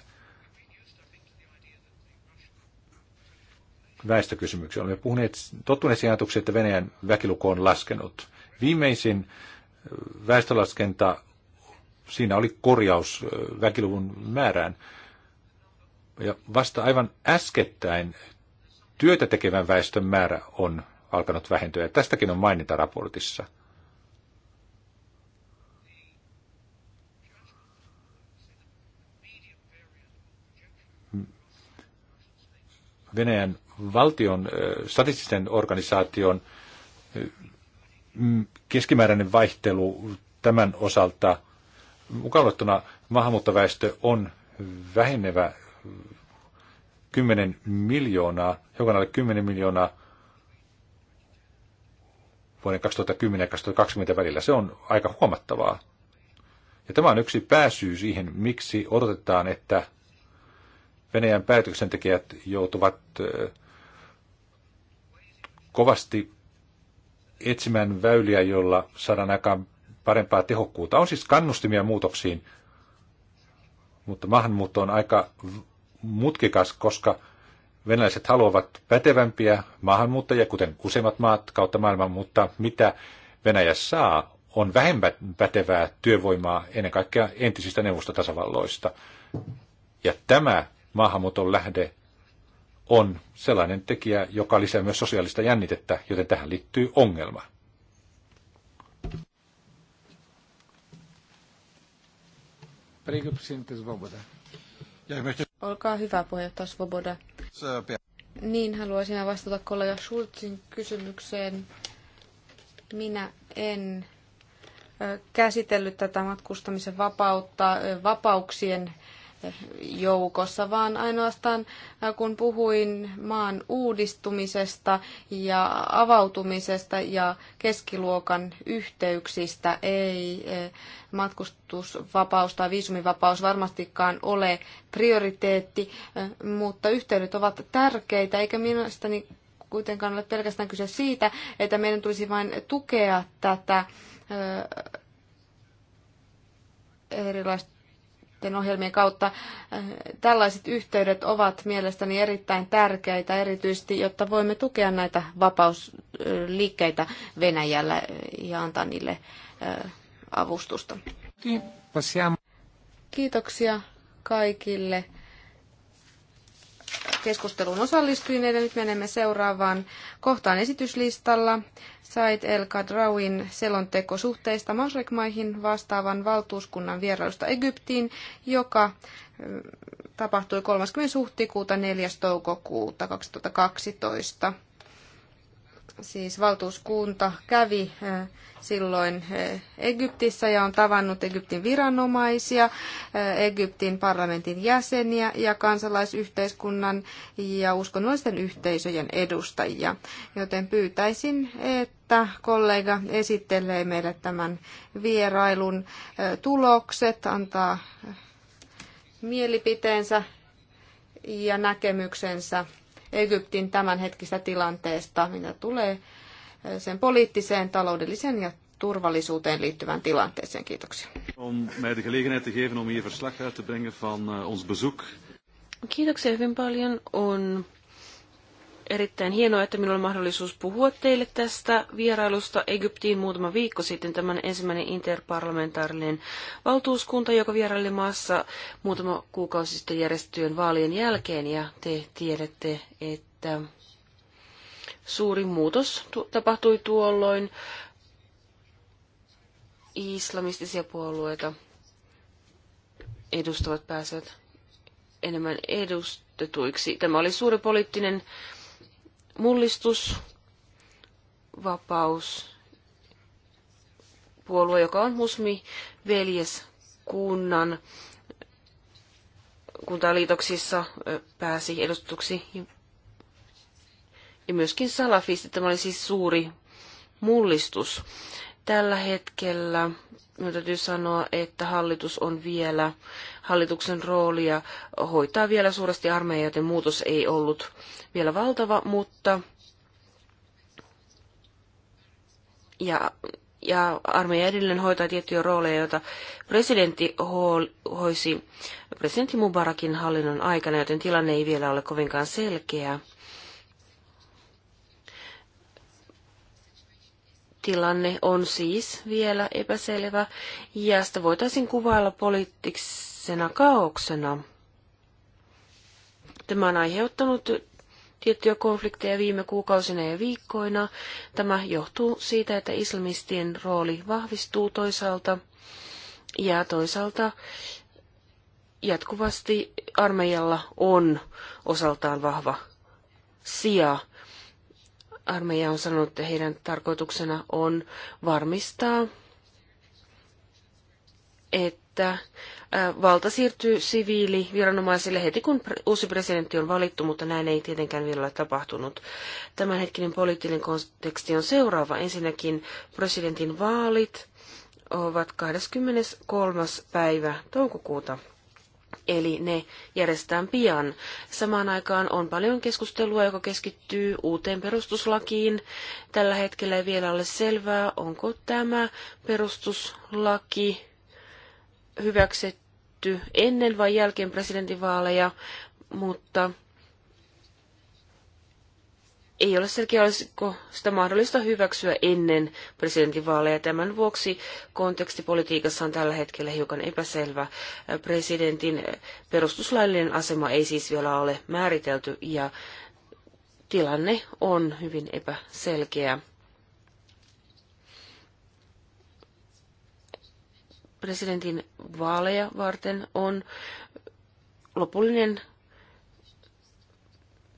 väestökysymykseen. Olemme puhuneet, tottuneet siihen ajatukseen, että Venäjän väkiluku on laskenut. Viimeisin äh, väestölaskenta siinä oli korjaus väkiluvun määrään. Ja vasta aivan äskettäin työtä tekevän väestön määrä on alkanut vähentyä, ja tästäkin on maininta raportissa. Venäjän valtion statististen organisaation keskimääräinen vaihtelu tämän osalta mukavattuna maahanmuuttoväestö on vähenevä 10 miljoonaa, hiukan alle 10 miljoonaa vuoden 2010 ja 2020 välillä. Se on aika huomattavaa. Ja tämä on yksi pääsyy siihen, miksi odotetaan, että Venäjän päätöksentekijät joutuvat kovasti etsimään väyliä, jolla saadaan aikaan parempaa tehokkuutta. On siis kannustimia muutoksiin, mutta maahanmuutto on aika mutkikas, koska venäläiset haluavat pätevämpiä maahanmuuttajia, kuten useimmat maat kautta maailman, mutta mitä Venäjä saa, on vähemmän pätevää työvoimaa ennen kaikkea entisistä neuvostotasavalloista. Ja tämä maahanmuuton lähde on sellainen tekijä, joka lisää myös sosiaalista jännitettä, joten tähän liittyy ongelma. Prego, presidente Svoboda. Olkaa hyvä, puheenjohtaja Svoboda. Niin, haluaisin vastata kollega Schulzin kysymykseen. Minä en käsitellyt tätä matkustamisen vapautta vapauksien joukossa, vaan ainoastaan kun puhuin maan uudistumisesta ja avautumisesta ja keskiluokan yhteyksistä, ei matkustusvapaus tai viisumivapaus varmastikaan ole prioriteetti, mutta yhteydet ovat tärkeitä, eikä mielestäni kuitenkaan ole pelkästään kyse siitä, että meidän tulisi vain tukea tätä erilaista ohjelmien kautta. Tällaiset yhteydet ovat mielestäni erittäin tärkeitä, erityisesti jotta voimme tukea näitä vapausliikkeitä Venäjällä ja antaa niille avustusta. Kiitoksia kaikille keskusteluun osallistuneille. Nyt menemme seuraavaan kohtaan esityslistalla. Said El Kadrawin selonteko suhteista Masrekmaihin vastaavan valtuuskunnan vierailusta Egyptiin, joka tapahtui 30. huhtikuuta 4. toukokuuta 2012 siis valtuuskunta kävi eh, silloin eh, Egyptissä ja on tavannut Egyptin viranomaisia, eh, Egyptin parlamentin jäseniä ja kansalaisyhteiskunnan ja uskonnollisten yhteisöjen edustajia. Joten pyytäisin, että kollega esittelee meille tämän vierailun tulokset, antaa mielipiteensä ja näkemyksensä Egyptin tämänhetkistä tilanteesta, mitä tulee eh, sen poliittiseen, taloudelliseen ja turvallisuuteen liittyvään tilanteeseen. Kiitoksia. Om mij de gelegenheid te geven om hier verslag uit te brengen van eh, ons bezoek. Kiitoksia hyvin paljon. On erittäin hienoa, että minulla on mahdollisuus puhua teille tästä vierailusta Egyptiin muutama viikko sitten. Tämän ensimmäinen interparlamentaarinen valtuuskunta, joka vieraili maassa muutama kuukausi sitten järjestettyjen vaalien jälkeen. Ja te tiedätte, että suuri muutos tapahtui tuolloin. Islamistisia puolueita edustavat pääsevät enemmän edustetuiksi. Tämä oli suuri poliittinen mullistus, vapaus, puolue, joka on Musmi veljeskunnan kuntaliitoksissa pääsi edustuksi. Ja myöskin salafistit, tämä oli siis suuri mullistus. Tällä hetkellä minun täytyy sanoa, että hallitus on vielä, hallituksen roolia hoitaa vielä suuresti armeija, joten muutos ei ollut vielä valtava, mutta ja, ja armeija edelleen hoitaa tiettyjä rooleja, joita presidentti hoisi presidentti Mubarakin hallinnon aikana, joten tilanne ei vielä ole kovinkaan selkeä. tilanne on siis vielä epäselvä ja sitä voitaisiin kuvailla poliittisena kaauksena. Tämä on aiheuttanut tiettyjä konflikteja viime kuukausina ja viikkoina. Tämä johtuu siitä, että islamistien rooli vahvistuu toisaalta ja toisaalta jatkuvasti armeijalla on osaltaan vahva sija Armeija on sanonut, että heidän tarkoituksena on varmistaa, että valta siirtyy siviiliviranomaisille heti, kun uusi presidentti on valittu, mutta näin ei tietenkään vielä ole tapahtunut. Tämänhetkinen poliittinen konteksti on seuraava. Ensinnäkin presidentin vaalit ovat 23. päivä toukokuuta Eli ne järjestetään pian. Samaan aikaan on paljon keskustelua, joka keskittyy uuteen perustuslakiin. Tällä hetkellä ei vielä ole selvää, onko tämä perustuslaki hyväksytty ennen vai jälkeen presidentinvaaleja, mutta ei ole selkeä, olisiko sitä mahdollista hyväksyä ennen presidentinvaaleja. Tämän vuoksi kontekstipolitiikassa on tällä hetkellä hiukan epäselvä. Presidentin perustuslaillinen asema ei siis vielä ole määritelty ja tilanne on hyvin epäselkeä. Presidentin vaaleja varten on lopullinen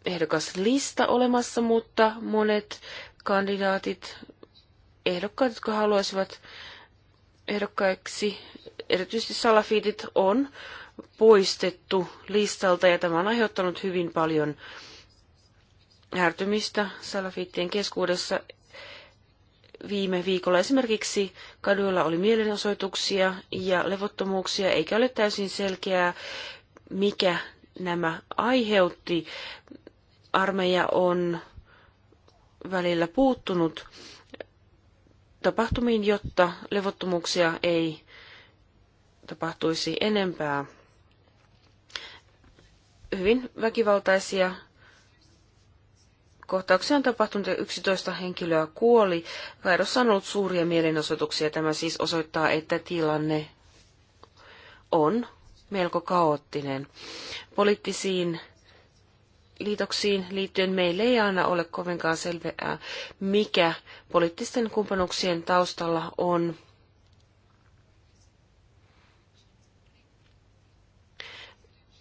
ehdokaslista olemassa, mutta monet kandidaatit, ehdokkaat, jotka haluaisivat ehdokkaiksi, erityisesti salafiitit, on poistettu listalta ja tämä on aiheuttanut hyvin paljon härtymistä salafiittien keskuudessa. Viime viikolla esimerkiksi kaduilla oli mielenosoituksia ja levottomuuksia, eikä ole täysin selkeää, mikä nämä aiheutti armeija on välillä puuttunut tapahtumiin, jotta levottomuuksia ei tapahtuisi enempää. Hyvin väkivaltaisia kohtauksia on tapahtunut ja 11 henkilöä kuoli. Kairossa on ollut suuria mielenosoituksia. Tämä siis osoittaa, että tilanne on melko kaoottinen. Poliittisiin liitoksiin liittyen meille ei aina ole kovinkaan selvää, mikä poliittisten kumppanuuksien taustalla on.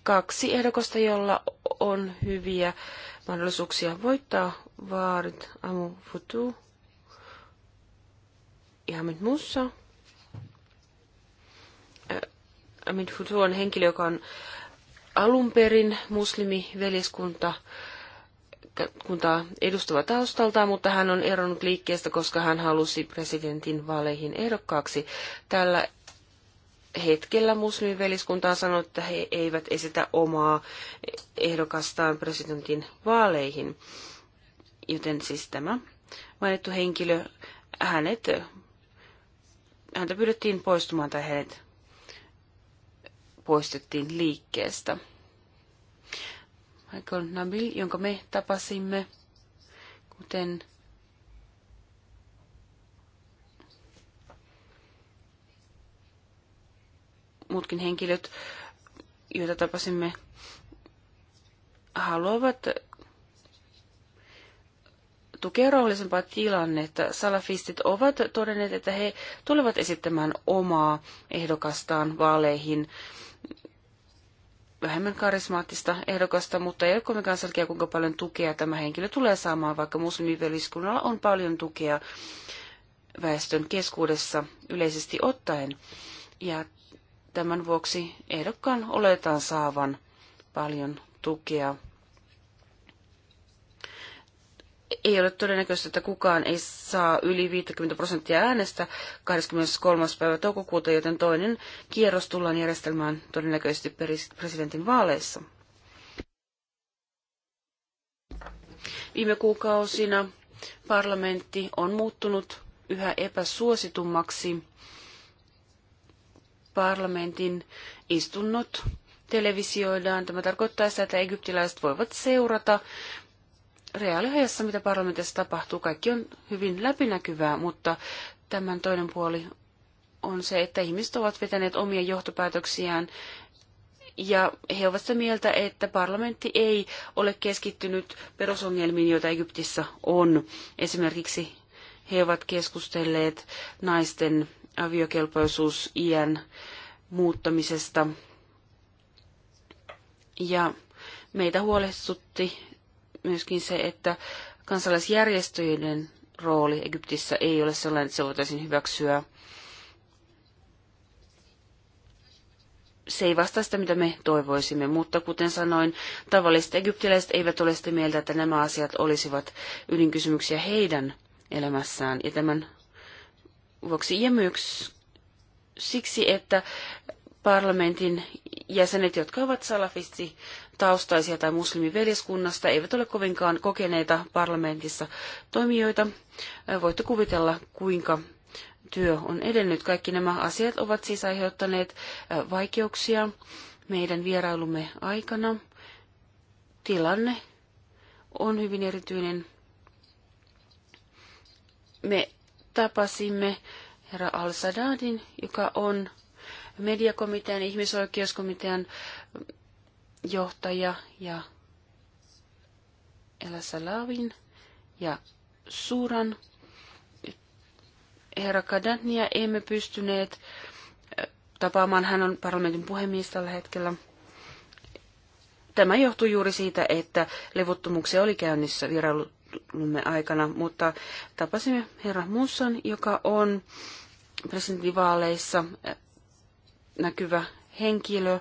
Kaksi ehdokasta, jolla on hyviä mahdollisuuksia voittaa vaarit Amu Futu ja Amit Musa. Amit Futu on henkilö, joka on alun perin muslimiveljeskunta kuntaa edustava taustaltaan, mutta hän on eronnut liikkeestä, koska hän halusi presidentin vaaleihin ehdokkaaksi. Tällä hetkellä muslimiveliskunta on sanonut, että he eivät esitä omaa ehdokastaan presidentin vaaleihin. Joten siis tämä mainittu henkilö, hänet, häntä pyydettiin poistumaan tai hänet poistettiin liikkeestä. Michael Nabil, jonka me tapasimme, kuten muutkin henkilöt, joita tapasimme, haluavat tukea rauhallisempaa tilannetta. Salafistit ovat todenneet, että he tulevat esittämään omaa ehdokastaan vaaleihin vähemmän karismaattista ehdokasta, mutta ei ole kovinkaan selkeä, kuinka paljon tukea tämä henkilö tulee saamaan, vaikka muslimiveliskunnalla on paljon tukea väestön keskuudessa yleisesti ottaen. Ja tämän vuoksi ehdokkaan oletaan saavan paljon tukea ei ole todennäköistä, että kukaan ei saa yli 50 prosenttia äänestä 23. päivä toukokuuta, joten toinen kierros tullaan järjestelmään todennäköisesti presidentin vaaleissa. Viime kuukausina parlamentti on muuttunut yhä epäsuositummaksi. Parlamentin istunnot televisioidaan. Tämä tarkoittaa sitä, että egyptiläiset voivat seurata reaaliajassa, mitä parlamentissa tapahtuu. Kaikki on hyvin läpinäkyvää, mutta tämän toinen puoli on se, että ihmiset ovat vetäneet omia johtopäätöksiään ja he ovat sitä mieltä, että parlamentti ei ole keskittynyt perusongelmiin, joita Egyptissä on. Esimerkiksi he ovat keskustelleet naisten iän muuttamisesta. Ja meitä huolestutti myöskin se, että kansalaisjärjestöjen rooli Egyptissä ei ole sellainen, että se voitaisiin hyväksyä. Se ei vastaa sitä, mitä me toivoisimme, mutta kuten sanoin, tavalliset egyptiläiset eivät ole sitä mieltä, että nämä asiat olisivat ydinkysymyksiä heidän elämässään. Ja tämän vuoksi ja myös siksi, että parlamentin jäsenet, jotka ovat salafisti taustaisia tai muslimiveljeskunnasta, eivät ole kovinkaan kokeneita parlamentissa toimijoita. Voitte kuvitella, kuinka työ on edennyt. Kaikki nämä asiat ovat siis aiheuttaneet vaikeuksia meidän vierailumme aikana. Tilanne on hyvin erityinen. Me tapasimme herra Al-Sadadin, joka on mediakomitean, ihmisoikeuskomitean johtaja ja El Salavin ja Suran herra Kadatnia emme pystyneet äh, tapaamaan. Hän on parlamentin puhemies tällä hetkellä. Tämä johtui juuri siitä, että levottomuuksia oli käynnissä virallumme aikana, mutta tapasimme herra Musson, joka on presidentinvaaleissa äh, näkyvä henkilö,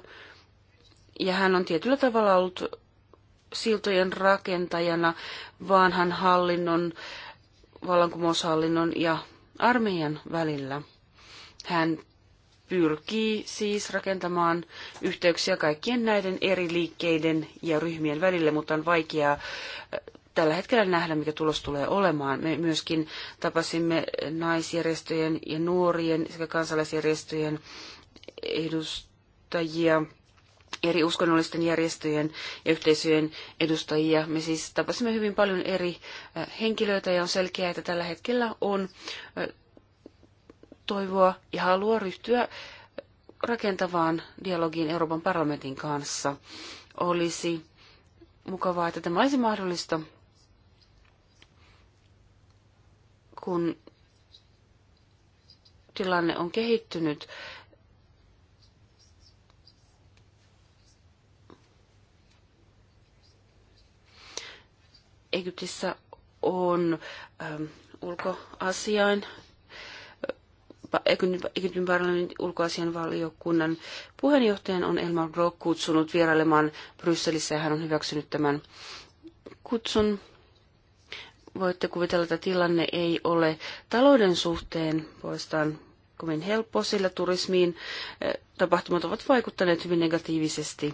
ja hän on tietyllä tavalla ollut siltojen rakentajana vanhan hallinnon, vallankumoushallinnon ja armeijan välillä. Hän pyrkii siis rakentamaan yhteyksiä kaikkien näiden eri liikkeiden ja ryhmien välille, mutta on vaikeaa äh, tällä hetkellä nähdä, mikä tulos tulee olemaan. Me myöskin tapasimme naisjärjestöjen ja nuorien sekä kansalaisjärjestöjen edustajia eri uskonnollisten järjestöjen ja yhteisöjen edustajia. Me siis tapasimme hyvin paljon eri äh, henkilöitä ja on selkeää, että tällä hetkellä on äh, toivoa ja halua ryhtyä äh, rakentavaan dialogiin Euroopan parlamentin kanssa. Olisi mukavaa, että tämä olisi mahdollista, kun tilanne on kehittynyt Egyptissä on ähm, ulkoasiain äh, Egyptin parlamentin ulkoasian valiokunnan puheenjohtajan on Elmar Brock kutsunut vierailemaan Brysselissä ja hän on hyväksynyt tämän kutsun. Voitte kuvitella, että tilanne ei ole talouden suhteen poistaan kovin helppo, sillä turismiin äh, tapahtumat ovat vaikuttaneet hyvin negatiivisesti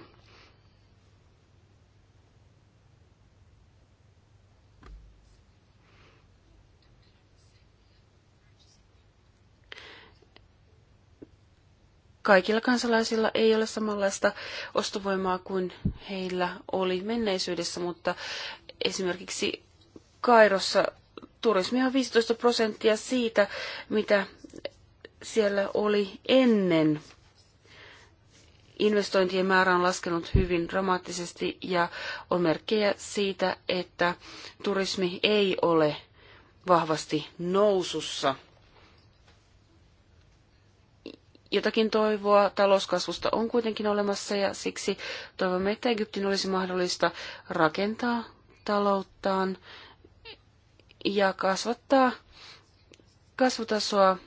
kaikilla kansalaisilla ei ole samanlaista ostovoimaa kuin heillä oli menneisyydessä, mutta esimerkiksi Kairossa turismi on 15 prosenttia siitä, mitä siellä oli ennen. Investointien määrä on laskenut hyvin dramaattisesti ja on merkkejä siitä, että turismi ei ole vahvasti nousussa – jotakin toivoa talouskasvusta on kuitenkin olemassa ja siksi toivomme, että Egyptin olisi mahdollista rakentaa talouttaan ja kasvattaa kasvutasoa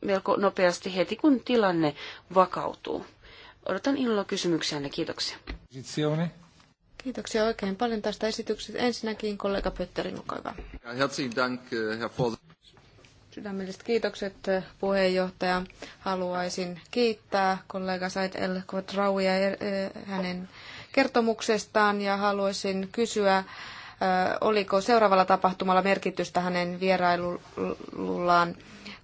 melko nopeasti heti, kun tilanne vakautuu. Odotan innolla kysymyksiänne. Kiitoksia. Kiitoksia oikein paljon tästä esityksestä. Ensinnäkin kollega Pötterin, olkaa hyvä. Herzlichen Dank, Herr Sydämelliset kiitokset puheenjohtaja. Haluaisin kiittää kollega Said El Quadrauia eh, hänen kertomuksestaan ja haluaisin kysyä, eh, oliko seuraavalla tapahtumalla merkitystä hänen vierailullaan.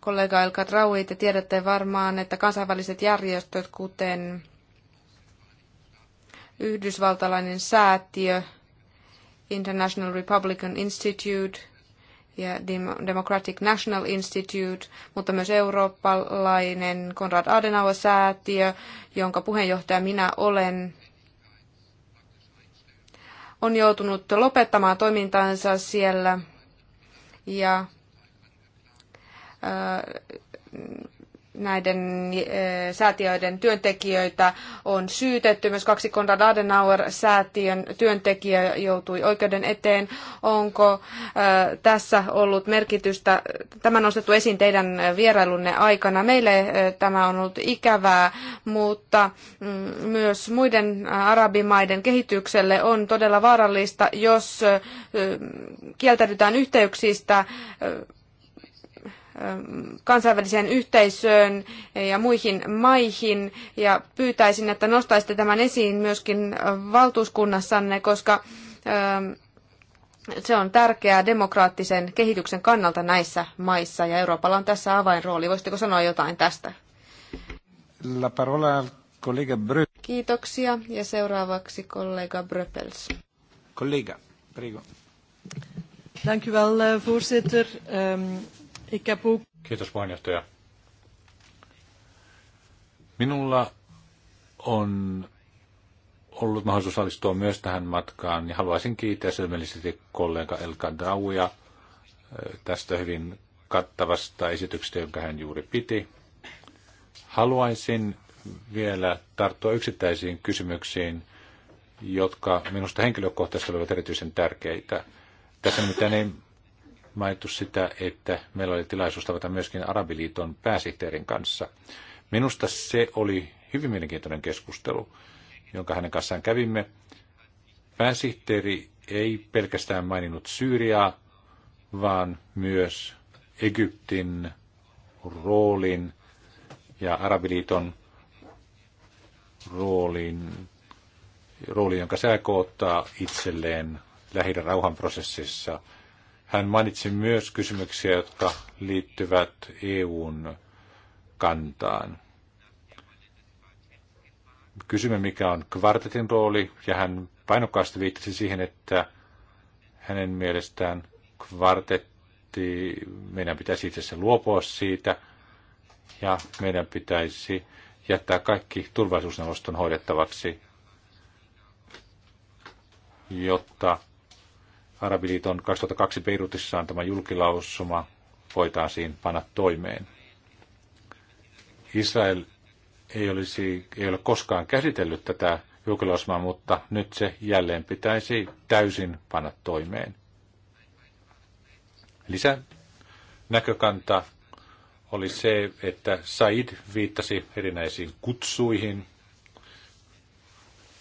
Kollega El Quadraui, te tiedätte varmaan, että kansainväliset järjestöt, kuten yhdysvaltalainen säätiö, International Republican Institute – ja Democratic National Institute, mutta myös eurooppalainen Konrad Adenauer-säätiö, jonka puheenjohtaja minä olen, on joutunut lopettamaan toimintansa siellä ja näiden eh, säätiöiden työntekijöitä on syytetty. Myös kaksi Konrad Adenauer-säätiön työntekijä joutui oikeuden eteen. Onko eh, tässä ollut merkitystä? Tämä on nostettu esiin teidän vierailunne aikana. Meille eh, tämä on ollut ikävää, mutta mm, myös muiden arabimaiden kehitykselle on todella vaarallista, jos kieltäydytään yhteyksistä kansainväliseen yhteisöön ja muihin maihin ja pyytäisin, että nostaisitte tämän esiin myöskin valtuuskunnassanne, koska ähm, se on tärkeää demokraattisen kehityksen kannalta näissä maissa ja Euroopalla on tässä avainrooli. Voisitteko sanoa jotain tästä? La parola Kiitoksia ja seuraavaksi kollega Bröpels. Kollega, prego. Dank u wel, eh, voorzitter. Ehm, Kiitos puheenjohtaja. Minulla on ollut mahdollisuus osallistua myös tähän matkaan ja haluaisin kiittää selvästi kollega Elka Dauja eh, tästä hyvin kattavasta esityksestä, jonka hän juuri piti. Haluaisin vielä tarttua yksittäisiin kysymyksiin, jotka minusta henkilökohtaisesti olivat erityisen tärkeitä. Tässä nimittäin ei mainittu sitä, että meillä oli tilaisuus tavata myöskin Arabiliiton pääsihteerin kanssa. Minusta se oli hyvin mielenkiintoinen keskustelu, jonka hänen kanssaan kävimme. Pääsihteeri ei pelkästään maininnut Syyriaa, vaan myös Egyptin roolin ja Arabiliiton roolin, rooli, jonka se ottaa itselleen lähi rauhanprosessissa – hän mainitsi myös kysymyksiä, jotka liittyvät EUn kantaan. Kysymme, mikä on kvartetin rooli, ja hän painokkaasti viittasi siihen, että hänen mielestään kvartetti, meidän pitäisi itse asiassa luopua siitä, ja meidän pitäisi jättää kaikki turvallisuusneuvoston hoidettavaksi, jotta Arabiliiton 2002 Beirutissa antama julkilausuma voitaisiin panna toimeen. Israel ei, olisi, ei ole koskaan käsitellyt tätä julkilausumaa, mutta nyt se jälleen pitäisi täysin panna toimeen. Lisä näkökanta oli se, että Said viittasi erinäisiin kutsuihin,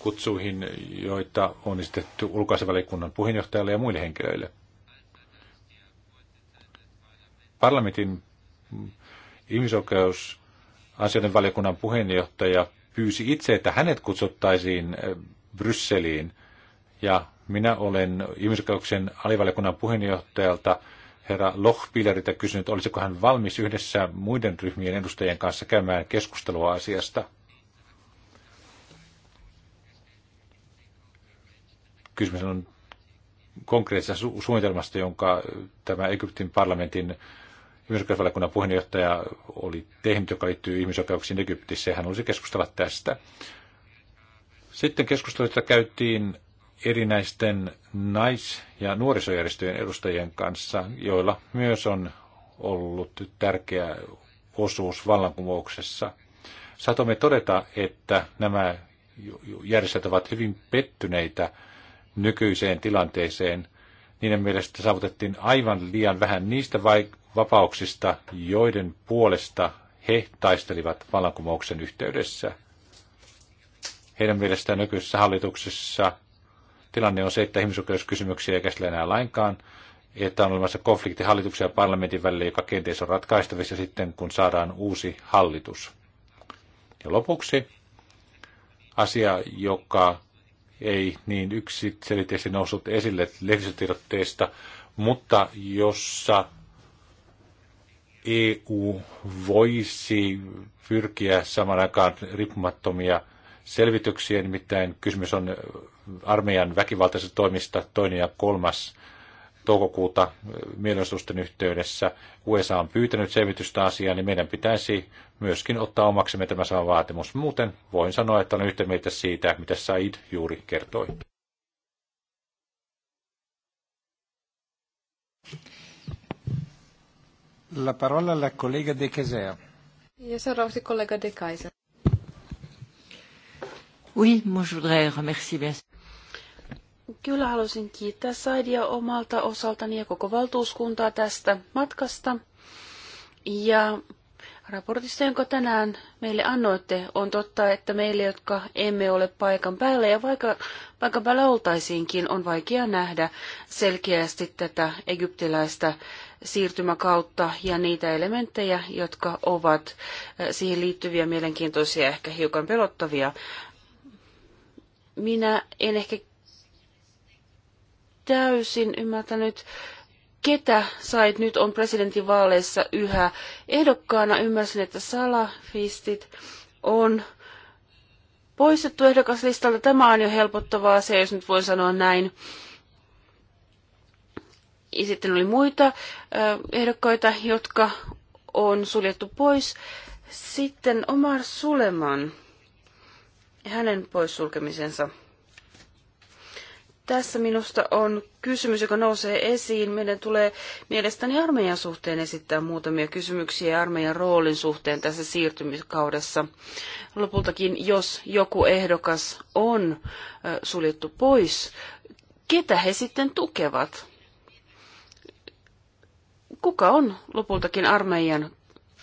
kutsuihin, joita on esitetty ulkoasevalikunnan puheenjohtajalle ja muille henkilöille. Parlamentin ihmisoikeusasioiden valiokunnan puheenjohtaja pyysi itse, että hänet kutsuttaisiin eh, Brysseliin. Ja minä olen ihmisoikeuksien alivaliokunnan puheenjohtajalta herra Lochbilleriltä kysynyt, olisiko hän valmis yhdessä muiden ryhmien edustajien kanssa käymään keskustelua asiasta. Kysymys on konkreettisesta su- suunnitelmasta, jonka tämä Egyptin parlamentin ihmisoikeusvaliokunnan puheenjohtaja oli tehnyt, joka liittyy ihmisoikeuksiin Egyptissä, ja hän olisi keskustella tästä. Sitten keskusteluita käytiin erinäisten nais- ja nuorisojärjestöjen edustajien kanssa, joilla myös on ollut tärkeä osuus vallankumouksessa. Saatamme todeta, että nämä järjestöt ovat hyvin pettyneitä nykyiseen tilanteeseen. Niiden mielestä saavutettiin aivan liian vähän niistä vapauksista, joiden puolesta he taistelivat vallankumouksen yhteydessä. Heidän mielestään nykyisessä hallituksessa tilanne on se, että ihmisoikeuskysymyksiä ei käsitellä enää lainkaan, että on olemassa konflikti hallituksen ja parlamentin välillä, joka kenties on ratkaistavissa sitten, kun saadaan uusi hallitus. Ja lopuksi asia, joka ei niin yksiselitteisesti noussut esille lehdistötiedotteesta, mutta jossa EU voisi pyrkiä saman aikaan riippumattomia selvityksiä, nimittäin kysymys on armeijan väkivaltaisista toimista toinen ja kolmas toukokuuta mielenosoitusten yhteydessä USA on pyytänyt selvitystä asiaa, niin meidän pitäisi myöskin ottaa omaksemme tämä sama vaatimus. Muuten voin sanoa, että olen yhtä mieltä siitä, mitä Said juuri kertoi. La parola alla collega De Casea. Ja seuraavaksi kollega De Kaiser. Oui, moi je voudrais remercier bien sûr. Kyllä haluaisin kiittää Saidia omalta osaltani ja koko valtuuskuntaa tästä matkasta. Ja raportista, jonka tänään meille annoitte, on totta, että meille, jotka emme ole paikan päällä ja vaikka paikan päällä oltaisiinkin, on vaikea nähdä selkeästi tätä egyptiläistä siirtymäkautta ja niitä elementtejä, jotka ovat äh, siihen liittyviä mielenkiintoisia, ehkä hiukan pelottavia. Minä en ehkä täysin ymmärtänyt, ketä Said nyt on presidentinvaaleissa yhä ehdokkaana. Ymmärsin, että salafistit on poistettu ehdokaslistalta. Tämä on jo helpottavaa se, jos nyt voin sanoa näin. Ja sitten oli muita ehdokkaita, jotka on suljettu pois. Sitten Omar Suleman, hänen poissulkemisensa tässä minusta on kysymys, joka nousee esiin. Meidän tulee mielestäni armeijan suhteen esittää muutamia kysymyksiä armeijan roolin suhteen tässä siirtymiskaudessa. Lopultakin, jos joku ehdokas on suljettu pois, ketä he sitten tukevat? Kuka on lopultakin armeijan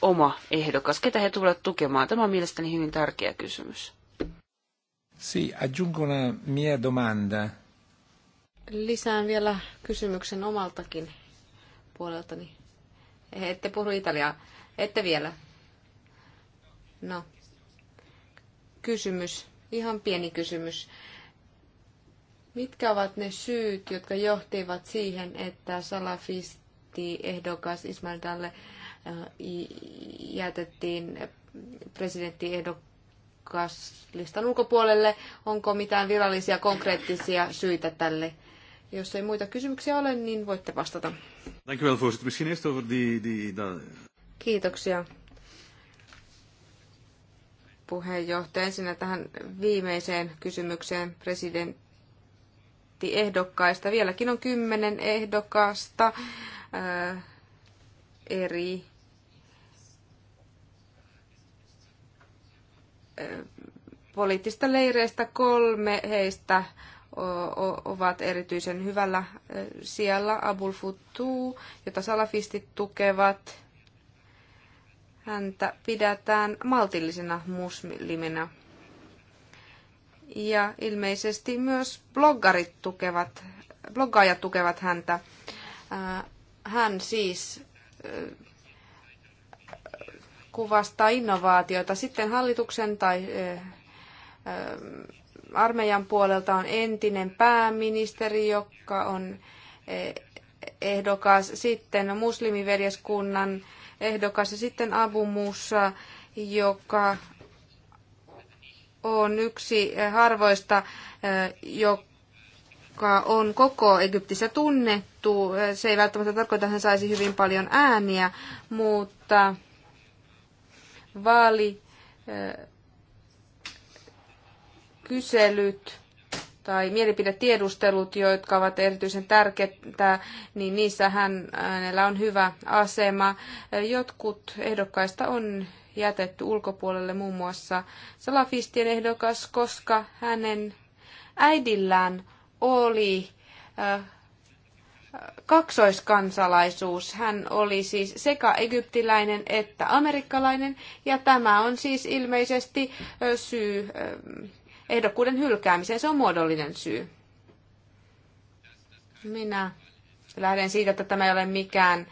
oma ehdokas? Ketä he tulevat tukemaan? Tämä on mielestäni hyvin tärkeä kysymys. Sì, si, aggiungo una mia domanda. Lisään vielä kysymyksen omaltakin puoleltani. Ette puhu italiaa. Ette vielä. No. Kysymys. Ihan pieni kysymys. Mitkä ovat ne syyt, jotka johtivat siihen, että salafisti ehdokas Ismail Dalle äh, jätettiin presidenttiehdokaslistan ulkopuolelle? Onko mitään virallisia konkreettisia syitä tälle? Jos ei muita kysymyksiä ole, niin voitte vastata. over Kiitoksia puheenjohtaja. Ensinnä tähän viimeiseen kysymykseen presidenttiehdokkaista. Vieläkin on kymmenen ehdokasta ää, äh, eri ää, äh, poliittista leireistä. Kolme heistä ovat erityisen hyvällä siellä. Abul Futu, jota salafistit tukevat, häntä pidetään maltillisena muslimina. Ja ilmeisesti myös bloggarit tukevat, bloggaajat tukevat häntä. Hän siis kuvastaa innovaatioita. Sitten hallituksen tai armeijan puolelta on entinen pääministeri, joka on e, ehdokas, sitten muslimiveljeskunnan ehdokas ja sitten Abu Musa, joka on yksi harvoista, e, joka on koko Egyptissä tunnettu. E, se ei välttämättä tarkoita, että hän saisi hyvin paljon ääniä, mutta vaali kyselyt tai mielipidetiedustelut, jotka ovat erityisen tärkeitä, niin niissähän hänellä on hyvä asema. Jotkut ehdokkaista on jätetty ulkopuolelle muun muassa salafistien ehdokas, koska hänen äidillään oli äh, kaksoiskansalaisuus. Hän oli siis sekä egyptiläinen että amerikkalainen, ja tämä on siis ilmeisesti äh, syy äh, ehdokkuuden hylkäämiseen. Se on muodollinen syy. Minä lähden siitä, että tämä ei ole mikään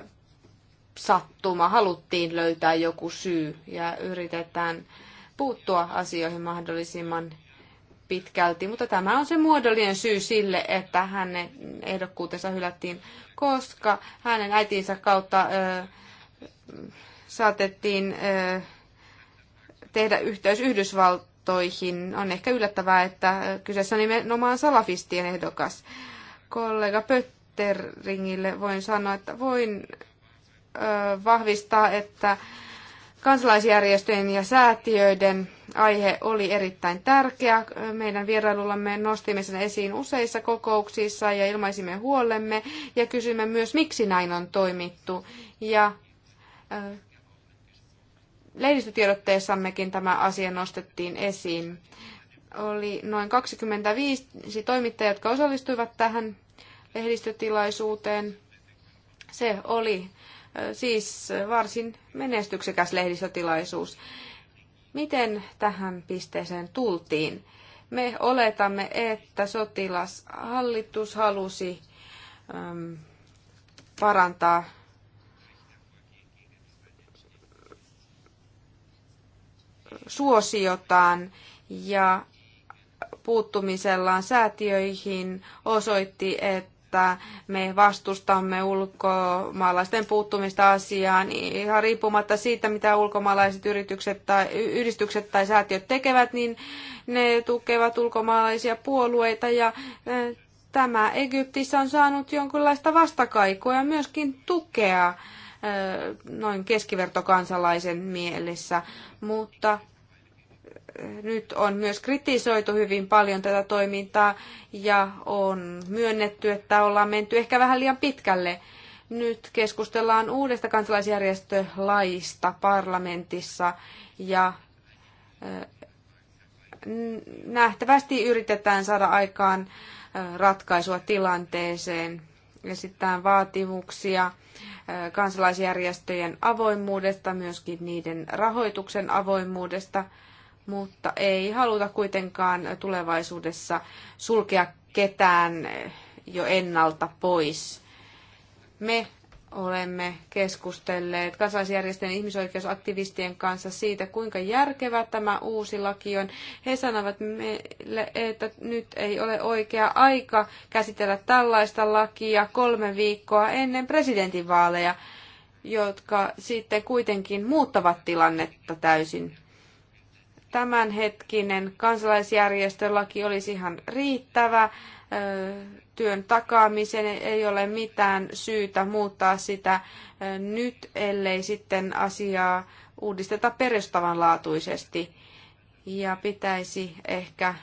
ö, sattuma. Haluttiin löytää joku syy ja yritetään puuttua asioihin mahdollisimman pitkälti, mutta tämä on se muodollinen syy sille, että hänen ehdokkuutensa hylättiin, koska hänen äitinsä kautta ö, saatettiin ö, tehdä yhteys Yhdysvalt listoihin. On ehkä yllättävää, että kyseessä on nimenomaan salafistien ehdokas. Kollega Pötteringille voin sanoa, että voin vahvistaa, että kansalaisjärjestöjen ja säätiöiden aihe oli erittäin tärkeä. Meidän vierailullamme nostimme sen esiin useissa kokouksissa ja ilmaisimme huolemme ja kysymme myös, miksi näin on toimittu. Ja lehdistötiedotteessammekin tämä asia nostettiin esiin. Oli noin 25 toimittajia, jotka osallistuivat tähän lehdistötilaisuuteen. Se oli siis varsin menestyksekäs lehdistötilaisuus. Miten tähän pisteeseen tultiin? Me oletamme, että sotilashallitus halusi parantaa suosiotaan ja puuttumisellaan säätiöihin osoitti, että me vastustamme ulkomaalaisten puuttumista asiaan ihan riippumatta siitä, mitä ulkomaalaiset yritykset tai yhdistykset tai säätiöt tekevät, niin ne tukevat ulkomaalaisia puolueita ja tämä Egyptissä on saanut jonkinlaista vastakaikua ja myöskin tukea noin keskivertokansalaisen mielessä, mutta nyt on myös kritisoitu hyvin paljon tätä toimintaa ja on myönnetty, että ollaan menty ehkä vähän liian pitkälle. Nyt keskustellaan uudesta kansalaisjärjestölaista parlamentissa ja äh, nähtävästi yritetään saada aikaan äh, ratkaisua tilanteeseen. Esitetään vaatimuksia äh, kansalaisjärjestöjen avoimuudesta, myöskin niiden rahoituksen avoimuudesta – mutta ei haluta kuitenkaan tulevaisuudessa sulkea ketään jo ennalta pois. Me olemme keskustelleet kansalaisjärjestöjen ihmisoikeusaktivistien kanssa siitä, kuinka järkevä tämä uusi laki on. He sanovat meille, että nyt ei ole oikea aika käsitellä tällaista lakia kolme viikkoa ennen presidentinvaaleja, jotka sitten kuitenkin muuttavat tilannetta täysin tämänhetkinen kansalaisjärjestölaki olisi ihan riittävä työn takaamiseen. Ei ole mitään syytä muuttaa sitä nyt, ellei sitten asiaa uudisteta perustavanlaatuisesti. Ja pitäisi ehkä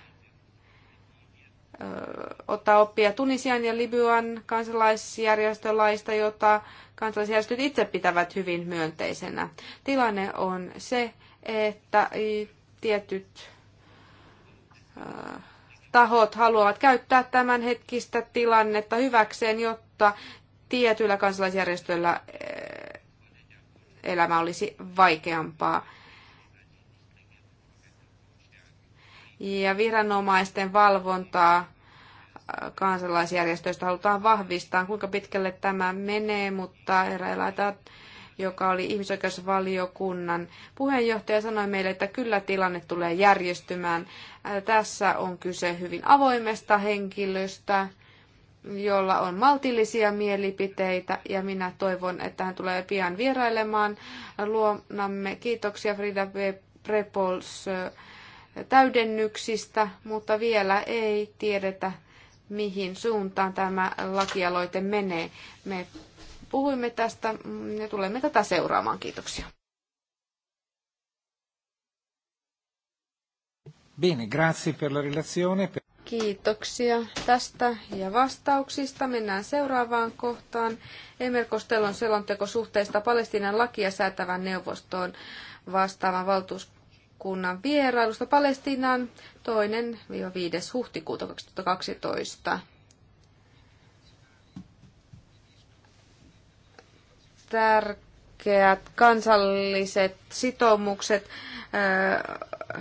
ottaa oppia Tunisian ja Libyan kansalaisjärjestölaista, jota kansalaisjärjestöt itse pitävät hyvin myönteisenä. Tilanne on se, että tietyt tahot haluavat käyttää tämänhetkistä tilannetta hyväkseen, jotta tietyillä kansalaisjärjestöillä elämä olisi vaikeampaa. Ja viranomaisten valvontaa kansalaisjärjestöistä halutaan vahvistaa. Kuinka pitkälle tämä menee, mutta herra joka oli ihmisoikeusvaliokunnan puheenjohtaja, sanoi meille, että kyllä tilanne tulee järjestymään. Tässä on kyse hyvin avoimesta henkilöstä, jolla on maltillisia mielipiteitä ja minä toivon, että hän tulee pian vierailemaan luonamme. Kiitoksia Frida Prepols täydennyksistä, mutta vielä ei tiedetä, mihin suuntaan tämä lakialoite menee. Me puhuimme tästä ja tulemme tätä seuraamaan. Kiitoksia. Bene, grazie per la relazione. Kiitoksia tästä ja vastauksista. Mennään seuraavaan kohtaan. Emer Kostelon selonteko suhteesta Palestiinan lakia säätävän neuvostoon vastaavan valtuuskunnan vierailusta Palestinaan 2-5. huhtikuuta 2012. tärkeät kansalliset sitoumukset äh,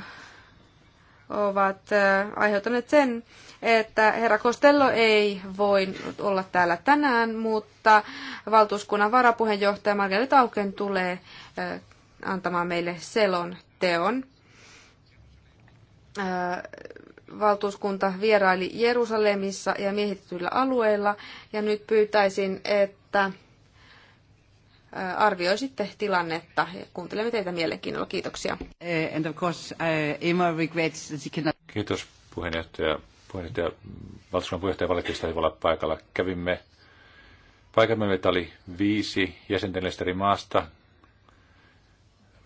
ovat äh, aiheuttaneet sen, että herra Costello ei voi olla täällä tänään, mutta valtuuskunnan varapuheenjohtaja Margareta Auken tulee äh, antamaan meille selon teon. Valtuuskunta vieraili Jerusalemissa ja miehitetyillä alueilla ja nyt pyytäisin, että arvioisitte tilannetta. Kuuntelemme teitä mielenkiinnolla. Kiitoksia. Eh, and of course, eh, Emma regrets that she cannot... Kiitos puheenjohtaja. puheenjohtaja Valtuuskunnan puheenjohtaja Valkista ei voi olla paikalla. Kävimme paikalla. meitä oli viisi jäsenten eri maasta,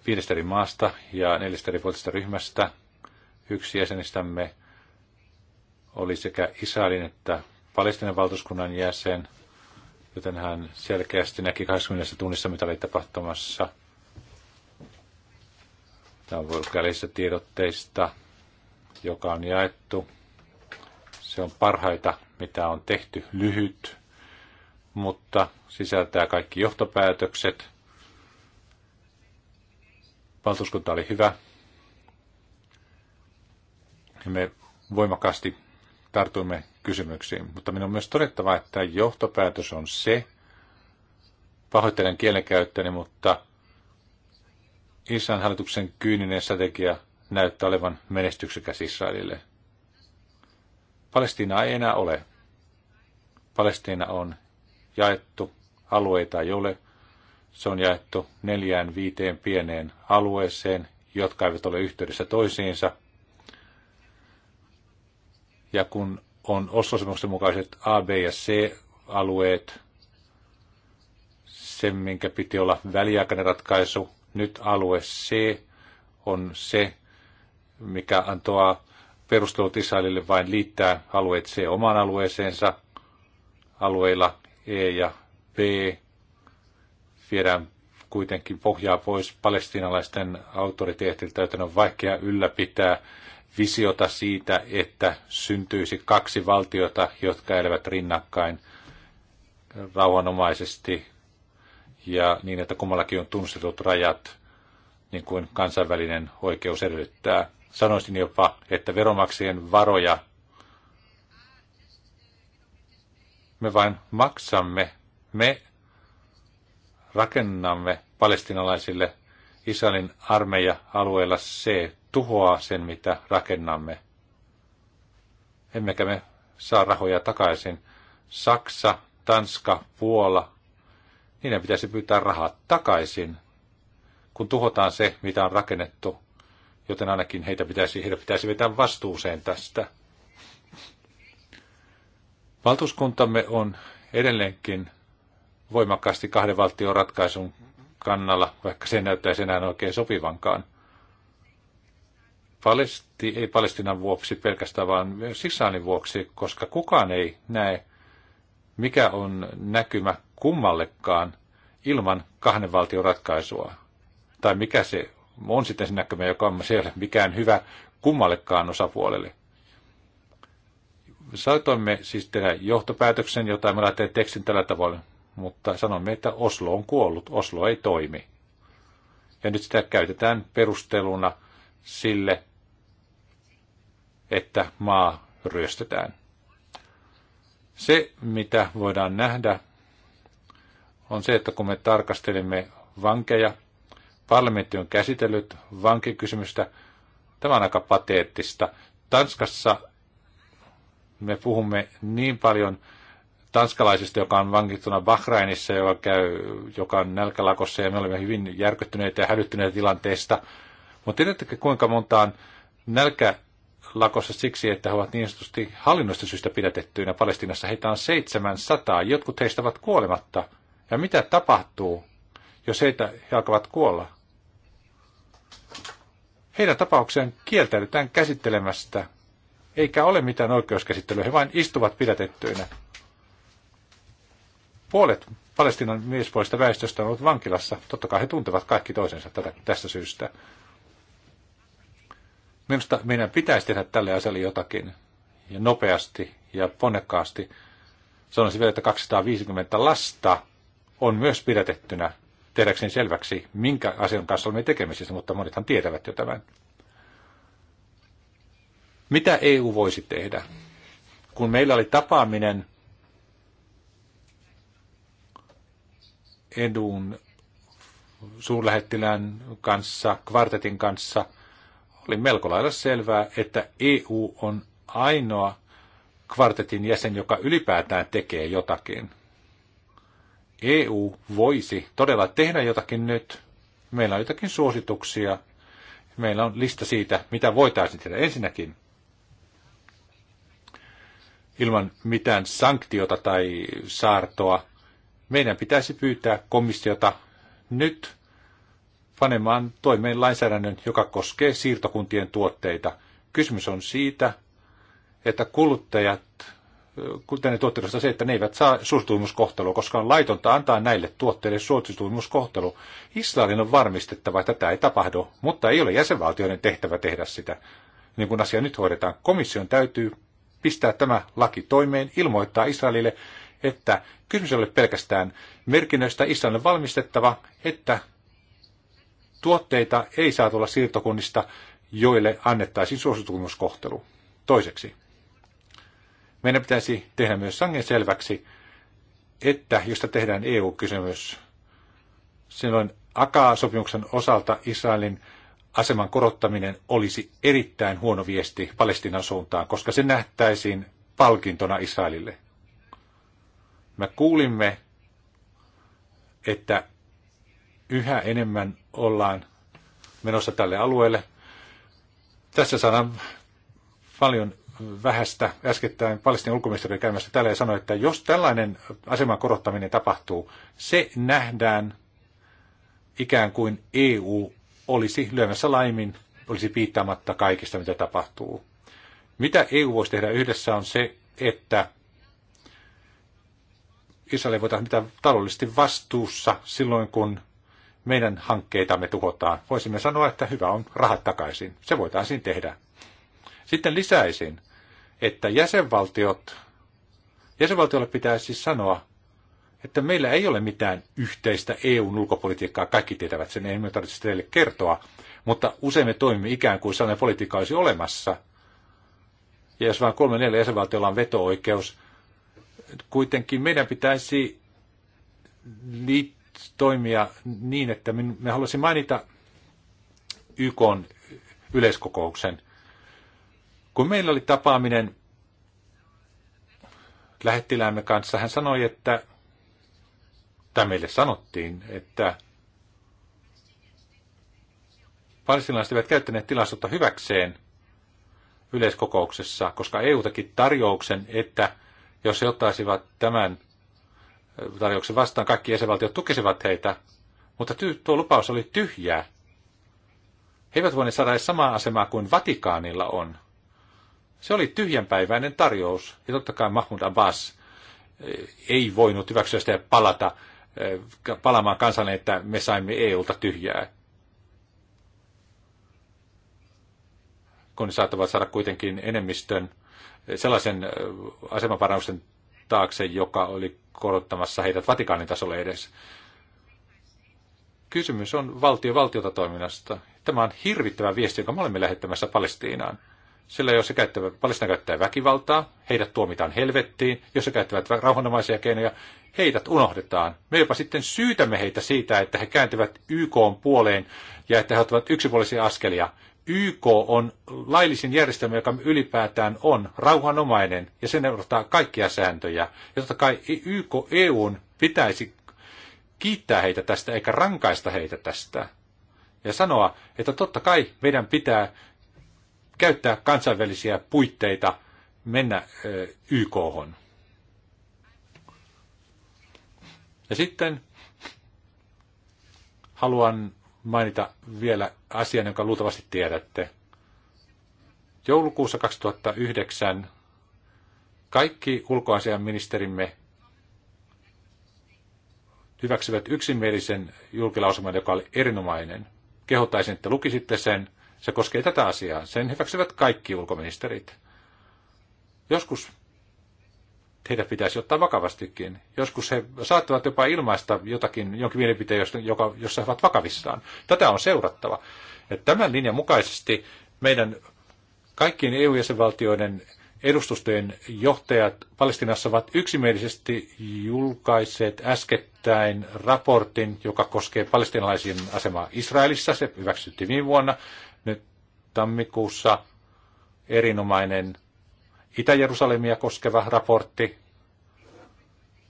viidestä eri maasta ja neljästä eri ryhmästä. Yksi jäsenistämme oli sekä Israelin että Palestinan valtuuskunnan jäsen – joten hän selkeästi näki 20 tunnissa, mitä oli tapahtumassa. Tämä on vulgaalisista tiedotteista, joka on jaettu. Se on parhaita, mitä on tehty, lyhyt, mutta sisältää kaikki johtopäätökset. Valtuuskunta oli hyvä. Me voimakkaasti tartuimme kysymyksiin. Mutta minun on myös todettava, että johtopäätös on se, pahoittelen kielenkäyttäni, mutta Israelin hallituksen kyyninen strategia näyttää olevan menestyksekäs Israelille. Palestiina ei enää ole. Palestiina on jaettu, alueita ei ole. Se on jaettu neljään viiteen pieneen alueeseen, jotka eivät ole yhteydessä toisiinsa. Ja kun on Oslosopimuksen mukaiset A, B ja C-alueet, se, minkä piti olla väliaikainen ratkaisu. Nyt alue C on se, mikä antoi perustelut Israelille vain liittää alueet C omaan alueeseensa. Alueilla E ja B viedään kuitenkin pohjaa pois palestinalaisten autoriteetilta, joten on vaikea ylläpitää visiota siitä, että syntyisi kaksi valtiota, jotka elävät rinnakkain rauhanomaisesti ja niin, että kummallakin on tunnustetut rajat, niin kuin kansainvälinen oikeus edellyttää. Sanoisin jopa, että veromaksien varoja me vain maksamme, me rakennamme palestinalaisille Israelin armeija alueella C tuhoaa sen, mitä rakennamme. Emmekä me saa rahoja takaisin. Saksa, Tanska, Puola, niiden pitäisi pyytää rahat takaisin, kun tuhotaan se, mitä on rakennettu. Joten ainakin heitä pitäisi, heitä pitäisi vetää vastuuseen tästä. Valtuuskuntamme on edelleenkin voimakkaasti kahden valtion ratkaisun kannalla, vaikka se näyttäisi enää oikein sopivankaan – Palesti, ei Palestinan vuoksi pelkästään, vaan myös Israelin vuoksi, koska kukaan ei näe, mikä on näkymä kummallekaan ilman kahden valtion ratkaisua. Tai mikä se on sitten se näkymä, joka on, se ole mikään hyvä kummallekaan osapuolelle. Saitoimme siis tehdä johtopäätöksen, jota me laitteet tekstin tällä tavalla, mutta sanomme, että Oslo on kuollut, Oslo ei toimi. Ja nyt sitä käytetään perusteluna sille, että maa ryöstetään. Se, mitä voidaan nähdä, on se, että kun me tarkastelemme vankeja, parlamentti on käsitellyt vankikysymystä, tämä on aika pateettista. Tanskassa me puhumme niin paljon tanskalaisista, joka on vankittuna Bahrainissa, joka, käy, joka on nälkälakossa, ja me olemme hyvin järkyttyneitä ja hälyttyneitä tilanteesta. Mutta tiedättekö, kuinka montaan nälkä lakossa siksi, että he ovat niin sanotusti hallinnoista syystä pidätettyinä Palestinassa. Heitä on 700, jotkut heistä ovat kuolematta. Ja mitä tapahtuu, jos heitä he alkavat kuolla? Heidän tapaukseen kieltäydytään käsittelemästä, eikä ole mitään oikeuskäsittelyä, he vain istuvat pidätettyinä. Puolet Palestinan miespuolista väestöstä on ollut vankilassa. Totta kai he tuntevat kaikki toisensa tätä, tästä syystä. Minusta meidän pitäisi tehdä tälle asialle jotakin, ja nopeasti ja ponnekkaasti. Sanoisin siis vielä, että 250 lasta on myös pidätettynä tehdäkseen selväksi, minkä asian kanssa olemme tekemisissä, mutta monethan tietävät jo tämän. Mitä EU voisi tehdä? Kun meillä oli tapaaminen edun suurlähettilään kanssa, kvartetin kanssa – oli melko lailla selvää, että EU on ainoa kvartetin jäsen, joka ylipäätään tekee jotakin. EU voisi todella tehdä jotakin nyt. Meillä on jotakin suosituksia. Meillä on lista siitä, mitä voitaisiin tehdä. Ensinnäkin ilman mitään sanktiota tai saartoa meidän pitäisi pyytää komissiota nyt panemaan toimeen lainsäädännön, joka koskee siirtokuntien tuotteita. Kysymys on siitä, että kuluttajat, ne tuotteet, se, että ne eivät saa suosituimuskohtelua, koska on laitonta antaa näille tuotteille suosituimuskohtelu. Israelin on varmistettava, että tätä ei tapahdu, mutta ei ole jäsenvaltioiden tehtävä tehdä sitä. Niin kuin asia nyt hoidetaan, komission täytyy pistää tämä laki toimeen, ilmoittaa Israelille, että kysymys ei ole pelkästään merkinnöistä Israelin valmistettava, että tuotteita ei saa tulla siirtokunnista, joille annettaisiin suositumuskohtelu. Toiseksi, meidän pitäisi tehdä myös sangen selväksi, että josta tehdään EU-kysymys, silloin AKA-sopimuksen osalta Israelin aseman korottaminen olisi erittäin huono viesti Palestinan suuntaan, koska se nähtäisiin palkintona Israelille. Me kuulimme, että yhä enemmän ollaan menossa tälle alueelle. Tässä saadaan paljon vähästä. Äskettäin Palestinan ulkoministeriö käymässä täällä ja sanoi, että jos tällainen aseman korottaminen tapahtuu, se nähdään ikään kuin EU olisi lyömässä laimin, olisi piittaamatta kaikista, mitä tapahtuu. Mitä EU voisi tehdä yhdessä on se, että Israel ei voi taloudellisesti vastuussa silloin, kun meidän hankkeitamme tuhotaan. Voisimme sanoa, että hyvä on rahat takaisin. Se voitaisiin tehdä. Sitten lisäisin, että jäsenvaltiot, jäsenvaltiolle pitäisi siis sanoa, että meillä ei ole mitään yhteistä EUn ulkopolitiikkaa, kaikki tietävät sen, ei me tarvitse teille kertoa, mutta usein me toimimme ikään kuin sellainen politiikka olisi olemassa. Ja jos vain kolme neljä jäsenvaltiolla on veto-oikeus, kuitenkin meidän pitäisi liittyä toimia niin, että me haluaisin mainita YK yleiskokouksen. Kun meillä oli tapaaminen lähettiläämme kanssa, hän sanoi, että, tai meille sanottiin, että palestinalaiset eivät käyttäneet tilaisuutta hyväkseen yleiskokouksessa, koska EU teki tarjouksen, että jos he ottaisivat tämän tarjouksen vastaan, kaikki jäsenvaltiot tukisivat heitä, mutta ty- tuo lupaus oli tyhjää. He eivät voineet saada edes samaa asemaa kuin Vatikaanilla on. Se oli tyhjänpäiväinen tarjous, ja totta kai Mahmoud Abbas eh, ei voinut hyväksyä sitä ja palata, eh, palamaan kansalle, että me saimme EUlta tyhjää. Kun saattavat saada kuitenkin enemmistön eh, sellaisen asemaparannuksen taakse, joka oli korottamassa heidät Vatikaanin tasolle edes. Kysymys on valtio valtiota toiminnasta. Tämä on hirvittävä viesti, jonka me olemme lähettämässä Palestiinaan. Sillä jos se käyttää, Palestina käyttää väkivaltaa, heidät tuomitaan helvettiin. Jos he käyttävät rauhanomaisia keinoja, heidät unohdetaan. Me jopa sitten syytämme heitä siitä, että he kääntyvät YK puoleen ja että he ottavat yksipuolisia askelia. YK on laillisin järjestelmä, joka ylipäätään on rauhanomainen ja sen noudattaa kaikkia sääntöjä. Ja totta kai YK EUn pitäisi kiittää heitä tästä eikä rankaista heitä tästä. Ja sanoa, että totta kai meidän pitää käyttää kansainvälisiä puitteita mennä hon. Ja sitten haluan mainita vielä asian, jonka luultavasti tiedätte. Joulukuussa 2009 kaikki ministerimme hyväksyvät yksimielisen julkilausuman, joka oli erinomainen. Kehottaisin, että lukisitte sen. Se koskee tätä asiaa. Sen hyväksyvät kaikki ulkoministerit. Joskus heitä pitäisi ottaa vakavastikin. Joskus he saattavat jopa ilmaista jotakin, jonkin mielipiteen, joka, jossa he ovat vakavissaan. Tätä on seurattava. Ja tämän linjan mukaisesti meidän kaikkien EU-jäsenvaltioiden edustustojen johtajat Palestinassa ovat yksimielisesti julkaiseet äskettäin raportin, joka koskee palestinalaisien asemaa Israelissa. Se hyväksyttiin viime vuonna. Nyt tammikuussa erinomainen Itä-Jerusalemia koskeva raportti,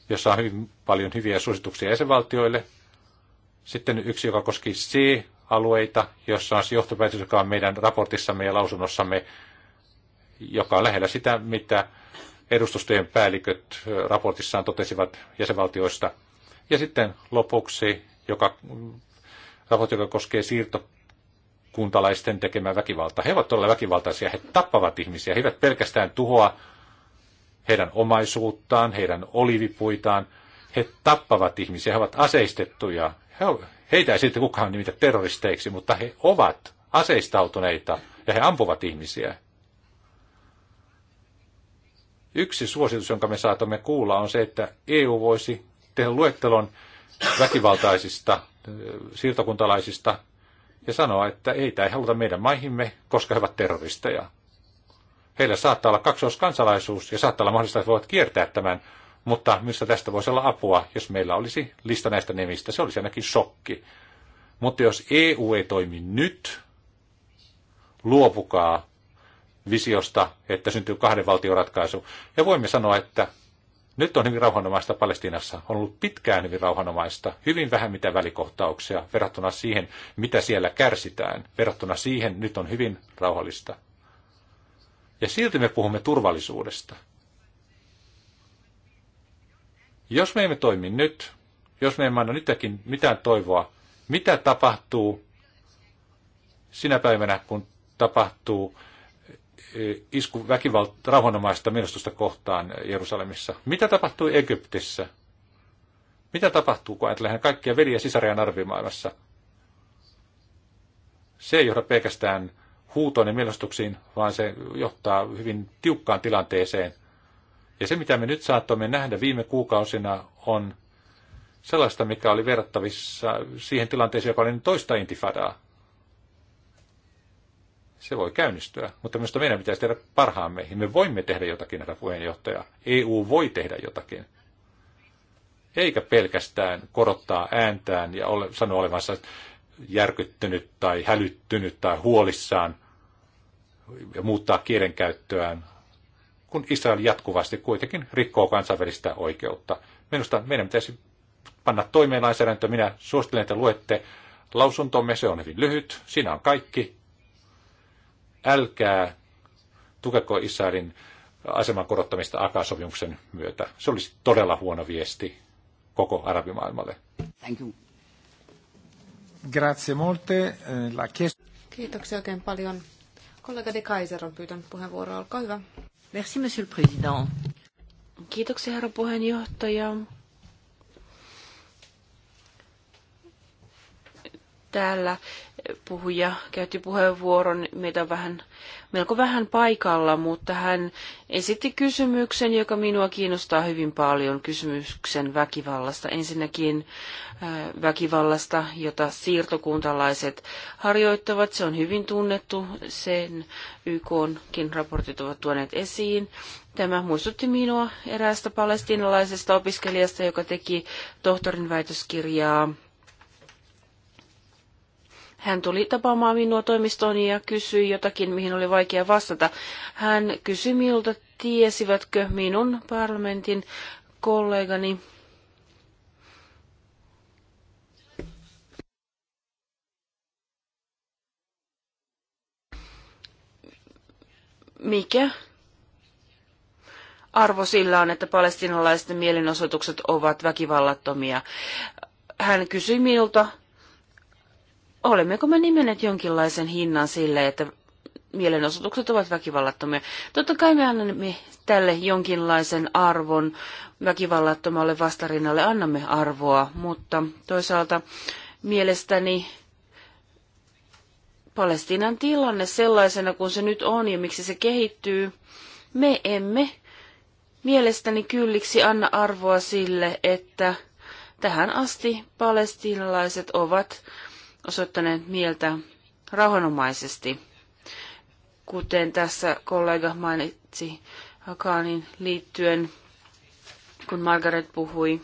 jossa on hyvin paljon hyviä suosituksia jäsenvaltioille. Sitten yksi, joka koski C-alueita, jossa on se johtopäätös, joka on meidän raportissamme ja lausunnossamme, joka on lähellä sitä, mitä edustustojen päälliköt raportissaan totesivat jäsenvaltioista. Ja sitten lopuksi, joka raportti, joka koskee siirto kuntalaisten tekemä väkivalta. He ovat todella väkivaltaisia, he tappavat ihmisiä, he eivät pelkästään tuhoa heidän omaisuuttaan, heidän olivipuitaan, he tappavat ihmisiä, he ovat aseistettuja. He, heitä ei sitten kukaan nimitä terroristeiksi, mutta he ovat aseistautuneita ja he ampuvat ihmisiä. Yksi suositus, jonka me saatamme kuulla, on se, että EU voisi tehdä luettelon väkivaltaisista siirtokuntalaisista ja sanoa, että ei tämä haluta meidän maihimme, koska he ovat terroristeja. Heillä saattaa olla kaksoiskansalaisuus ja saattaa olla mahdollista, että voivat kiertää tämän, mutta minusta tästä voisi olla apua, jos meillä olisi lista näistä nimistä. Se olisi ainakin shokki. Mutta jos EU ei toimi nyt, luopukaa visiosta, että syntyy kahden valtion ratkaisu. Ja voimme sanoa, että nyt on hyvin rauhanomaista Palestiinassa. On ollut pitkään hyvin rauhanomaista, hyvin vähän mitä välikohtauksia verrattuna siihen, mitä siellä kärsitään. Verrattuna siihen nyt on hyvin rauhallista. Ja silti me puhumme turvallisuudesta. Jos me emme toimi nyt, jos me emme anna nytkin mitään toivoa, mitä tapahtuu sinä päivänä, kun tapahtuu Eh, isku väkivalta, rauhanomaista menestystä kohtaan Jerusalemissa. Mitä tapahtui Egyptissä? Mitä tapahtuu, kun ajatellaan kaikkia veliä sisareen arvimaailmassa? Se ei johda pelkästään huutoon ja mielestuksiin, vaan se johtaa hyvin tiukkaan tilanteeseen. Ja se, mitä me nyt saattoimme nähdä viime kuukausina, on sellaista, mikä oli verrattavissa siihen tilanteeseen, joka oli toista intifadaa se voi käynnistyä. Mutta minusta meidän pitäisi tehdä parhaamme. Me voimme tehdä jotakin, herra puheenjohtaja. EU voi tehdä jotakin. Eikä pelkästään korottaa ääntään ja ole, sanoa olevansa järkyttynyt tai hälyttynyt tai huolissaan ja muuttaa kielenkäyttöään, kun Israel jatkuvasti kuitenkin rikkoo kansainvälistä oikeutta. Minusta meidän pitäisi panna toimeen lainsäädäntö. Minä suosittelen, että luette lausuntomme. Se on hyvin lyhyt. Siinä on kaikki älkää tukeko Israelin aseman korottamista ak sopimuksen myötä. Se olisi todella huono viesti koko arabimaailmalle. Thank you. Grazie molte. Eh, la Kiitoksia oikein paljon. Kollega de Kaiser on pyytänyt puheenvuoroa. Olkaa hyvä. Merci, monsieur le président. Kiitoksia, herra puheenjohtaja. täällä puhuja käytti puheenvuoron. Meitä on vähän, melko vähän paikalla, mutta hän esitti kysymyksen, joka minua kiinnostaa hyvin paljon, kysymyksen väkivallasta. Ensinnäkin äh, väkivallasta, jota siirtokuntalaiset harjoittavat. Se on hyvin tunnettu, sen YKkin raportit ovat tuoneet esiin. Tämä muistutti minua eräästä palestinalaisesta opiskelijasta, joka teki tohtorin väitöskirjaa hän tuli tapaamaan minua toimistoni ja kysyi jotakin, mihin oli vaikea vastata. Hän kysyi minulta, tiesivätkö minun parlamentin kollegani mikä arvo sillä on, että palestinalaisten mielenosoitukset ovat väkivallattomia. Hän kysyi minulta, olemmeko me nimenneet jonkinlaisen hinnan sille, että mielenosoitukset ovat väkivallattomia. Totta kai me annamme tälle jonkinlaisen arvon väkivallattomalle vastarinnalle, annamme arvoa, mutta toisaalta mielestäni Palestiinan tilanne sellaisena kuin se nyt on ja miksi se kehittyy, me emme mielestäni kylliksi anna arvoa sille, että tähän asti palestiinalaiset ovat osoittaneet mieltä rauhanomaisesti. Kuten tässä kollega mainitsi Hakaanin liittyen, kun Margaret puhui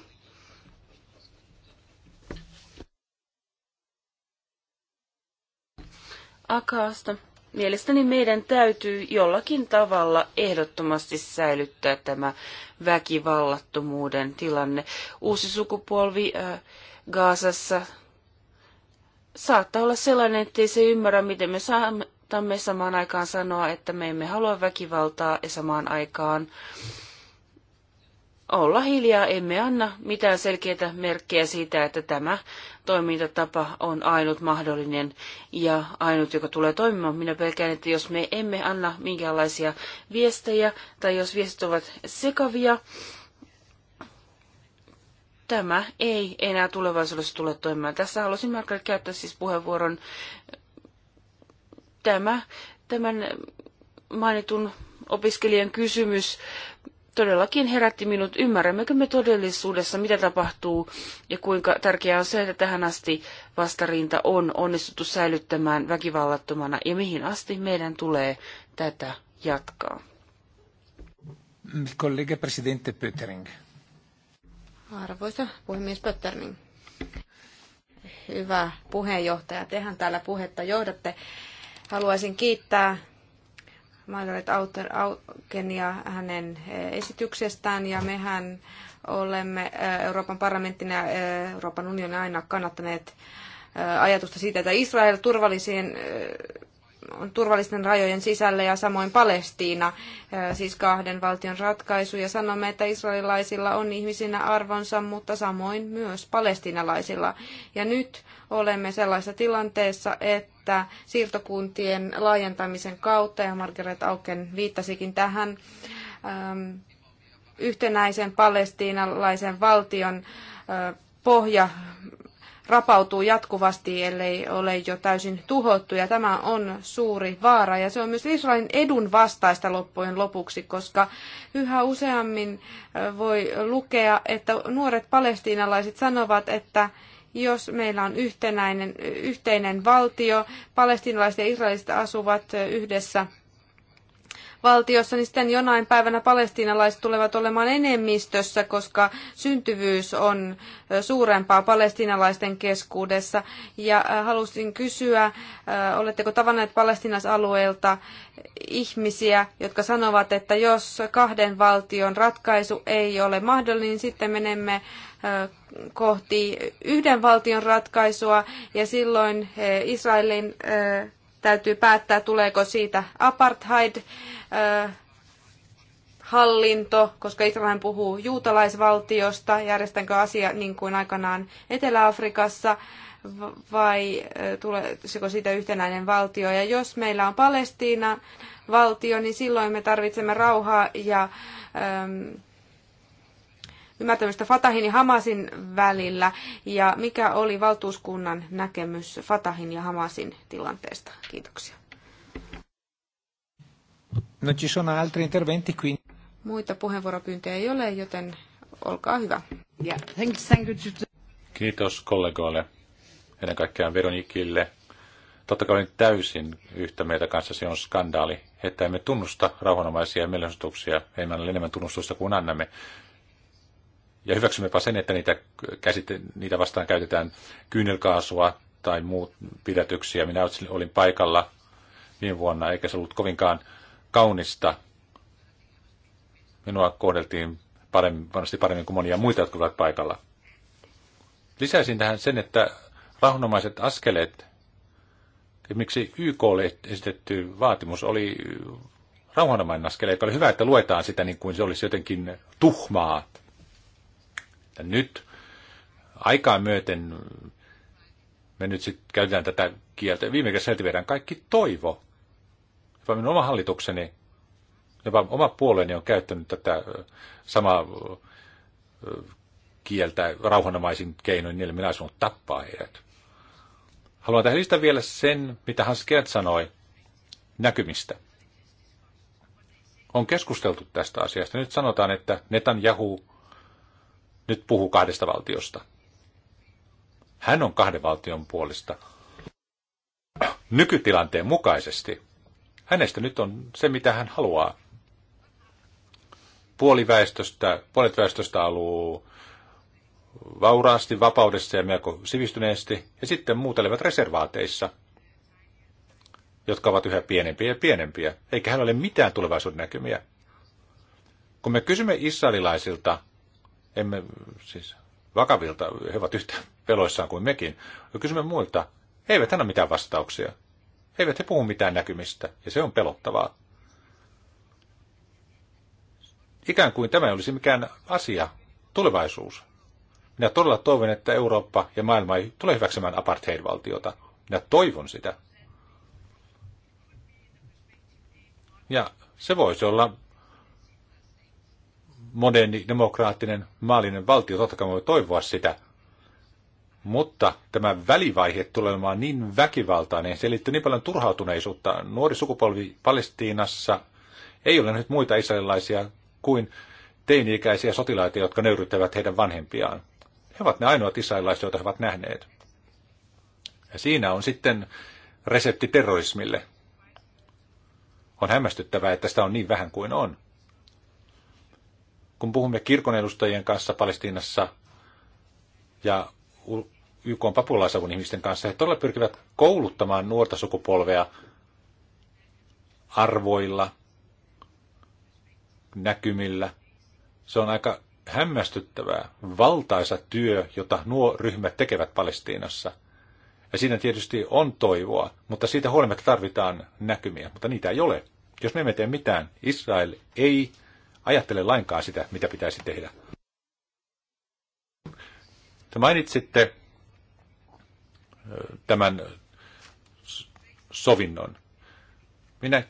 Akaasta. Mielestäni meidän täytyy jollakin tavalla ehdottomasti säilyttää tämä väkivallattomuuden tilanne. Uusi sukupolvi äh, Gaasassa saattaa olla sellainen, ei se ymmärrä, miten me saamme samaan aikaan sanoa, että me emme halua väkivaltaa ja samaan aikaan olla hiljaa, emme anna mitään selkeitä merkkejä siitä, että tämä toimintatapa on ainut mahdollinen ja ainut, joka tulee toimimaan. Minä pelkään, että jos me emme anna minkäänlaisia viestejä tai jos viestit ovat sekavia, tämä ei enää tulevaisuudessa tule toimimaan. Tässä halusin Margaret käyttää siis puheenvuoron tämä, tämän mainitun opiskelijan kysymys todellakin herätti minut, ymmärrämmekö me todellisuudessa, mitä tapahtuu ja kuinka tärkeää on se, että tähän asti vastarinta on onnistuttu säilyttämään väkivallattomana ja mihin asti meidän tulee tätä jatkaa. Kollega presidentti Pötering. Arvoisa puhemies Pötterning. Hyvä puheenjohtaja, tehän täällä puhetta johdatte. Haluaisin kiittää Margaret Auter Aukenia hänen eh, esityksestään ja mehän olemme eh, Euroopan parlamenttina ja eh, Euroopan unionin aina kannattaneet ajatusta siitä, että Israel turvallisiin on turvallisten rajojen sisällä ja samoin Palestiina, siis kahden valtion ratkaisu. Ja sanomme, että israelilaisilla on ihmisinä arvonsa, mutta samoin myös palestinalaisilla. Ja nyt olemme sellaisessa tilanteessa, että siirtokuntien laajentamisen kautta, ja Margaret Auken viittasikin tähän, yhtenäisen palestiinalaisen valtion pohja rapautuu jatkuvasti, ellei ole jo täysin tuhottu. Ja tämä on suuri vaara. Ja se on myös Israelin edun vastaista loppujen lopuksi, koska yhä useammin voi lukea, että nuoret palestiinalaiset sanovat, että jos meillä on yhtenäinen, yhteinen valtio, palestiinalaiset ja israeliset asuvat yhdessä valtiossa, niin sitten jonain päivänä palestiinalaiset tulevat olemaan enemmistössä, koska syntyvyys on suurempaa palestiinalaisten keskuudessa. Ja halusin kysyä, oletteko tavanneet palestinasalueelta ihmisiä, jotka sanovat, että jos kahden valtion ratkaisu ei ole mahdollinen, niin sitten menemme kohti yhden valtion ratkaisua ja silloin Israelin Täytyy päättää, tuleeko siitä apartheid hallinto, koska Israel puhuu juutalaisvaltiosta, järjestänkö asia niin kuin aikanaan Etelä-Afrikassa vai tuleeko siitä yhtenäinen valtio. Ja jos meillä on Palestiina valtio, niin silloin me tarvitsemme rauhaa ja ähm, ymmärtämystä Fatahin ja Hamasin välillä ja mikä oli valtuuskunnan näkemys Fatahin ja Hamasin tilanteesta? Kiitoksia. No, ci sono altri interventi qui. Muita puheenvuoropyyntöjä ei ole, joten olkaa hyvä. Yeah. Thank you, Kiitos kollegoille, ennen kaikkea Veronikille. Totta kai olen täysin yhtä meitä kanssa, se on skandaali, että emme tunnusta rauhanomaisia mielenosoituksia. Emme anna enemmän tunnustusta kuin annamme ja hyväksymmepä sen, että niitä, käsite, niitä vastaan käytetään kyynelkaasua tai muut pidätyksiä. Minä olin paikalla viime vuonna, eikä se ollut kovinkaan kaunista. Minua kohdeltiin paremmin, varmasti paremmin kuin monia muita, jotka olivat paikalla. Lisäisin tähän sen, että rauhanomaiset askeleet, miksi YK esitetty vaatimus oli rauhanomainen askel, eikä oli hyvä, että luetaan sitä niin kuin se olisi jotenkin tuhmaa ja nyt aikaa myöten me nyt sitten käytetään tätä kieltä. Viime kädessä viedään kaikki toivo. Jopa minun oma hallitukseni, jopa oma puolueeni on käyttänyt tätä samaa kieltä rauhanomaisin keinoin, niille minä sanon tappaa heidät. Haluan tähän lisätä vielä sen, mitä Hans Gerd sanoi näkymistä. On keskusteltu tästä asiasta. Nyt sanotaan, että Netanjahu nyt puhuu kahdesta valtiosta. Hän on kahden valtion puolesta. Nykytilanteen mukaisesti. Hänestä nyt on se, mitä hän haluaa. Puoliväestöstä, puolet väestöstä aluu vauraasti, vapaudessa ja melko sivistyneesti, ja sitten muutelevat reservaateissa, jotka ovat yhä pienempiä ja pienempiä, eikä hän ole mitään tulevaisuuden näkymiä. Kun me kysymme israelilaisilta, emme siis vakavilta, he ovat yhtä peloissaan kuin mekin. Ja kysymme muilta, he eivät anna mitään vastauksia. He eivät he puhu mitään näkymistä, ja se on pelottavaa. Ikään kuin tämä ei olisi mikään asia, tulevaisuus. Minä todella toivon, että Eurooppa ja maailma ei tule hyväksymään apartheid-valtiota. Minä toivon sitä. Ja se voisi olla moderni, demokraattinen, maallinen valtio. Totta kai voi toivoa sitä. Mutta tämä välivaihe tulee olemaan niin väkivaltainen, se liittyy niin paljon turhautuneisuutta. Nuori sukupolvi Palestiinassa ei ole nyt muita israelilaisia kuin teini-ikäisiä sotilaita, jotka nöyryttävät heidän vanhempiaan. He ovat ne ainoat israelilaiset, joita he ovat nähneet. Ja siinä on sitten resepti terrorismille. On hämmästyttävää, että sitä on niin vähän kuin on. Kun puhumme kirkon edustajien kanssa Palestiinassa ja YK on papulaisavun ihmisten kanssa, he todella pyrkivät kouluttamaan nuorta sukupolvea arvoilla, näkymillä. Se on aika hämmästyttävää, valtaisa työ, jota nuo ryhmät tekevät Palestiinassa. Ja siinä tietysti on toivoa, mutta siitä huolimatta tarvitaan näkymiä, mutta niitä ei ole. Jos me emme tee mitään, Israel ei ajattele lainkaan sitä, mitä pitäisi tehdä. Te mainitsitte tämän sovinnon. Minä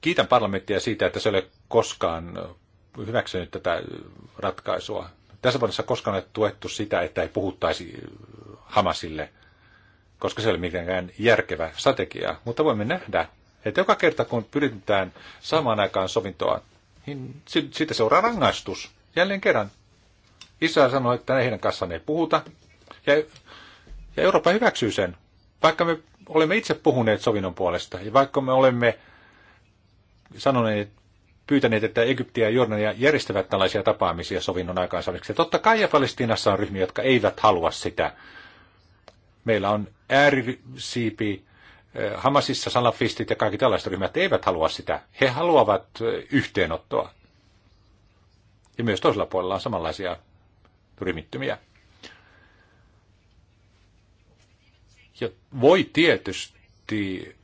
kiitän parlamenttia siitä, että se ei ole koskaan hyväksynyt tätä ratkaisua. Tässä vaiheessa koskaan ei tuettu sitä, että ei puhuttaisi Hamasille, koska se ei ole mitenkään järkevä strategia. Mutta voimme nähdä, että joka kerta kun pyritään saamaan aikaan sovintoa, niin siitä seuraa rangaistus. Jälleen kerran. Israel sanoi, että heidän kanssaan ei puhuta. Ja, ja Eurooppa hyväksyy sen. Vaikka me olemme itse puhuneet sovinnon puolesta, ja vaikka me olemme sanoneet, pyytäneet, että Egyptiä ja Jordania järjestävät tällaisia tapaamisia sovinnon aikaansaamiseksi. Ja totta kai ja Palestiinassa on ryhmiä, jotka eivät halua sitä. Meillä on äärisiipi Eh, Hamasissa salafistit ja kaikki tällaiset ryhmät eivät halua sitä. He haluavat eh, yhteenottoa. Ja myös toisella puolella on samanlaisia ryhmittymiä. Ja voi tietysti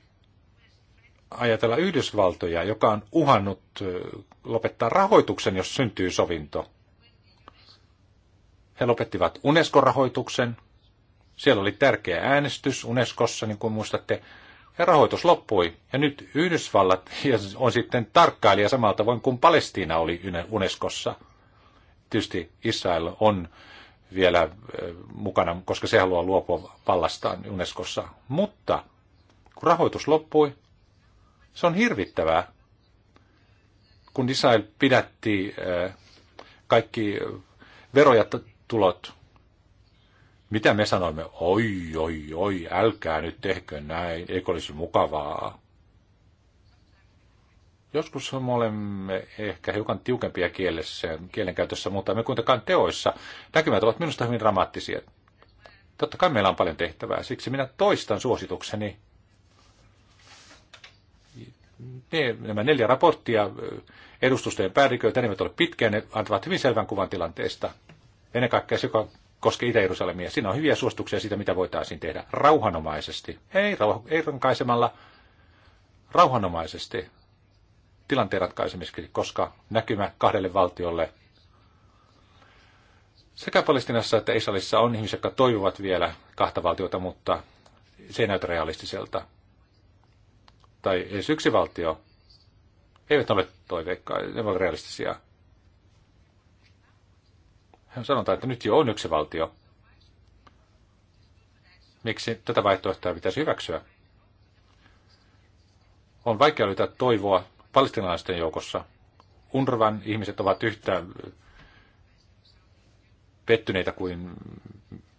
ajatella Yhdysvaltoja, joka on uhannut eh, lopettaa rahoituksen, jos syntyy sovinto. He lopettivat Unesco-rahoituksen, siellä oli tärkeä äänestys Unescossa, niin kuin muistatte, ja rahoitus loppui. Ja nyt Yhdysvallat on sitten tarkkailija samalta tavoin kuin Palestiina oli Unescossa. Tietysti Israel on vielä mukana, koska se haluaa luopua vallastaan Unescossa. Mutta kun rahoitus loppui, se on hirvittävää. Kun Israel pidätti kaikki veroja tulot mitä me sanoimme? Oi, oi, oi, älkää nyt tehkö näin, eikö olisi mukavaa? Joskus me olemme ehkä hiukan tiukempia kielessä, kielenkäytössä, mutta me kuitenkaan teoissa. Näkymät ovat minusta hyvin dramaattisia. Totta kai meillä on paljon tehtävää, siksi minä toistan suositukseni. Ne, nämä neljä raporttia edustustojen päälliköitä, ne eivät ole pitkiä, ne antavat hyvin selvän kuvan tilanteesta. Ennen kaikkea se, joka koske Itä-Jerusalemia. Siinä on hyviä suosituksia siitä, mitä voitaisiin tehdä rauhanomaisesti. Ei, rauha, ei rankaisemalla, rauhanomaisesti tilanteen ratkaisemiseksi, koska näkymä kahdelle valtiolle sekä Palestinassa että Israelissa on ihmisiä, jotka toivovat vielä kahta valtiota, mutta se ei näytä realistiselta. Tai edes yksi valtio. Eivät ole toiveikkaa, ne ole realistisia. Sanotaan, että nyt jo on yksi valtio. Miksi tätä vaihtoehtoa pitäisi hyväksyä? On vaikea löytää toivoa palestinalaisten joukossa. Unrvan ihmiset ovat yhtä pettyneitä kuin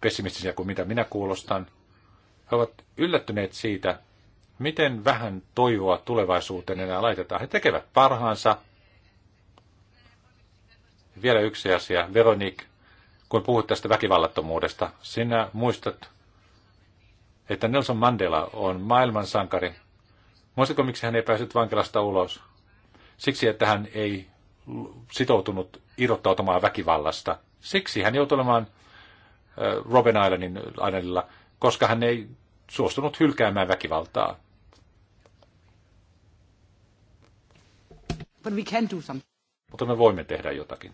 pessimistisiä kuin mitä minä kuulostan. He ovat yllättyneet siitä, miten vähän toivoa tulevaisuuteen enää laitetaan. He tekevät parhaansa, vielä yksi asia. Veronik, kun puhut tästä väkivallattomuudesta, sinä muistat, että Nelson Mandela on maailman sankari. Muistatko, miksi hän ei päässyt vankilasta ulos? Siksi, että hän ei sitoutunut irrottautumaan väkivallasta. Siksi hän joutui olemaan Robin Islandin, Islandilla, koska hän ei suostunut hylkäämään väkivaltaa. But we can do something mutta me voimme tehdä jotakin.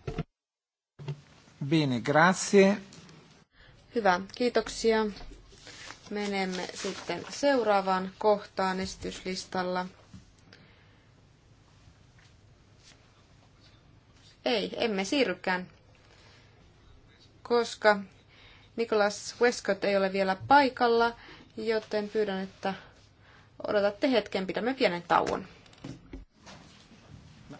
Bene, grazie. Hyvä, kiitoksia. Menemme sitten seuraavaan kohtaan esityslistalla. Ei, emme siirrykään, koska Nicholas Westcott ei ole vielä paikalla, joten pyydän, että odotatte hetken, pidämme pienen tauon. No,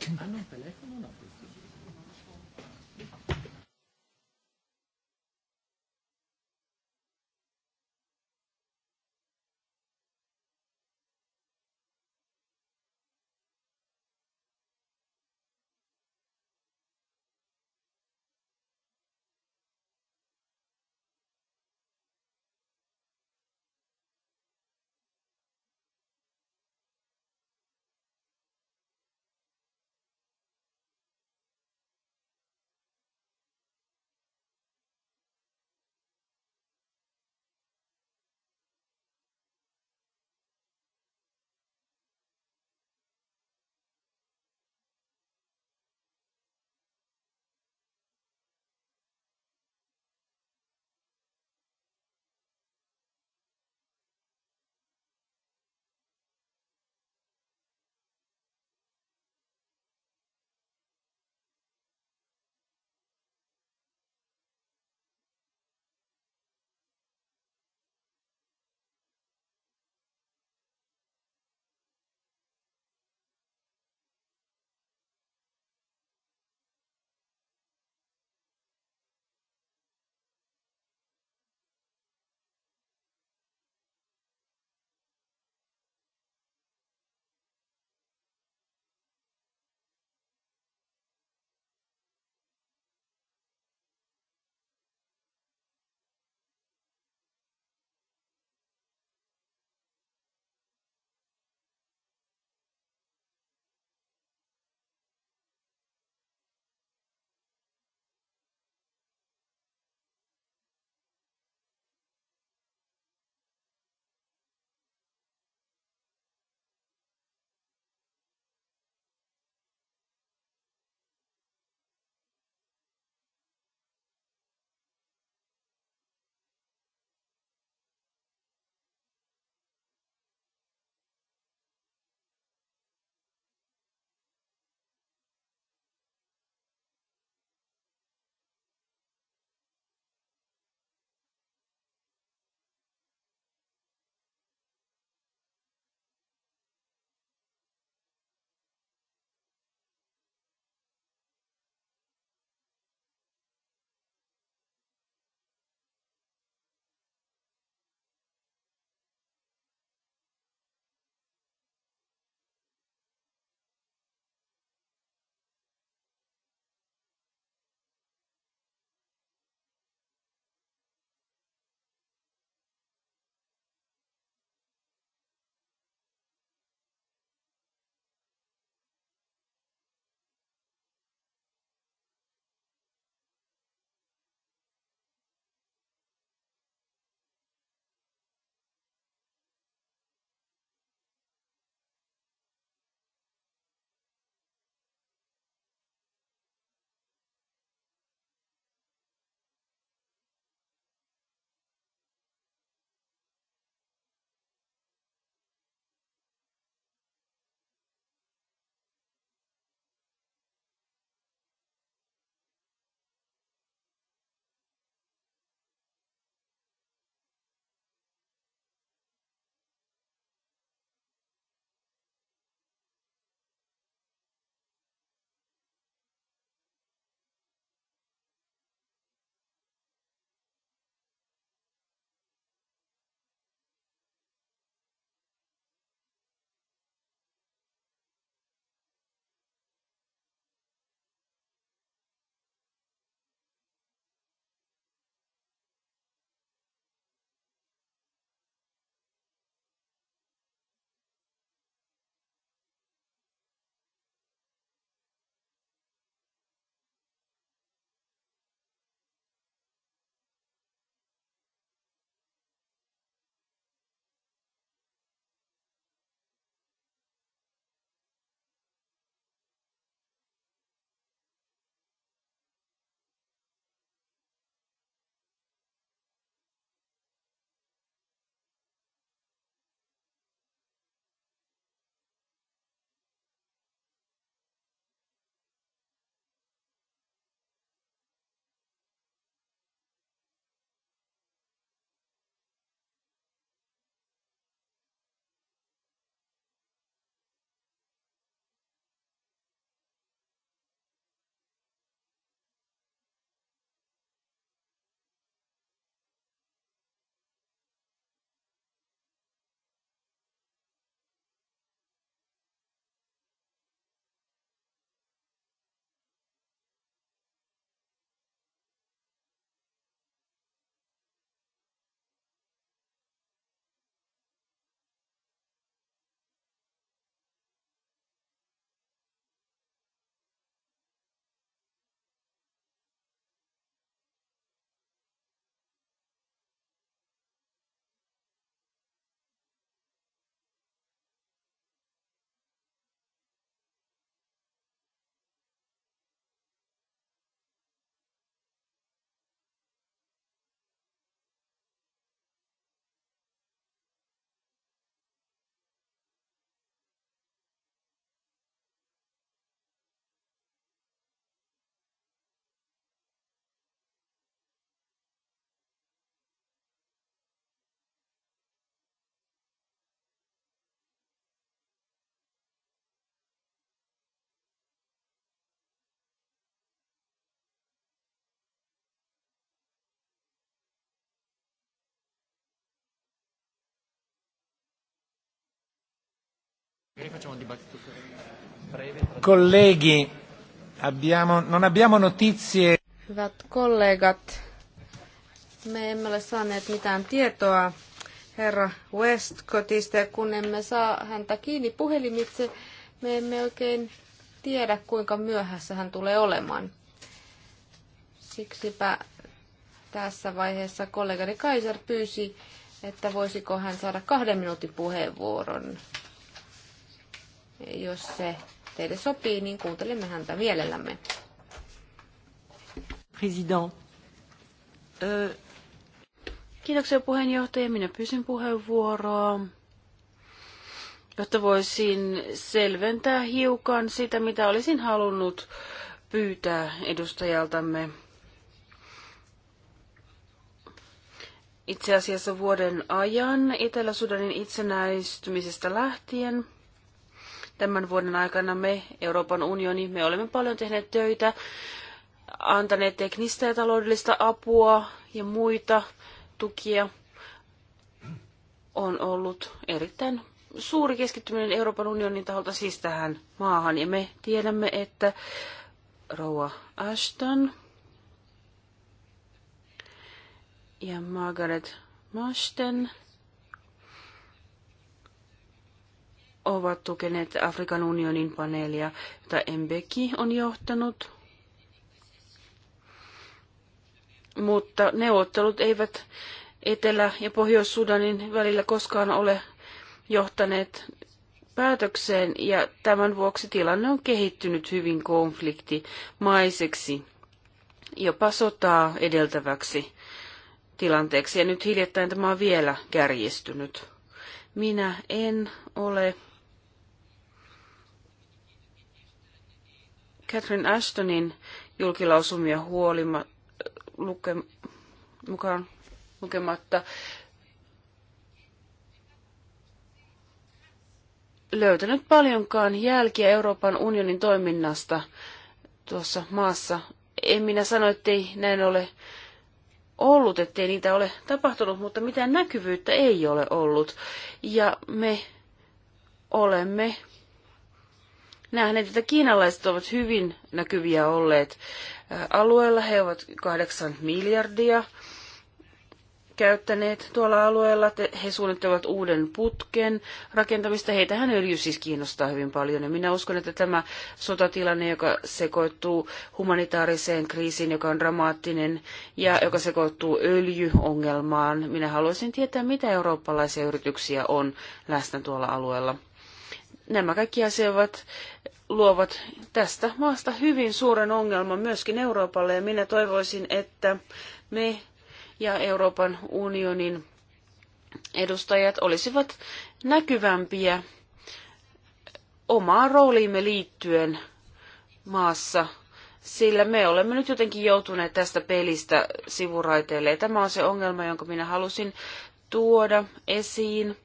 E Colleghi, abbiamo, non abbiamo notizie. Hyvät kollegat, me emme ole saaneet mitään tietoa herra Westcottista ja kun emme saa häntä kiinni puhelimitse, me emme oikein tiedä kuinka myöhässä hän tulee olemaan. Siksipä tässä vaiheessa kollegani Kaiser pyysi, että voisiko hän saada kahden minuutin puheenvuoron. Jos se teille sopii, niin kuuntelemme häntä mielellämme. President. Ö... Kiitoksia puheenjohtaja. Minä pyysin puheenvuoroa, jotta voisin selventää hiukan sitä, mitä olisin halunnut pyytää edustajaltamme. Itse asiassa vuoden ajan Etelä-Sudanin itsenäistymisestä lähtien – tämän vuoden aikana me, Euroopan unioni, me olemme paljon tehneet töitä, antaneet teknistä ja taloudellista apua ja muita tukia. On ollut erittäin suuri keskittyminen Euroopan unionin taholta siis tähän maahan. Ja me tiedämme, että Roa Ashton ja Margaret Masten – ovat tukeneet Afrikan unionin paneelia, jota Mbeki on johtanut. Mutta neuvottelut eivät Etelä- ja Pohjois-Sudanin välillä koskaan ole johtaneet päätökseen ja tämän vuoksi tilanne on kehittynyt hyvin konfliktimaiseksi, jopa sotaa edeltäväksi tilanteeksi. Ja nyt hiljattain tämä on vielä kärjistynyt. Minä en ole Catherine Ashtonin julkilausumia huolima, luke, mukaan lukematta löytänyt paljonkaan jälkiä Euroopan unionin toiminnasta tuossa maassa. En minä sano, ettei näin ole ollut, ettei niitä ole tapahtunut, mutta mitään näkyvyyttä ei ole ollut. Ja me olemme nähneet, että kiinalaiset ovat hyvin näkyviä olleet alueella. He ovat kahdeksan miljardia käyttäneet tuolla alueella. He suunnittelevat uuden putken rakentamista. Heitähän öljy siis kiinnostaa hyvin paljon. Ja minä uskon, että tämä sotatilanne, joka sekoittuu humanitaariseen kriisiin, joka on dramaattinen ja joka sekoittuu öljyongelmaan, minä haluaisin tietää, mitä eurooppalaisia yrityksiä on läsnä tuolla alueella nämä kaikki asiat luovat tästä maasta hyvin suuren ongelman myöskin Euroopalle ja minä toivoisin, että me ja Euroopan unionin edustajat olisivat näkyvämpiä omaan rooliimme liittyen maassa, sillä me olemme nyt jotenkin joutuneet tästä pelistä sivuraiteelle. Tämä on se ongelma, jonka minä halusin tuoda esiin.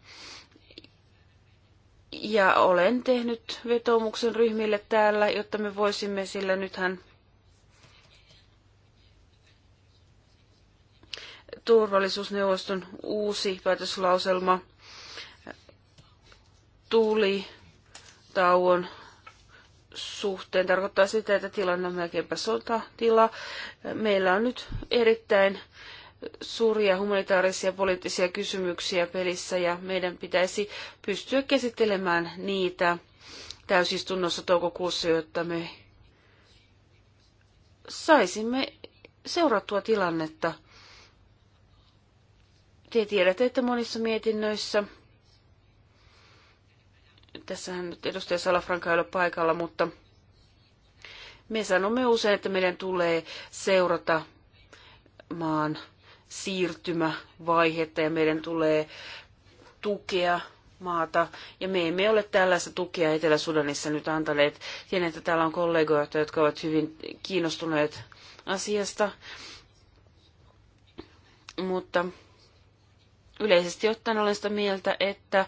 Ja olen tehnyt vetoomuksen ryhmille täällä, jotta me voisimme, sillä nythän turvallisuusneuvoston uusi päätöslauselma tuli tauon suhteen. Tarkoittaa sitä, että tilanne on melkeinpä sotatila. Meillä on nyt erittäin suuria humanitaarisia ja poliittisia kysymyksiä pelissä ja meidän pitäisi pystyä käsittelemään niitä täysistunnossa toukokuussa, jotta me saisimme seurattua tilannetta. Te tiedätte, että monissa mietinnöissä, tässähän nyt edustaja Salafranka ei ole paikalla, mutta me sanomme usein, että meidän tulee seurata maan siirtymävaihetta ja meidän tulee tukea maata. Ja me emme ole tällaista tukea Etelä-Sudanissa nyt antaneet. Tiedän, että täällä on kollegoita, jotka ovat hyvin kiinnostuneet asiasta. Mutta yleisesti ottaen olen sitä mieltä, että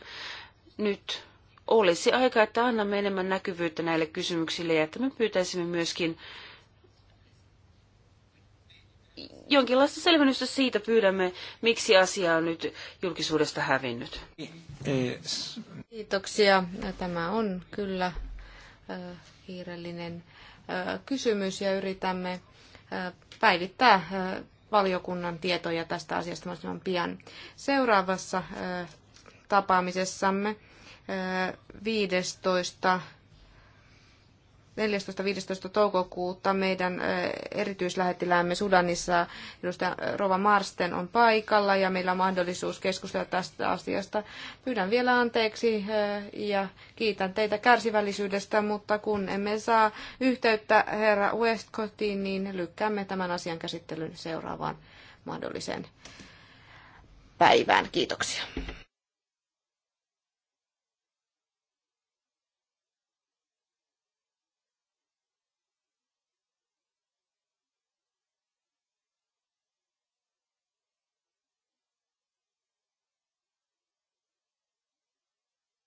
nyt olisi aika, että annamme enemmän näkyvyyttä näille kysymyksille ja että me pyytäisimme myöskin jonkinlaista selvennystä siitä pyydämme, miksi asia on nyt julkisuudesta hävinnyt. Kiitoksia. Tämä on kyllä äh, kiireellinen äh, kysymys ja yritämme äh, päivittää valiokunnan tietoja tästä asiasta mahdollisimman pian. Seuraavassa tapaamisessamme 15. 14-15 toukokuuta meidän erityislähettiläämme Sudanissa edustaja Rova Marsten on paikalla ja meillä on mahdollisuus keskustella tästä asiasta. Pyydän vielä anteeksi ja kiitän teitä kärsivällisyydestä, mutta kun emme saa yhteyttä herra Westcottiin, niin lykkäämme tämän asian käsittelyn seuraavaan mahdolliseen päivään. Kiitoksia.